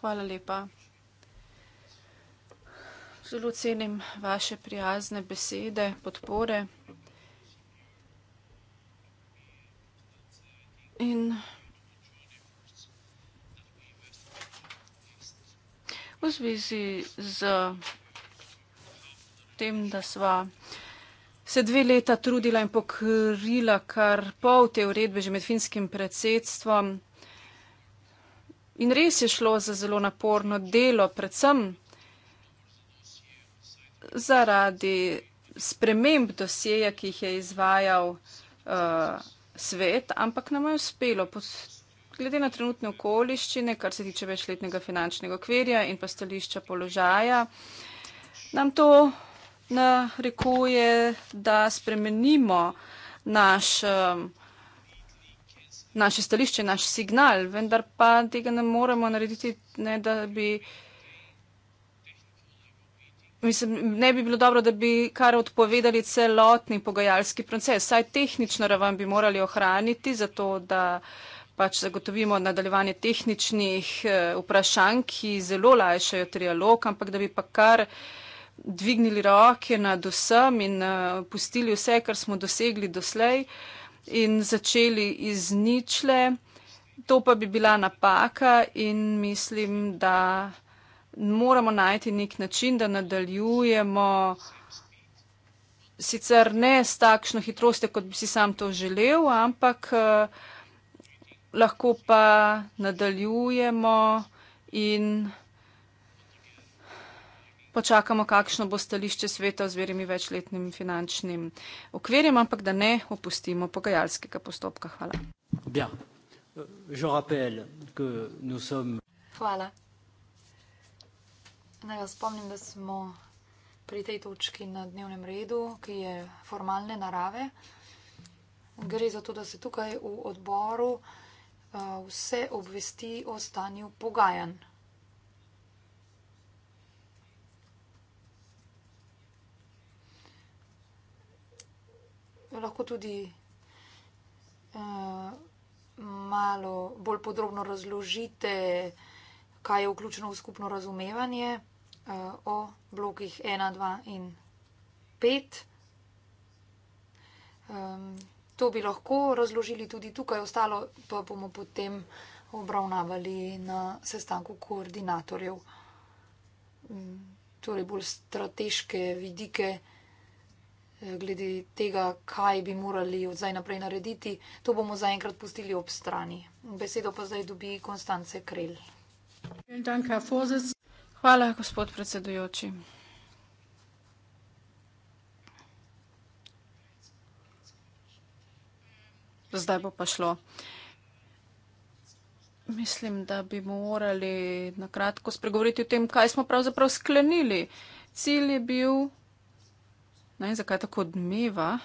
Hvala lepa. Zelo cenim vaše prijazne besede, podpore. In v zvezi z tem, da sva se dve leta trudila in pokrila kar pol te uredbe že med finskim predsedstvom. In res je šlo za zelo naporno delo, predvsem zaradi sprememb dosjeja, ki jih je izvajal uh, svet, ampak nam je uspelo. Pod, glede na trenutne okoliščine, kar se tiče večletnega finančnega okvirja in pa stališča položaja, nam to narekuje, da spremenimo naš, um, naše stališče, naš signal, vendar pa tega ne moremo narediti, ne da bi. Mislim, ne bi bilo dobro, da bi kar odpovedali celotni pogajalski proces. Saj tehnično raven bi morali ohraniti, zato da pač zagotovimo nadaljevanje tehničnih eh, vprašanj, ki zelo lajšajo trialog, ampak da bi pa kar uh, dvignili roke nad vsem in uh, pustili vse, kar smo dosegli doslej in začeli iz ničle. To pa bi bila napaka in mislim, da moramo najti nek način, da nadaljujemo sicer ne s takšno hitrostjo, kot bi si sam to želel, ampak uh, lahko pa nadaljujemo in počakamo, kakšno bo stališče sveta v zverimi večletnim finančnim okvirjem, ampak da ne opustimo pogajalskega postopka. Hvala. Hvala. Naj vas spomnim, da smo pri tej točki na dnevnem redu, ki je formalne narave. Gre za to, da se tukaj v odboru eh, vse obvesti o stanju pogajanj. lahko tudi uh, malo bolj podrobno razložite, kaj je vključeno v skupno razumevanje uh, o blokih 1, 2 in 5. Um, ehm, to bi lahko razložili tudi tukaj, ostalo pa bomo potem obravnavali na sestanku koordinatorjev. Um, torej bolj strateške vidike glede tega, kaj bi morali od zdaj naprej narediti, to bomo zaenkrat pustili ob strani. Besedo pa zdaj dobi Konstance Krel. Hvala, gospod predsedujoči. Zdaj bo pa šlo. Mislim, da bi morali na kratko spregovoriti o tem, kaj smo pravzaprav sklenili. Cilj je bil Ne, zakaj tako odmeva?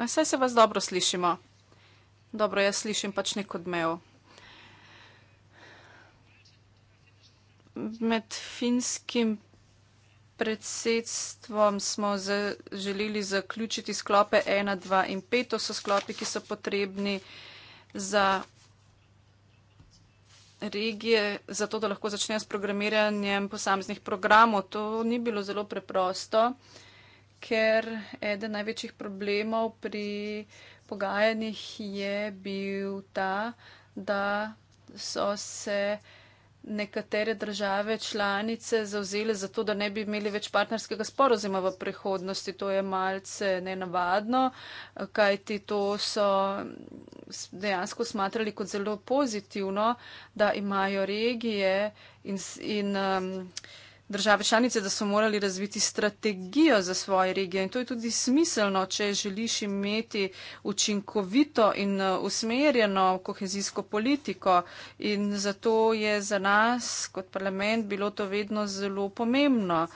Vse se vas dobro slišimo. Dobro, jaz slišim pač nek odmev. Med finskim predsedstvom smo želeli zaključiti sklope 1, 2 in 5. To so sklopi, ki so potrebni za regije, zato da lahko začne s programiranjem posameznih programov. To ni bilo zelo preprosto, ker eden največjih problemov pri pogajanjih je bil ta, da so se nekatere države članice zauzeli za to, da ne bi imeli več partnerskega sporozima v prihodnosti. To je malce nenavadno, kajti to so dejansko smatrali kot zelo pozitivno, da imajo regije in. in um, države članice, da so morali razviti strategijo za svoje regije. In to je tudi smiselno, če želiš imeti učinkovito in uh, usmerjeno kohezijsko politiko. In zato je za nas kot parlament bilo to vedno zelo pomembno.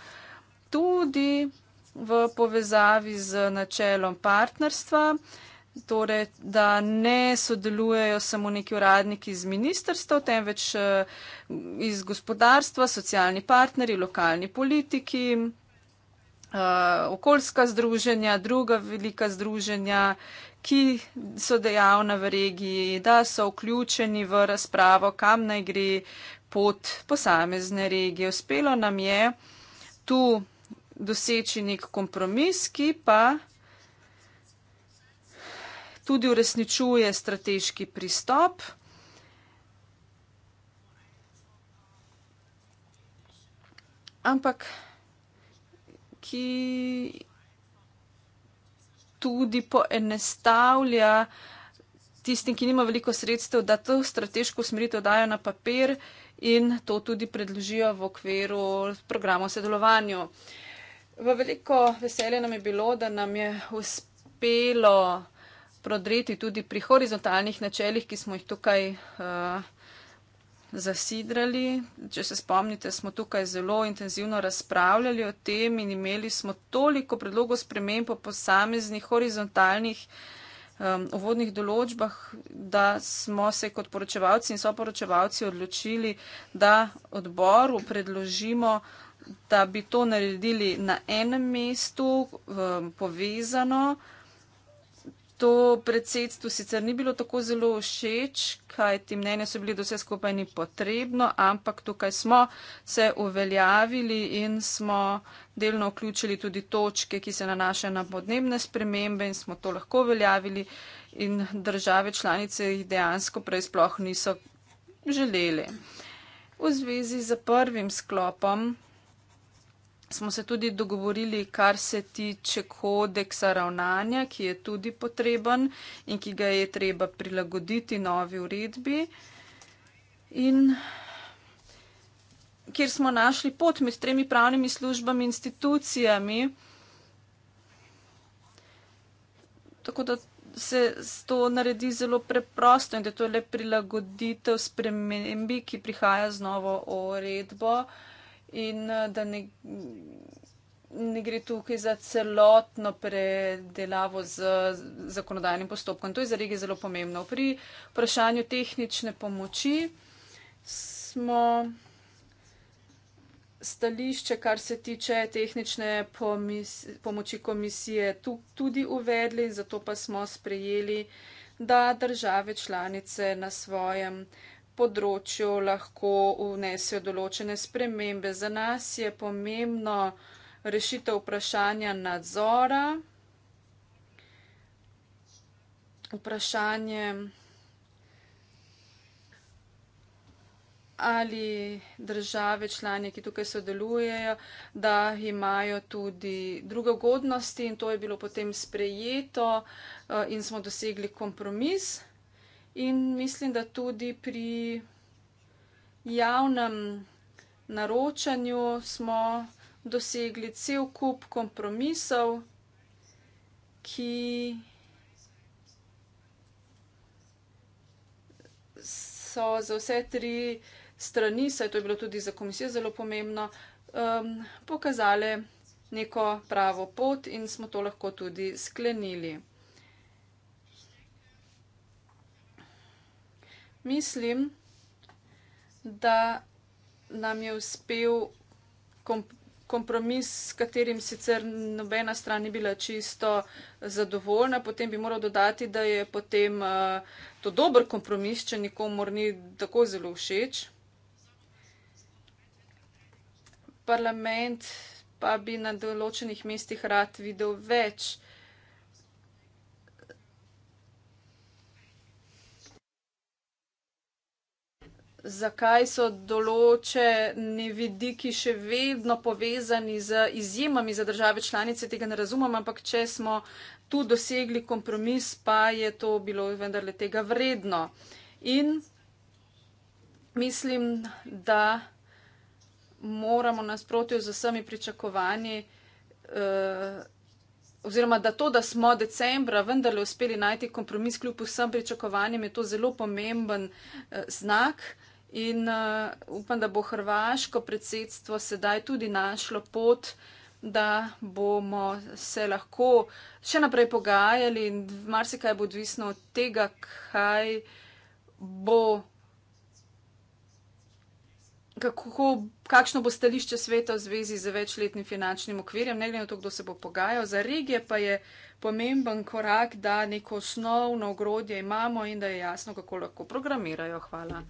Tudi v povezavi z načelom partnerstva torej, da ne sodelujejo samo neki uradniki iz ministrstva, temveč eh, iz gospodarstva, socialni partneri, lokalni politiki, eh, okoljska združenja, druga velika združenja, ki so dejavna v regiji, da so vključeni v razpravo, kam naj gre pot posamezne regije. Uspelo nam je tu doseči nek kompromis, ki pa tudi uresničuje strateški pristop. Ampak ki tudi poenostavlja tistim, ki nima veliko sredstev, da to strateško usmeritev dajo na papir in to tudi predložijo v okviru programov sodelovanju. V veliko veselje nam je bilo, da nam je uspelo prodreti tudi pri horizontalnih načeljih, ki smo jih tukaj uh, zasidrali. Če se spomnite, smo tukaj zelo intenzivno razpravljali o tem in imeli smo toliko predlogov sprememb po posameznih horizontalnih um, uvodnih določbah, da smo se kot poročevalci in soporočevalci odločili, da odboru predložimo da bi to naredili na enem mestu, eh, povezano, to predsedstvu sicer ni bilo tako zelo všeč, kaj ti mnenje so bili, da vse skupaj ni potrebno, ampak tukaj smo se uveljavili in smo delno vključili tudi točke, ki se nanašajo na podnebne spremembe in smo to lahko uveljavili in države članice jih dejansko prej sploh niso želeli. V zvezi z prvim sklopom smo se tudi dogovorili, kar se tiče kodeksa ravnanja, ki je tudi potreben in ki ga je treba prilagoditi novi uredbi. In kjer smo našli pot med tremi pravnimi službami in institucijami, tako da se to naredi zelo preprosto in da to je le prilagoditev spremembi, ki prihaja z novo uredbo. Uh, in eh, da ne, ne gre tukaj za celotno predelavo z zakonodajnim postopkom. To je za regije zelo pomembno. Pri vprašanju tehnične pomoči smo stališče, kar se tiče tehnične pomis, pomoči komisije, tudi uvedli, zato pa smo sprejeli, da države članice na svojem področju lahko vnesejo določene spremembe. Za nas je pomembno rešitev vprašanja nadzora, vprašanje ali države članje, ki tukaj sodelujejo, da imajo tudi druge ugodnosti in to je bilo potem sprejeto eh, in smo dosegli kompromis. In mislim, da tudi pri javnem naročanju smo dosegli cel kup kompromisov, ki so za vse tri strani, saj to je bilo tudi za komisijo zelo pomembno, um, pokazale neko pravo pot in smo to lahko tudi sklenili. Mislim, da nam je uspel komp kompromis, s katerim sicer nobena stran ni bila čisto zadovoljna. Potem bi moral dodati, da je potem uh, to dober kompromis, če nikomor ni tako zelo všeč. Parlament pa bi na določenih mestih rad videl več. zakaj so določene vidiki še vedno povezani z izjemami za države članice, tega ne razumem, ampak če smo tu dosegli kompromis, pa je to bilo vendarle tega vredno. In mislim, da moramo nasprotju z vsemi pričakovanji. Uh, Oziroma, da to, da smo decembra vendarle uspeli najti kompromis kljub vsem pričakovanjem, je to zelo pomemben eh, znak. In uh, upam, da bo hrvaško predsedstvo sedaj tudi našlo pot, da bomo se lahko še naprej pogajali in marsikaj bo odvisno od tega, kaj bo, kako, kakšno bo stališče sveta v zvezi z večletnim finančnim okvirjem, ne glede na to, kdo se bo pogajal. Za regije pa je pomemben korak, da neko osnovno ogrodje imamo in da je jasno, kako lahko programirajo. Hvala.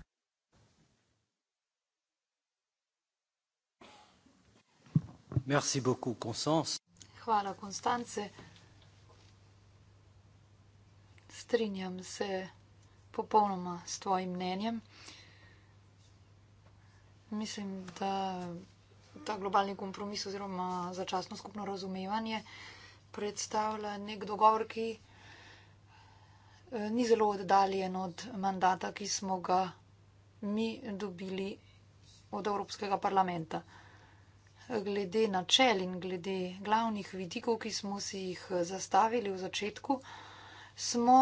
Merci beaucoup, Constance. Hvala, Konstance. Strinjam se popolnoma s tvojim mnenjem. Mislim, da ta globalni kompromis oziroma začasno skupno razumevanje predstavlja nek dogovor, ki eh, ni zelo oddaljen od mandata, ki smo ga mi dobili od Evropskega parlamenta glede načel in glede glavnih vidikov, ki smo si jih zastavili v začetku, smo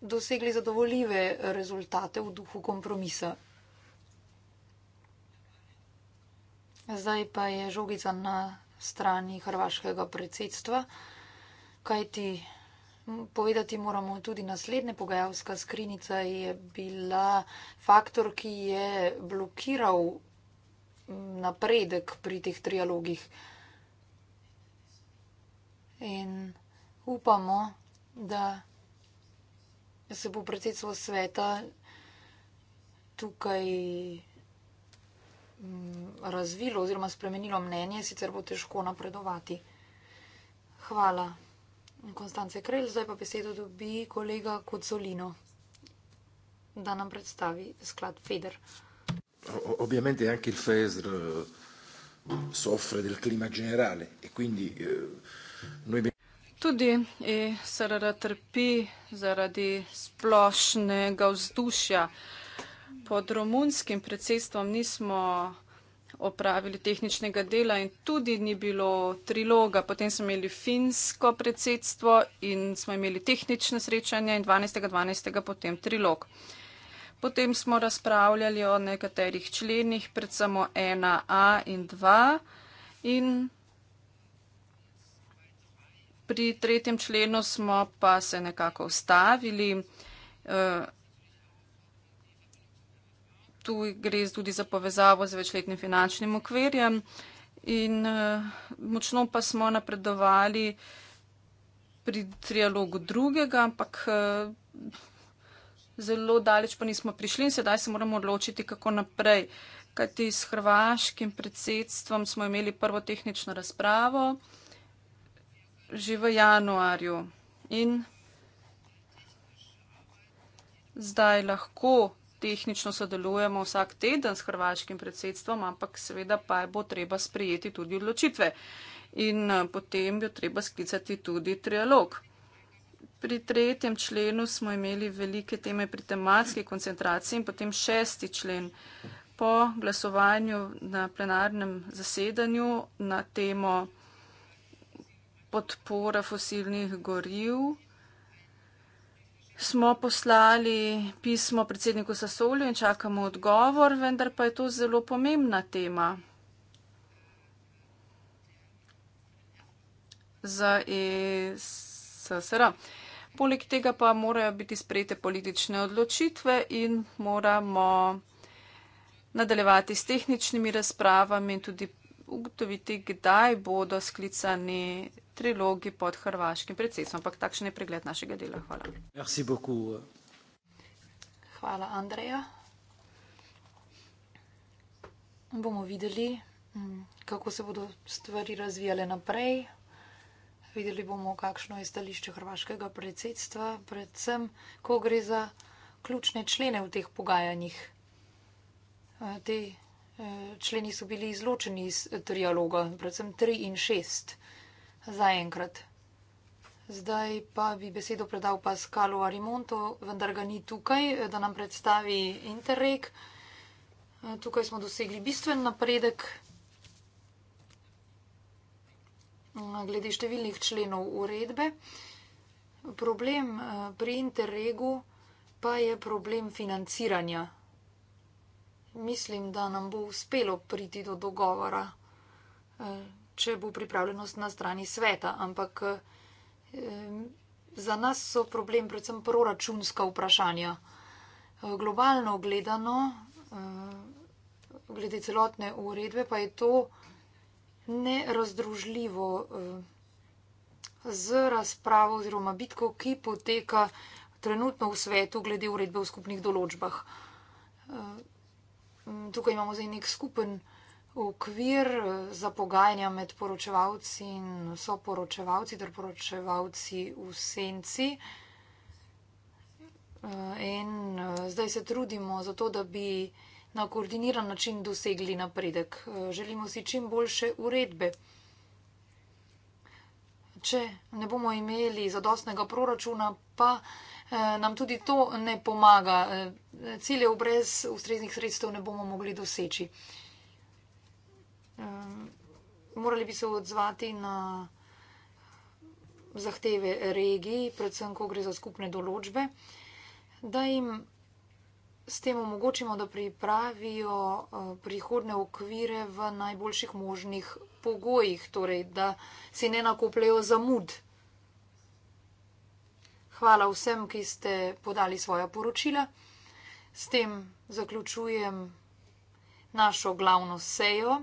dosegli zadovoljive rezultate v duhu kompromisa. Zdaj pa je žogica na strani hrvaškega predsedstva, kajti povedati moramo tudi naslednje, pogajalska skrinica je bila faktor, ki je blokiral napredek pri teh trialogih. In upamo, da se bo predsedstvo sveta tukaj mm, razvilo oziroma spremenilo mnenje, sicer bo težko napredovati. Hvala. Konstance Krelj, zdaj pa besedo dobi kolega Kocolino, da nam predstavi sklad Feder ovviamente anche il FESR eh, soffre del clima generale e quindi eh, noi Tudi e SRR trpi zaradi splošnega vzdušja. Pod romunskim predsedstvom nismo opravili tehničnega dela in tudi ni bilo triloga. Potem smo imeli finsko predsedstvo in smo imeli tehnične srečanja in 12.12. 12. potem trilog. Potem smo razpravljali o nekaterih členih, predvsem o 1a in 2. In pri tretjem členu smo pa se nekako ustavili. Eh, tu gre tudi za povezavo z večletnim finančnim okvirjem. In eh, močno pa smo napredovali pri trialogu drugega, ampak eh, zelo daleč pa nismo prišli in sedaj se moramo odločiti, kako naprej. Kajti s hrvaškim predsedstvom smo imeli prvo tehnično razpravo že v januarju in zdaj lahko tehnično sodelujemo vsak teden s hrvaškim predsedstvom, ampak seveda pa je bo treba sprejeti tudi odločitve. In eh, potem jo treba sklicati tudi trialog. Pri tretjem členu smo imeli velike teme pri tematski koncentraciji in potem šesti člen. Po glasovanju na plenarnem zasedanju na temo podpora fosilnih goriv smo poslali pismo predsedniku Sasolju in čakamo odgovor, vendar pa je to zelo pomembna tema. Za ESSR. Poleg tega pa morajo biti sprejete politične odločitve in moramo nadaljevati s tehničnimi razpravami in tudi ugotoviti, kdaj bodo sklicani trilogi pod hrvaškim predsedstvom. Ampak takšen je pregled našega dela. Hvala. Hvala, Andreja. Bomo videli, mm, kako se bodo stvari razvijale naprej videli bomo, kakšno je stališče hrvaškega predsedstva, predvsem, ko gre za ključne člene v teh pogajanjih. Eh, te eh, členi so bili izločeni iz trialoga, predvsem tri in šest zaenkrat. Zdaj pa bi besedo predal Paskalu Arimonto, vendar ga ni tukaj, eh, da nam predstavi Interreg. Tukaj smo dosegli bistven napredek. glede številnih členov uredbe. Problem eh, pri interregu pa je problem financiranja. Mislim, da nam bo uspelo priti do dogovora, eh, če bo pripravljenost na strani sveta, ampak eh, za nas so problem predvsem proračunska vprašanja. Globalno gledano, glede celotne uredbe, pa je to nerozdružljivo eh, z razpravo oziroma bitko, ki poteka trenutno v svetu glede uredbe v skupnih določbah. Eh, tukaj imamo zdaj nek skupen okvir eh, za pogajanja med poročevalci in soporočevalci ter poročevalci v senci. In zdaj se trudimo za to, da bi na koordiniran način dosegli napredek. Eh, želimo si čim boljše uredbe. Če ne bomo imeli zadostnega proračuna, pa eh, nam tudi to ne pomaga. Eh, ciljev brez ustreznih sredstev ne bomo mogli doseči. Morali bi se odzvati na zahteve regiji, predvsem, ko gre za skupne določbe, da jim s tem omogočimo, da pripravijo eh, prihodne okvire v najboljših možnih pogojih, torej da si ne nakopljajo zamud. Hvala vsem, ki ste podali svoja poročila. S tem zaključujem našo glavno sejo.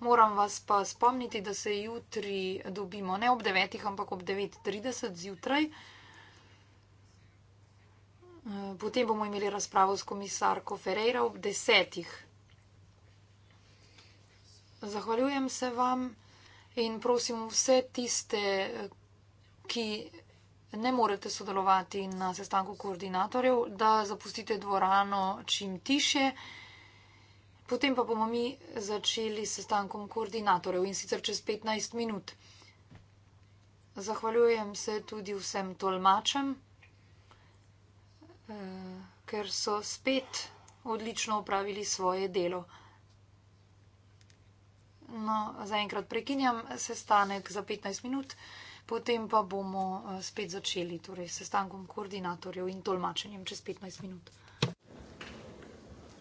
Moram vas pa spomniti, da se jutri dobimo ne ob 9, ampak ob 9.30 zjutraj. Eh, potem bomo imeli razpravo s komisarko Ferreira ob desetih. Zahvaljujem se vam in prosim vse tiste, eh, ki ne morete sodelovati na sestanku koordinatorjev, da zapustite dvorano čim tiše. Potem pa bomo mi začeli sestankom koordinatorjev in sicer čez 15 minut. Zahvaljujem se tudi vsem tolmačem. Eh, ker so spet odlično upravili svoje delo. No, zaenkrat prekinjam sestanek za 15 minut, potem pa bomo eh, spet začeli torej, sestankom koordinatorjev in tolmačenjem čez 15 minut.